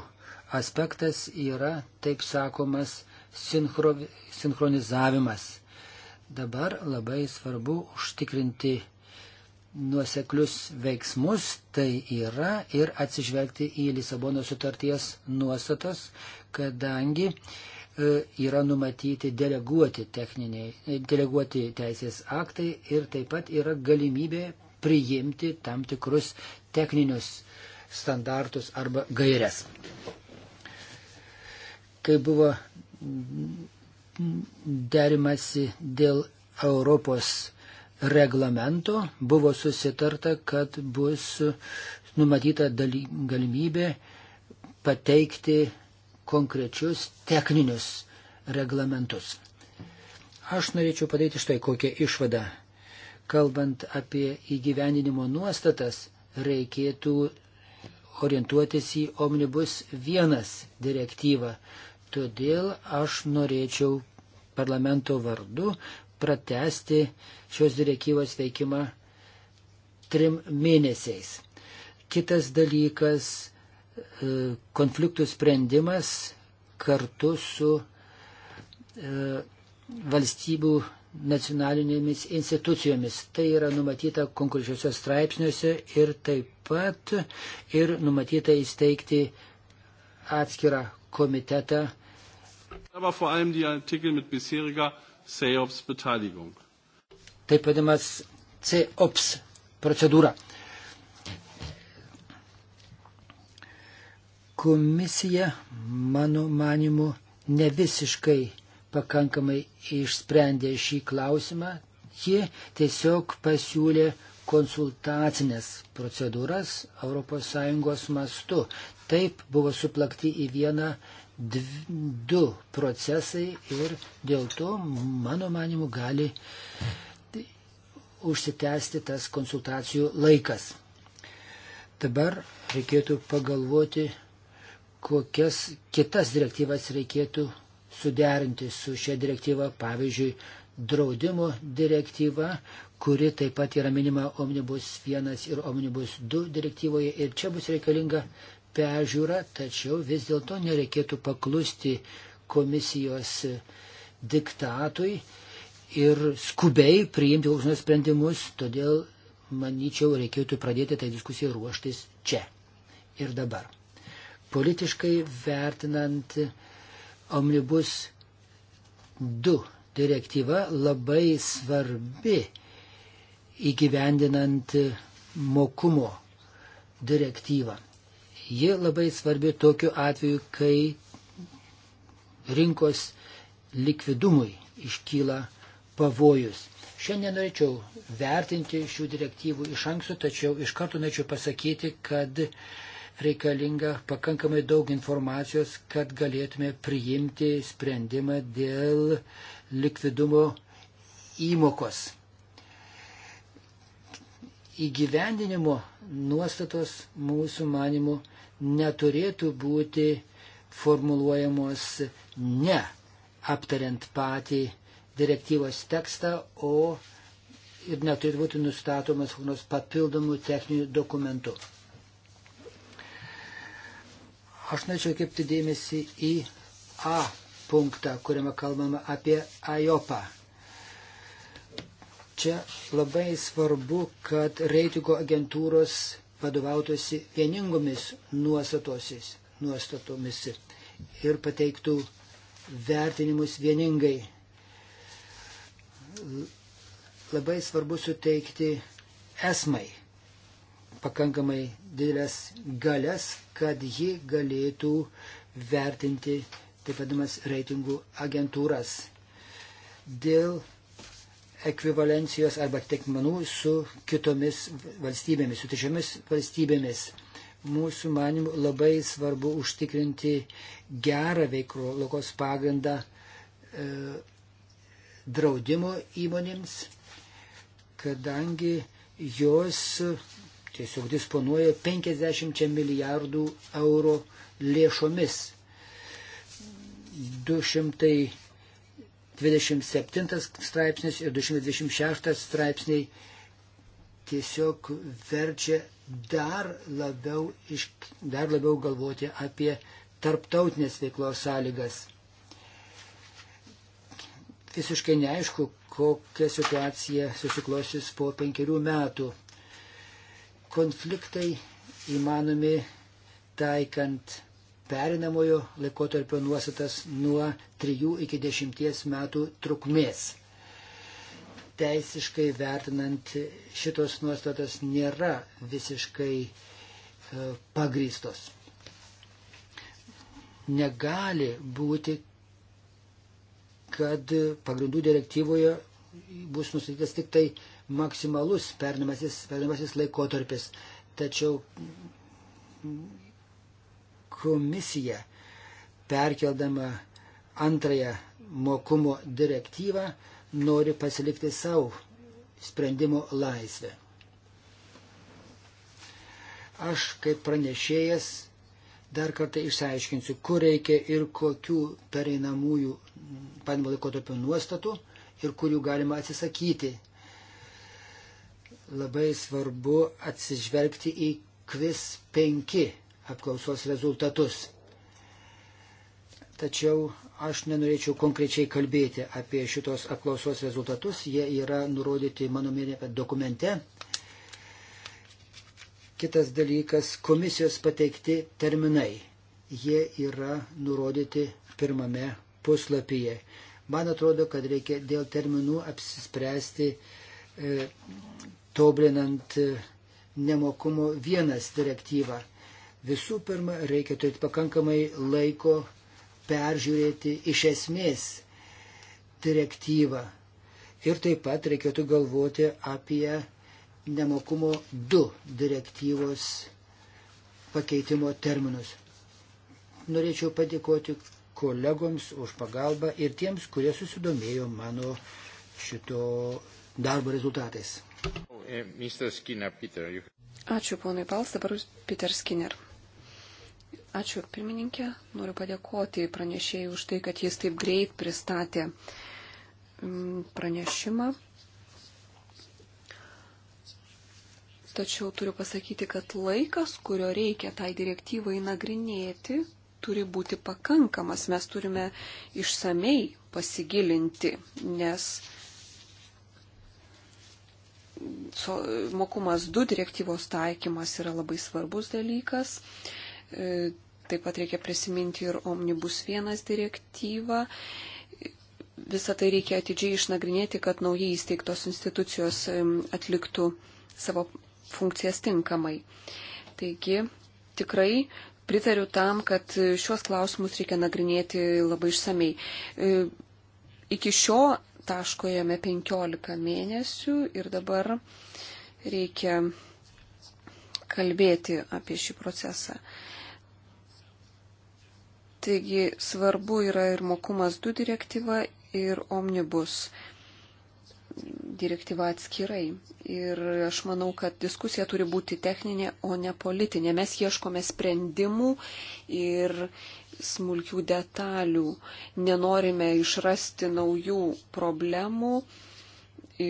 aspektas yra, taip sakomas, sinchro, sinchronizavimas. Dabar labai svarbu užtikrinti nuoseklius veiksmus, tai yra ir atsižvelgti į Lisabono sutarties nuostatas, kadangi e, yra numatyti deleguoti, e, deleguoti teisės aktai ir taip pat yra galimybė priimti tam tikrus techninius standartus arba gairias kai buvo derimasi dėl Europos reglamento, buvo susitarta, kad bus numatyta daly, galimybė pateikti konkrečius techninius reglamentus. Aš norėčiau padaryti štai kokią išvadą. Kalbant apie įgyvendinimo nuostatas, reikėtų orientuotis į Omnibus 1 direktyvą. Todėl aš norėčiau parlamento vardu pratesti šios direktyvos veikimą trim mėnesiais. Kitas dalykas e, - konfliktų sprendimas kartu su e, valstybių nacionalinėmis institucijomis. Tai yra numatyta konkrečiuose straipsniuose ir taip pat ir numatyta įsteigti atskirą komitetą Aber vor allem die Artikel mit bisheriger CEOPS Beteiligung. Taip vadimas CEOPS procedūra. Komisija, mano manimu, ne visiškai pakankamai išsprendė šį klausimą. Ji tiesiog pasiūlė konsultacinės procedūras ES mastu. Taip buvo suplakti į vieną du procesai ir dėl to, mano manimu, gali užsitęsti tas konsultacijų laikas. Dabar reikėtų pagalvoti, kokias kitas direktyvas reikėtų suderinti su šia direktyva, pavyzdžiui, draudimo direktyva, kuri taip pat yra minima Omnibus 1 ir Omnibus 2 direktyvoje ir čia bus reikalinga pežiūrą, tačiau vis dėlto nereikėtų paklusti komisijos diktatui ir skubiai priimti auksinus sprendimus, todėl, manyčiau, reikėtų pradėti tą tai diskusiją ruoštis čia ir dabar. Politiškai vertinant omnibus 2 direktyva labai svarbi įgyvendinant mokumo direktyvą. Ji labai svarbi tokiu atveju, kai rinkos likvidumui iškyla pavojus. Šiandien norėčiau vertinti šių direktyvų iš anksto, tačiau iš karto norėčiau pasakyti, kad reikalinga pakankamai daug informacijos, kad galėtume priimti sprendimą dėl likvidumo įmokos. Įgyvendinimo nuostatos mūsų manimų neturėtų būti formuluojamos ne aptariant patį direktyvos tekstą, o ir neturėtų būti nustatomas kokios papildomų techninių dokumentų. Aš norėčiau kepti dėmesį į A punktą, kuriame kalbama apie AJOPą. Čia labai svarbu, kad reitingo agentūros vadovautosi vieningomis nuostatomis ir pateiktų vertinimus vieningai. Labai svarbu suteikti esmai pakankamai didelės galės, kad ji galėtų vertinti taip vadinamas reitingų agentūras. Dėl ekvivalencijos arba tekmenų su kitomis valstybėmis, su trečiomis valstybėmis. Mūsų manimų labai svarbu užtikrinti gerą veiklos pagrindą e, draudimo įmonėms, kadangi jos tiesiog disponuoja 50 milijardų eurų lėšomis. 200 27 straipsnis ir 226 straipsniai tiesiog verčia dar labiau, iš, dar labiau galvoti apie tarptautinės veiklos sąlygas. Visiškai neaišku, kokia situacija susiklosis po penkerių metų. Konfliktai įmanomi taikant perinamojo laikotarpio nuostatas nuo 3 iki 10 metų trukmės. Teisiškai vertinant šitos nuostatas nėra visiškai e, pagrystos. Negali būti, kad pagrindų direktyvoje bus nustatytas tik tai maksimalus perinamasis, perinamasis laikotarpis. Tačiau komisija perkeldama antrąją mokumo direktyvą nori pasilikti savo sprendimo laisvę. Aš kaip pranešėjas dar kartą išsiaiškinsiu, kur reikia ir kokių pereinamųjų panimo laikotarpio nuostatų ir kurių galima atsisakyti. Labai svarbu atsižvelgti į kvis 5 apklausos rezultatus. Tačiau aš nenorėčiau konkrečiai kalbėti apie šitos apklausos rezultatus, jie yra nurodyti mano minėtame dokumente. Kitas dalykas - komisijos pateikti terminai. Jie yra nurodyti pirmame puslapyje. Man atrodo, kad reikia dėl terminų apsispręsti e, tobulinant e, nemokumo vienas direktyvą. Visų pirma, reikia turėti pakankamai laiko peržiūrėti iš esmės direktyvą. Ir taip pat reikėtų galvoti apie nemokumo 2 direktyvos pakeitimo terminus. Norėčiau padėkoti kolegoms už pagalbą ir tiems, kurie susidomėjo mano šito darbo rezultatais. Oh, eh, Ačiū ponui Pals, dabar jūs Peter Skinner. Ačiū pirmininkė. Noriu padėkoti pranešėjai už tai, kad jis taip greit pristatė mm, pranešimą. Tačiau turiu pasakyti, kad laikas, kurio reikia tai direktyvai nagrinėti, turi būti pakankamas. Mes turime išsamei pasigilinti, nes mokumas 2 direktyvos taikymas yra labai svarbus dalykas e, Taip pat reikia prisiminti ir Omnibus 1 direktyvą. Visą tai reikia atidžiai išnagrinėti, kad naujai įsteigtos institucijos atliktų savo funkcijas tinkamai. Taigi, tikrai pritariu tam, kad šios klausimus reikia nagrinėti labai išsamei. E, iki šio taško jame 15 mėnesių ir dabar reikia kalbėti apie šį procesą. Taigi svarbu yra ir mokumas 2 direktyva ir omnibus direktyva atskirai. Ir aš manau, kad diskusija turi būti techninė, o ne politinė. Mes ieškome sprendimų ir smulkių detalių. Nenorime išrasti naujų problemų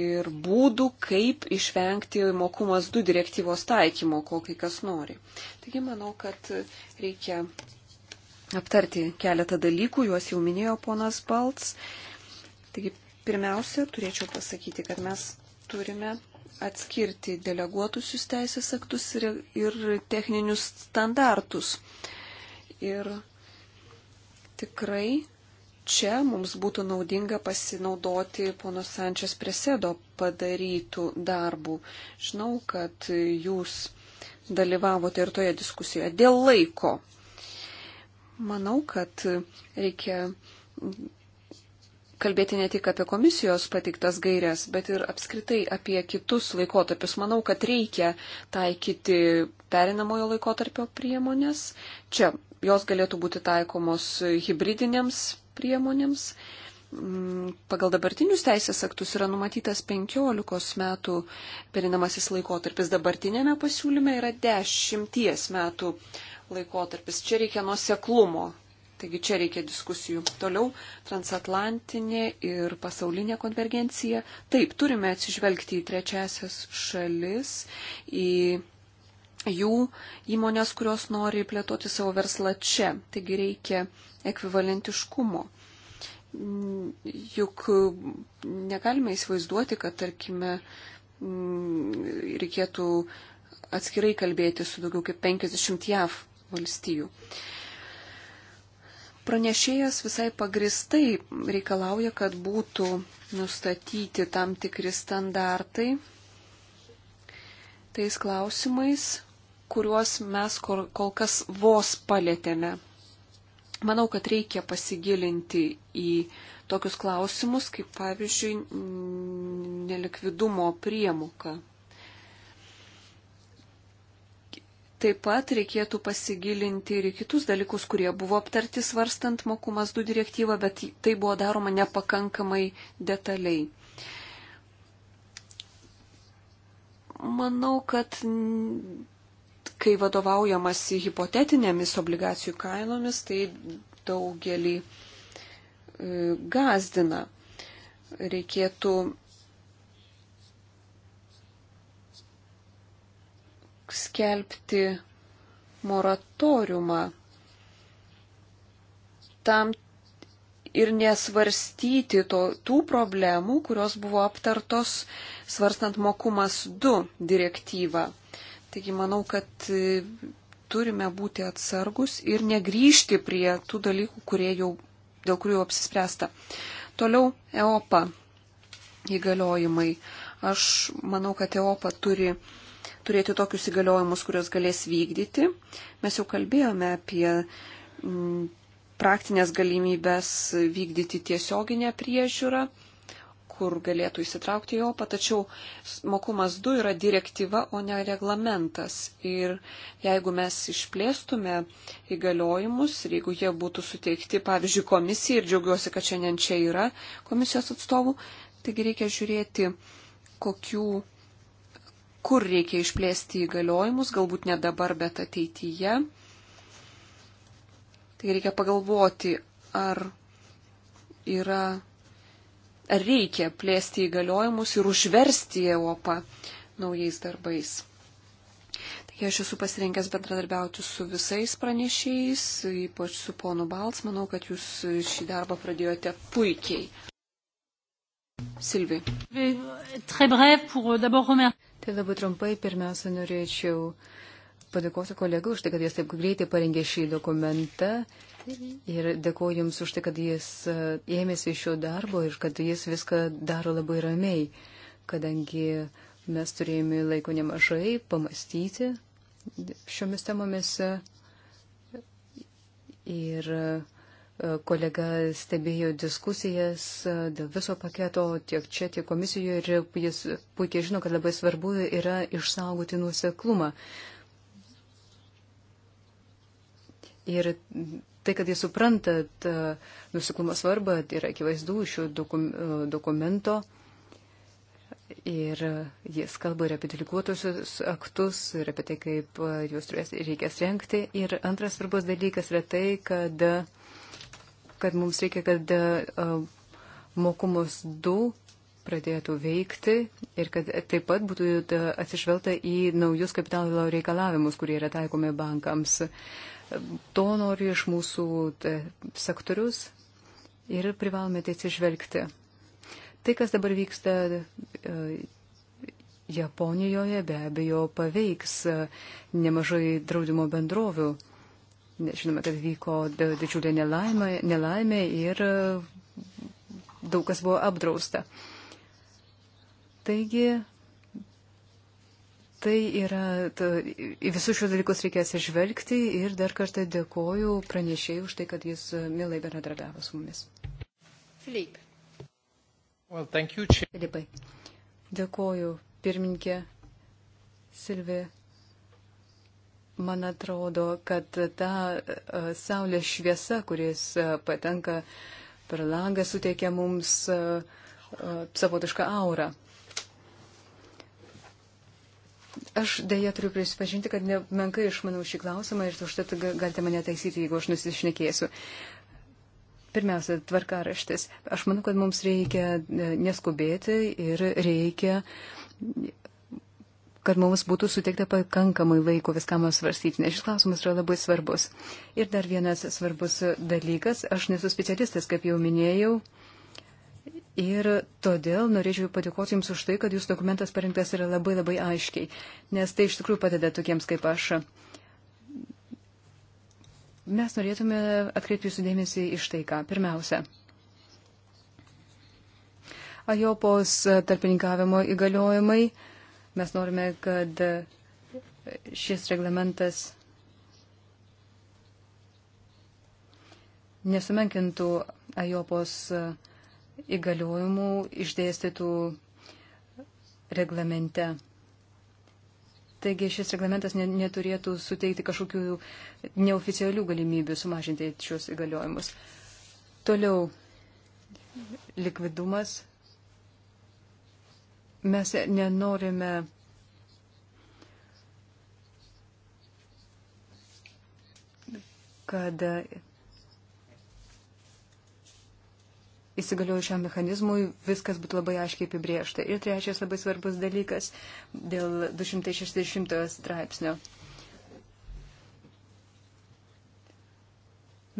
ir būdų, kaip išvengti mokumas 2 direktyvos taikymo, ko kai kas nori. Taigi manau, kad reikia aptarti keletą dalykų, juos jau minėjo ponas Balts. Taigi, pirmiausia, turėčiau pasakyti, kad mes turime atskirti deleguotusius teisės aktus ir, ir techninius standartus. Ir tikrai čia mums būtų naudinga pasinaudoti pono Sančias Presedo padarytų darbų. Žinau, kad jūs dalyvavote ir toje diskusijoje dėl laiko. Manau, kad reikia kalbėti ne tik apie komisijos patiktas gairias, bet ir apskritai apie kitus laikotarpius. Manau, kad reikia taikyti perinamojo laikotarpio priemonės. Čia jos galėtų būti taikomos hybridinėms priemonėms. Mm, pagal dabartinius teisės aktus yra numatytas 15 metų perinamasis laikotarpis, dabartinėme pasiūlyme yra 10 metų laikotarpis. Čia reikia nuoseklumo, taigi čia reikia diskusijų. Toliau transatlantinė ir pasaulinė konvergencija. Taip, turime atsižvelgti į trečiasias šalis, į jų įmonės, kurios nori plėtoti savo verslą čia. Taigi reikia ekvivalentiškumo juk negalime įsivaizduoti, kad, tarkime, mm, reikėtų atskirai kalbėti su daugiau kaip 50 JAV valstijų. Pranešėjas visai pagristai reikalauja, kad būtų nustatyti tam tikri standartai tais klausimais, kuriuos mes kol kas vos palėtėme Manau, kad reikia pasigilinti į tokius klausimus, kaip pavyzdžiui, nelikvidumo priemuka. Taip pat reikėtų pasigilinti ir į kitus dalykus, kurie buvo aptarti svarstant mokumas 2 direktyvą, bet tai buvo daroma nepakankamai detaliai. Manau, kad kai vadovaujamasi hipotetinėmis obligacijų kainomis, tai daugelį e, gazdina. Reikėtų skelbti moratoriumą tam ir nesvarstyti to, tų problemų, kurios buvo aptartos svarstant mokumas 2 direktyvą. Taigi manau, kad e, turime būti atsargus ir negryžti prie tų dalykų, jau, dėl kurių jau apsispręsta. Toliau EOPA įgaliojimai. Aš manau, kad EOPA turi turėti tokius įgaliojimus, kuriuos galės vykdyti. Mes jau kalbėjome apie praktinės galimybės vykdyti tiesioginę priežiūrą kur galėtų įsitraukti į opą, tačiau mokumas 2 yra direktyva, o ne reglamentas. Ir jeigu mes išplėstume įgaliojimus ir jeigu jie būtų suteikti, pavyzdžiui, komisijai, ir džiaugiuosi, kad šiandien čia yra komisijos atstovų, taigi reikia žiūrėti, kokių kur reikia išplėsti įgaliojimus, galbūt ne dabar, bet ateityje. Tai reikia pagalvoti, ar yra ar reikia plėsti įgaliojimus ir užversti Europą naujais darbais. Taigi aš esu pasirinkęs bendradarbiauti su visais pranešėjais, ypač su ponu Balts. Manau, kad jūs šį darbą pradėjote puikiai. Silvi. Euh, tai labai trumpai pirmiausia norėčiau padėkosiu kolegai už tai, kad jis taip greitai parengė šį dokumentą ir dėkoju Jums už tai, kad jis e, ėmėsi šio darbo ir kad jis viską daro labai ramiai, kadangi mes turėjome laiko nemažai pamastyti šiomis temomis ir e, kolega stebėjo diskusijas e, dėl viso paketo tiek čia, tiek komisijoje ir jis puikiai žino, kad labai svarbu yra išsaugoti nuoseklumą Ir tai, kad jis supranta nusiklumo svarbą, tai yra akivaizdu šio dokum, dokumento. Ir jis kalba ir apie delikuotusius aktus, ir apie tai, kaip juos reikės renkti. Ir antras svarbus dalykas yra tai, kad, kad mums reikia, kad mokumus du pradėtų veikti ir kad taip pat būtų atsižvelgta į naujus kapitalo reikalavimus, kurie yra taikomi bankams. Uh, To nori iš mūsų e, sektorius ir privalome tai atsižvelgti. Tai, kas dabar vyksta e, Japonijoje, be abejo, paveiks e, nemažai draudimo bendrovių. Žinome, kad vyko didžiulė nelaimė, nelaimė ir daug kas buvo apdrausta. Taigi tai yra, ta, į visus šios dalykus reikės išvelgti ir dar kartą dėkoju pranešėjai už tai, kad jis mielai bendradarbiavo su mumis. Filip. Well, you, Filipai. Dėkoju, pirmininkė Silvija. Man atrodo, kad ta uh, saulės šviesa, kuris uh, patenka per langą, suteikia mums uh, savotišką aurą. Aš dėja turiu prisipažinti, kad menkai išmanau šį klausimą ir užtat galite mane taisyti, jeigu aš nusišnekėsiu. Pirmiausia, tvarkaraštis. Aš manau, kad mums reikia e, neskubėti ir reikia, kad mums būtų suteikta pakankamai laiko viskam svarstyti, nes šis klausimas yra labai svarbus. Ir dar vienas svarbus dalykas. Aš nesu specialistas, kaip jau minėjau. Ir todėl norėčiau padėkoti Jums už tai, kad Jūsų dokumentas parinktas yra labai labai aiškiai, nes tai iš tikrųjų padeda tokiems kaip aš. Mes norėtume atkreipti Jūsų dėmesį iš tai, ką pirmiausia. Ajopos tarpininkavimo įgaliojimai. Mes norime, kad šis reglamentas nesumenkintų Ajopos tarpininkavimo įgaliojimų išdėstytų reglamente. Taigi šis reglamentas neturėtų suteikti kažkokių neoficialių galimybių sumažinti šios įgaliojimus. Toliau likvidumas. Mes nenorime kad įsigaliojus šiam mechanizmui viskas būtų labai aiškiai apibriešta. Ir trečias labai svarbus dalykas dėl 260 straipsnio.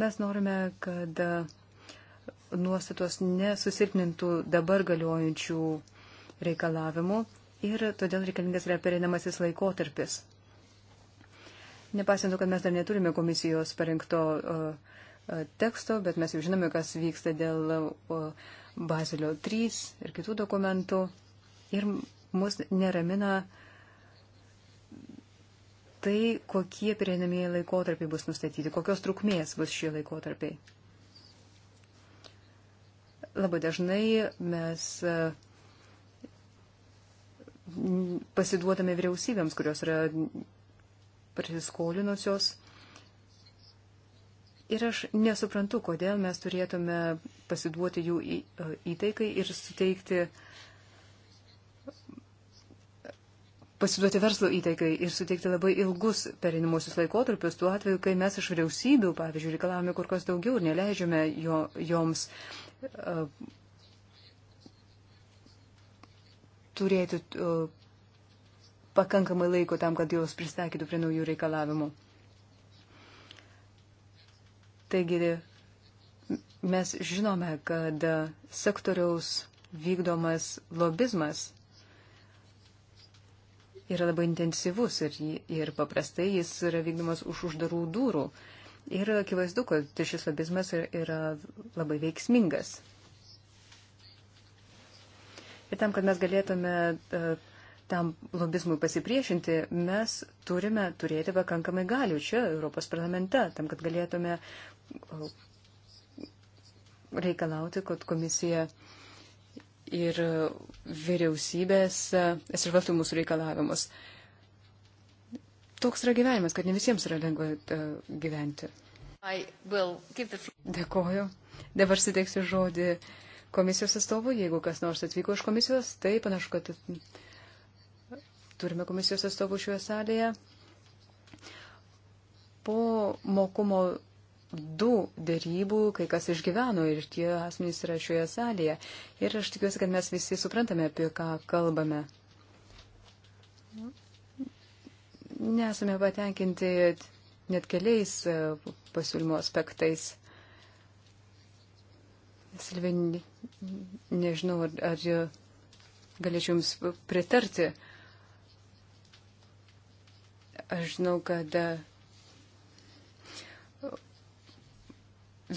Mes norime, kad uh, nuostatos nesusilpnintų dabar galiojančių reikalavimų ir todėl reikalingas yra perinamasis laikotarpis. Nepasintu, kad mes dar neturime komisijos parengto uh, teksto, bet mes jau žinome, kas vyksta dėl Bazilio 3 ir kitų dokumentų. Ir mus neramina tai, kokie prieinamieji laikotarpiai bus nustatyti, kokios trukmės bus šie laikotarpiai. Labai dažnai mes pasiduodame vyriausybėms, kurios yra prisiskolinusios Ir aš nesuprantu, kodėl mes turėtume pasiduoti jų e, įtaikai ir suteikti, pasiduoti verslo įtaikai ir suteikti labai ilgus perinimuosius laikotarpius, tuo atveju, kai mes iš vyriausybių, pavyzdžiui, reikalavome kur kas daugiau ir neleidžiame jo, joms uh, turėti uh, pakankamai laiko tam, kad jos pristaikytų prie naujų reikalavimų. Taigi mes žinome, kad sektoriaus vykdomas lobizmas yra labai intensyvus ir, ir paprastai jis yra vykdomas už uždarų durų. Ir akivaizdu, kad šis lobizmas yra labai veiksmingas. Ir tam, kad mes galėtume e, tam lobizmui pasipriešinti, mes turime turėti pakankamai galių čia Europos parlamente, tam, kad galėtume reikalauti, kad komisija ir vyriausybės atsižvelgtų mūsų reikalavimus. Toks yra gyvenimas, kad ne visiems yra lengva e, gyventi. The... Dėkoju. Dabar suteiksiu žodį komisijos atstovui. Jeigu kas nors atvyko iš komisijos, tai panašu, kad turime komisijos atstovų šioje salėje. Po mokumo du dėrybų, kai kas išgyveno ir tie asmenys yra šioje salėje. Ir aš tikiuosi, kad mes visi suprantame, apie ką kalbame. Nesame patenkinti net keliais e, pasiūlymo aspektais. Silvin, nežinau, ar, ar galėčiau Jums pritarti. Aš žinau, kad e,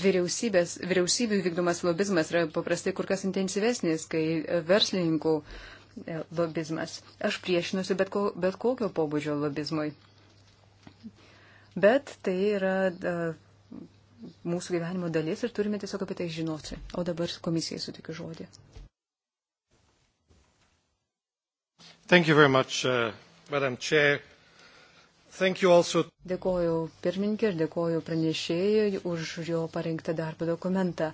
vyriausybės, vyriausybių vykdomas lobizmas yra paprastai kur kas intensyvesnis, kai verslininkų e, lobizmas. Aš priešinusi bet, ko, bet kokio pobūdžio lobizmui. Bet tai yra da, e, mūsų gyvenimo dalis ir turime tiesiog apie tai žinoti. O dabar komisijai sutikiu žodį. Thank you very much, uh, Madam Chair. Dėkoju pirmininkė ir dėkoju pranešėjai už jo parengtą darbo dokumentą.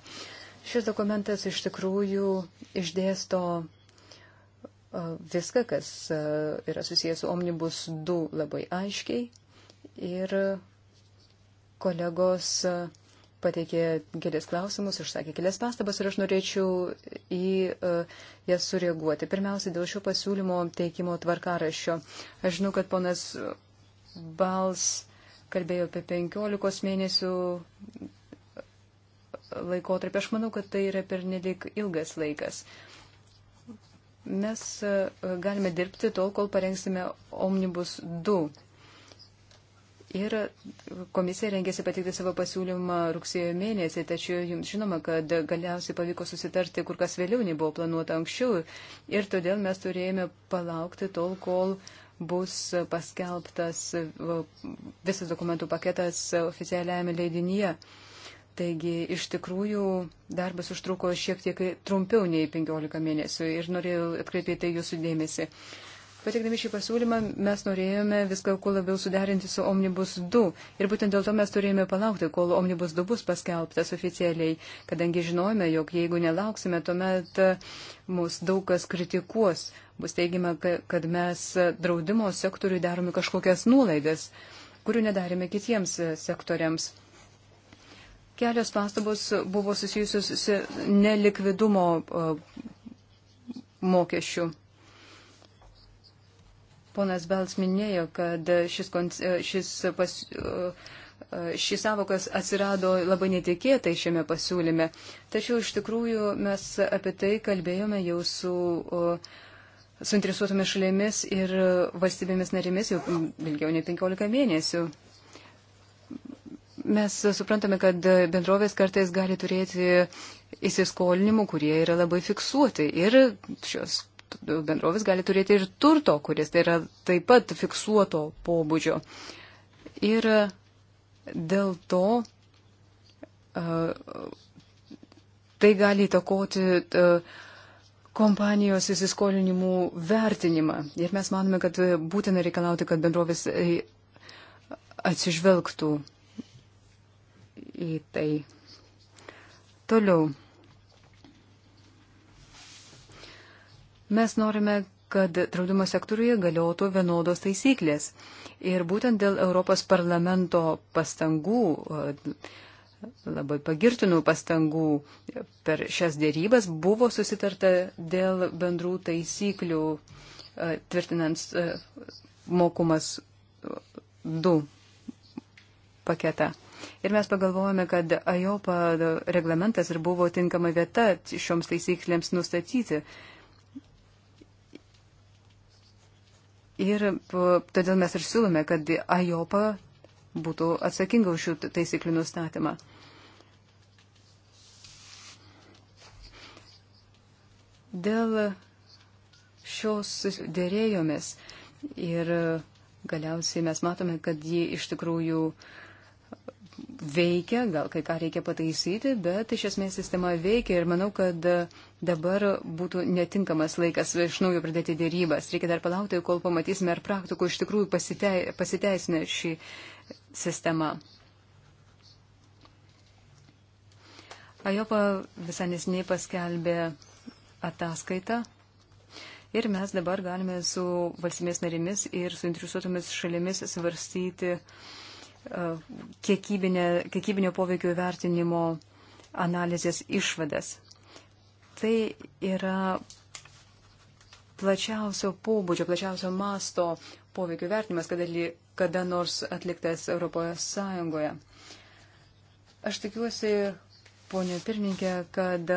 Šis dokumentas iš tikrųjų išdėsto e, viską, kas e, yra susijęs su Omnibus 2 labai aiškiai ir kolegos e, pateikė kelias klausimus, išsakė kelias pastabas ir aš norėčiau į uh, jas sureaguoti. Pirmiausia, dėl šio pasiūlymo teikimo tvarkaraščio. Aš žinau, kad ponas Bals kalbėjo apie 15 mėnesių laikotarpį. Aš manau, kad tai yra pernedik ilgas laikas. Mes e, galime dirbti tol, kol parengsime Omnibus 2. Ir komisija rengėsi pateikti savo pasiūlymą rugsėjo mėnesį, tačiau jums žinoma, kad galiausiai pavyko susitarti kur kas vėliau nei buvo planuota anksčiau. Ir todėl mes turėjome palaukti tol, kol uh, bus paskelbtas visas dokumentų paketas oficialiajame leidinyje. Taigi iš tikrųjų darbas užtruko šiek tiek trumpiau nei 15 mėnesių ir norėjau atkreipti tai jūsų dėmesį. Patikdami šį pasiūlymą mes norėjome viską kuo labiau suderinti su Omnibus 2 ir būtent dėl to mes turėjome palaukti, kol Omnibus 2 bus paskelbtas oficialiai, kadangi žinojome, jog jeigu nelauksime, tuomet e, mus daug kas kritikuos, bus teigiama, kad mes draudimo sektoriui darome kažkokias nuolaidas, kurių nedarėme kitiems e, sektoriams. Kelios pastabos buvo susijusios su nelikvidumo e, mokesčių Ponas Bels minėjo, kad šis, šis, pas, šis savokas atsirado labai netikėtai šiame pasiūlyme. Tačiau iš tikrųjų mes apie tai kalbėjome jau su suinteresuotomis šalėmis ir valstybėmis narėmis jau ilgiau nei 15 mėnesių. Mes suprantame, kad bendrovės kartais gali turėti įsiskolinimų, kurie yra labai fiksuoti ir šios bendrovės gali turėti ir turto, kuris tai yra taip pat fiksuoto pobūdžio. Ir dėl to tai gali įtakoti kompanijos įsiskolinimų vertinimą. Ir mes manome, kad būtina reikalauti, kad bendrovės atsižvelgtų į tai. Toliau. Mes norime, kad draudimo sektoriuje galiotų vienodos taisyklės. Ir būtent dėl Europos parlamento pastangų, e, labai pagirtinų pastangų per šias dėrybas buvo susitarta dėl bendrų taisyklių e, tvirtinant e, mokumas 2 paketą. Ir mes pagalvojame, kad AJOPA reglamentas ir buvo tinkama vieta šioms taisyklėms nustatyti. Uh, Ir todėl mes ir siūlome, kad AJOPA būtų atsakinga už šių taisyklių nustatymą. Dėl šios dėrėjomis ir galiausiai mes matome, kad ji iš tikrųjų veikia, gal kai ką reikia pataisyti, bet iš esmės sistema veikia ir manau, kad dabar būtų netinkamas laikas iš naujo pradėti dėrybas. Reikia dar palaukti, kol pamatysime, ar praktikų iš tikrųjų pasitei, pasiteisina šį sistemą. Ajopa visai nesiniai paskelbė ataskaitą ir mes dabar galime su valstybės narimis ir suinteresuotomis šalimis svarstyti uh, kiekybinio poveikio vertinimo analizės išvadas. Tai yra plačiausio pobūdžio, plačiausio masto poveikio vertinimas, kada, kada nors atliktas Europos Sąjungoje. Aš tikiuosi, ponė pirmininkė, kad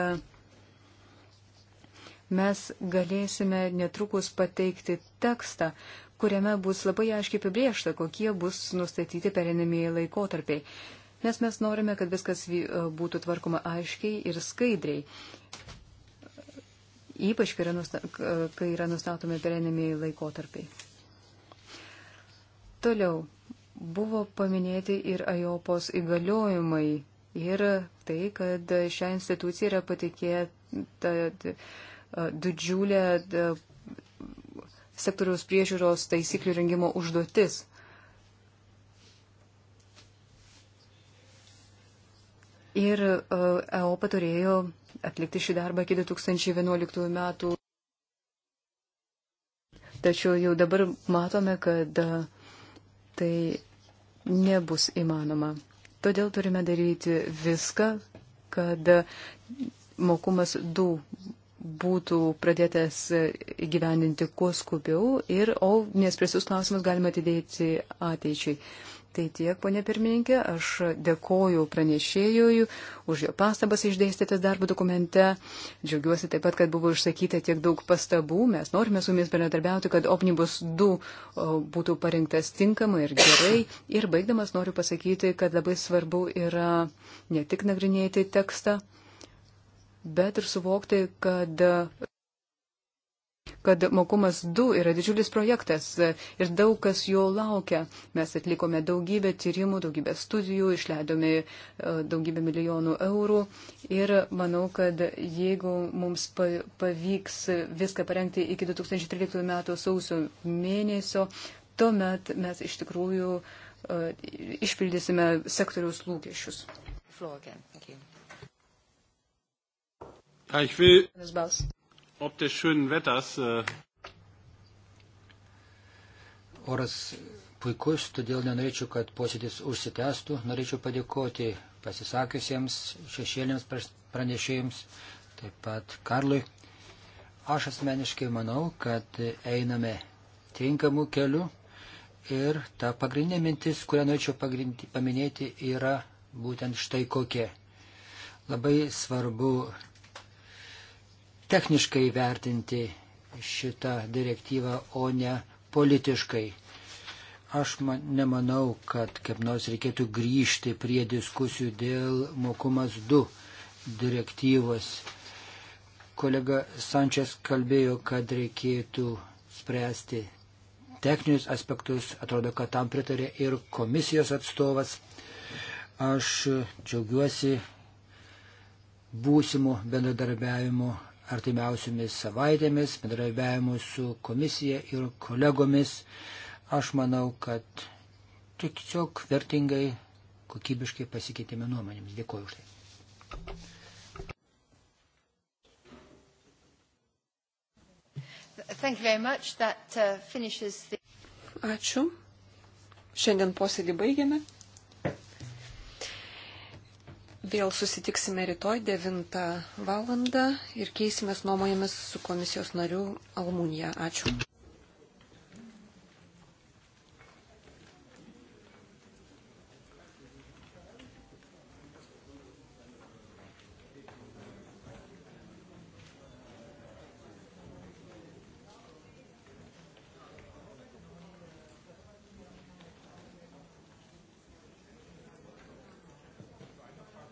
mes galėsime netrukus pateikti tekstą, kuriame bus labai aiškiai apibriešta, kokie bus nustatyti perinamieji laikotarpiai. Nes mes norime, kad viskas e, būtų tvarkoma aiškiai ir skaidriai. Ypač, kai yra, nusta kai yra nustatomi perinamieji laikotarpiai. Toliau buvo paminėti ir AJOPOS įgaliojimai ir tai, kad šią instituciją yra patikėta e, didžiulė sektoriaus priežiūros taisyklių rengimo užduotis. Ir EOPA e turėjo atlikti šį darbą iki 2011 metų. Tačiau jau dabar matome, kad e, tai nebus įmanoma. Todėl turime daryti viską, kad mokumas 2 būtų pradėtas įgyvendinti kuo skubiau ir, o nespręstus klausimus galima atidėti ateičiai. Tai tiek, ponė pirmininkė, aš dėkoju pranešėjui už jo pastabas išdėstytas darbo dokumente. Džiaugiuosi taip pat, kad buvo išsakyta tiek daug pastabų. Mes norime su jumis bendradarbiauti, kad Omnibus 2 būtų parinktas tinkamai ir gerai. Ir baigdamas noriu pasakyti, kad labai svarbu yra ne tik nagrinėti tekstą, bet ir suvokti, kad, kad mokumas 2 yra didžiulis projektas ir daug kas jo laukia. Mes atlikome daugybę tyrimų, daugybę studijų, išleidome e, daugybę milijonų eurų ir manau, kad jeigu mums pavyks viską parengti iki 2013 metų sausio mėnesio, tuomet mes iš tikrųjų uh, išpildysime sektoriaus lūkesčius. Floor again. Thank you. Ah, ich will ob des schönen Wetters. Äh. Oras puikus, todėl nenorėčiau, kad posėdis užsitęstų. Norėčiau padėkoti pasisakiusiems šešėlėms pranešėjams, taip pat Karlui. Aš asmeniškai manau, kad einame tinkamų kelių ir ta pagrindinė mintis, kurią norėčiau paminėti, yra būtent štai kokia. Labai svarbu techniškai vertinti šitą direktyvą, o ne politiškai. Aš man, nemanau, kad kaip nors reikėtų grįžti prie diskusijų dėl mokumas 2 direktyvos. Kolega Sančias kalbėjo, kad reikėtų spręsti techninius aspektus. Atrodo, kad tam pritarė ir komisijos atstovas. Aš džiaugiuosi būsimo bendradarbiavimo artimiausiomis savaitėmis, bendradarbiavimu su komisija ir kolegomis. Aš manau, kad tiesiog vertingai, kokybiškai pasikeitėme nuomonėmis. Dėkuoju už tai. That, uh, the... Ačiū. Šiandien posėdį baigiame. Vėl susitiksime rytoj 9 val. ir keisimės nuomonėmis su komisijos nariu Almūnija. Ačiū.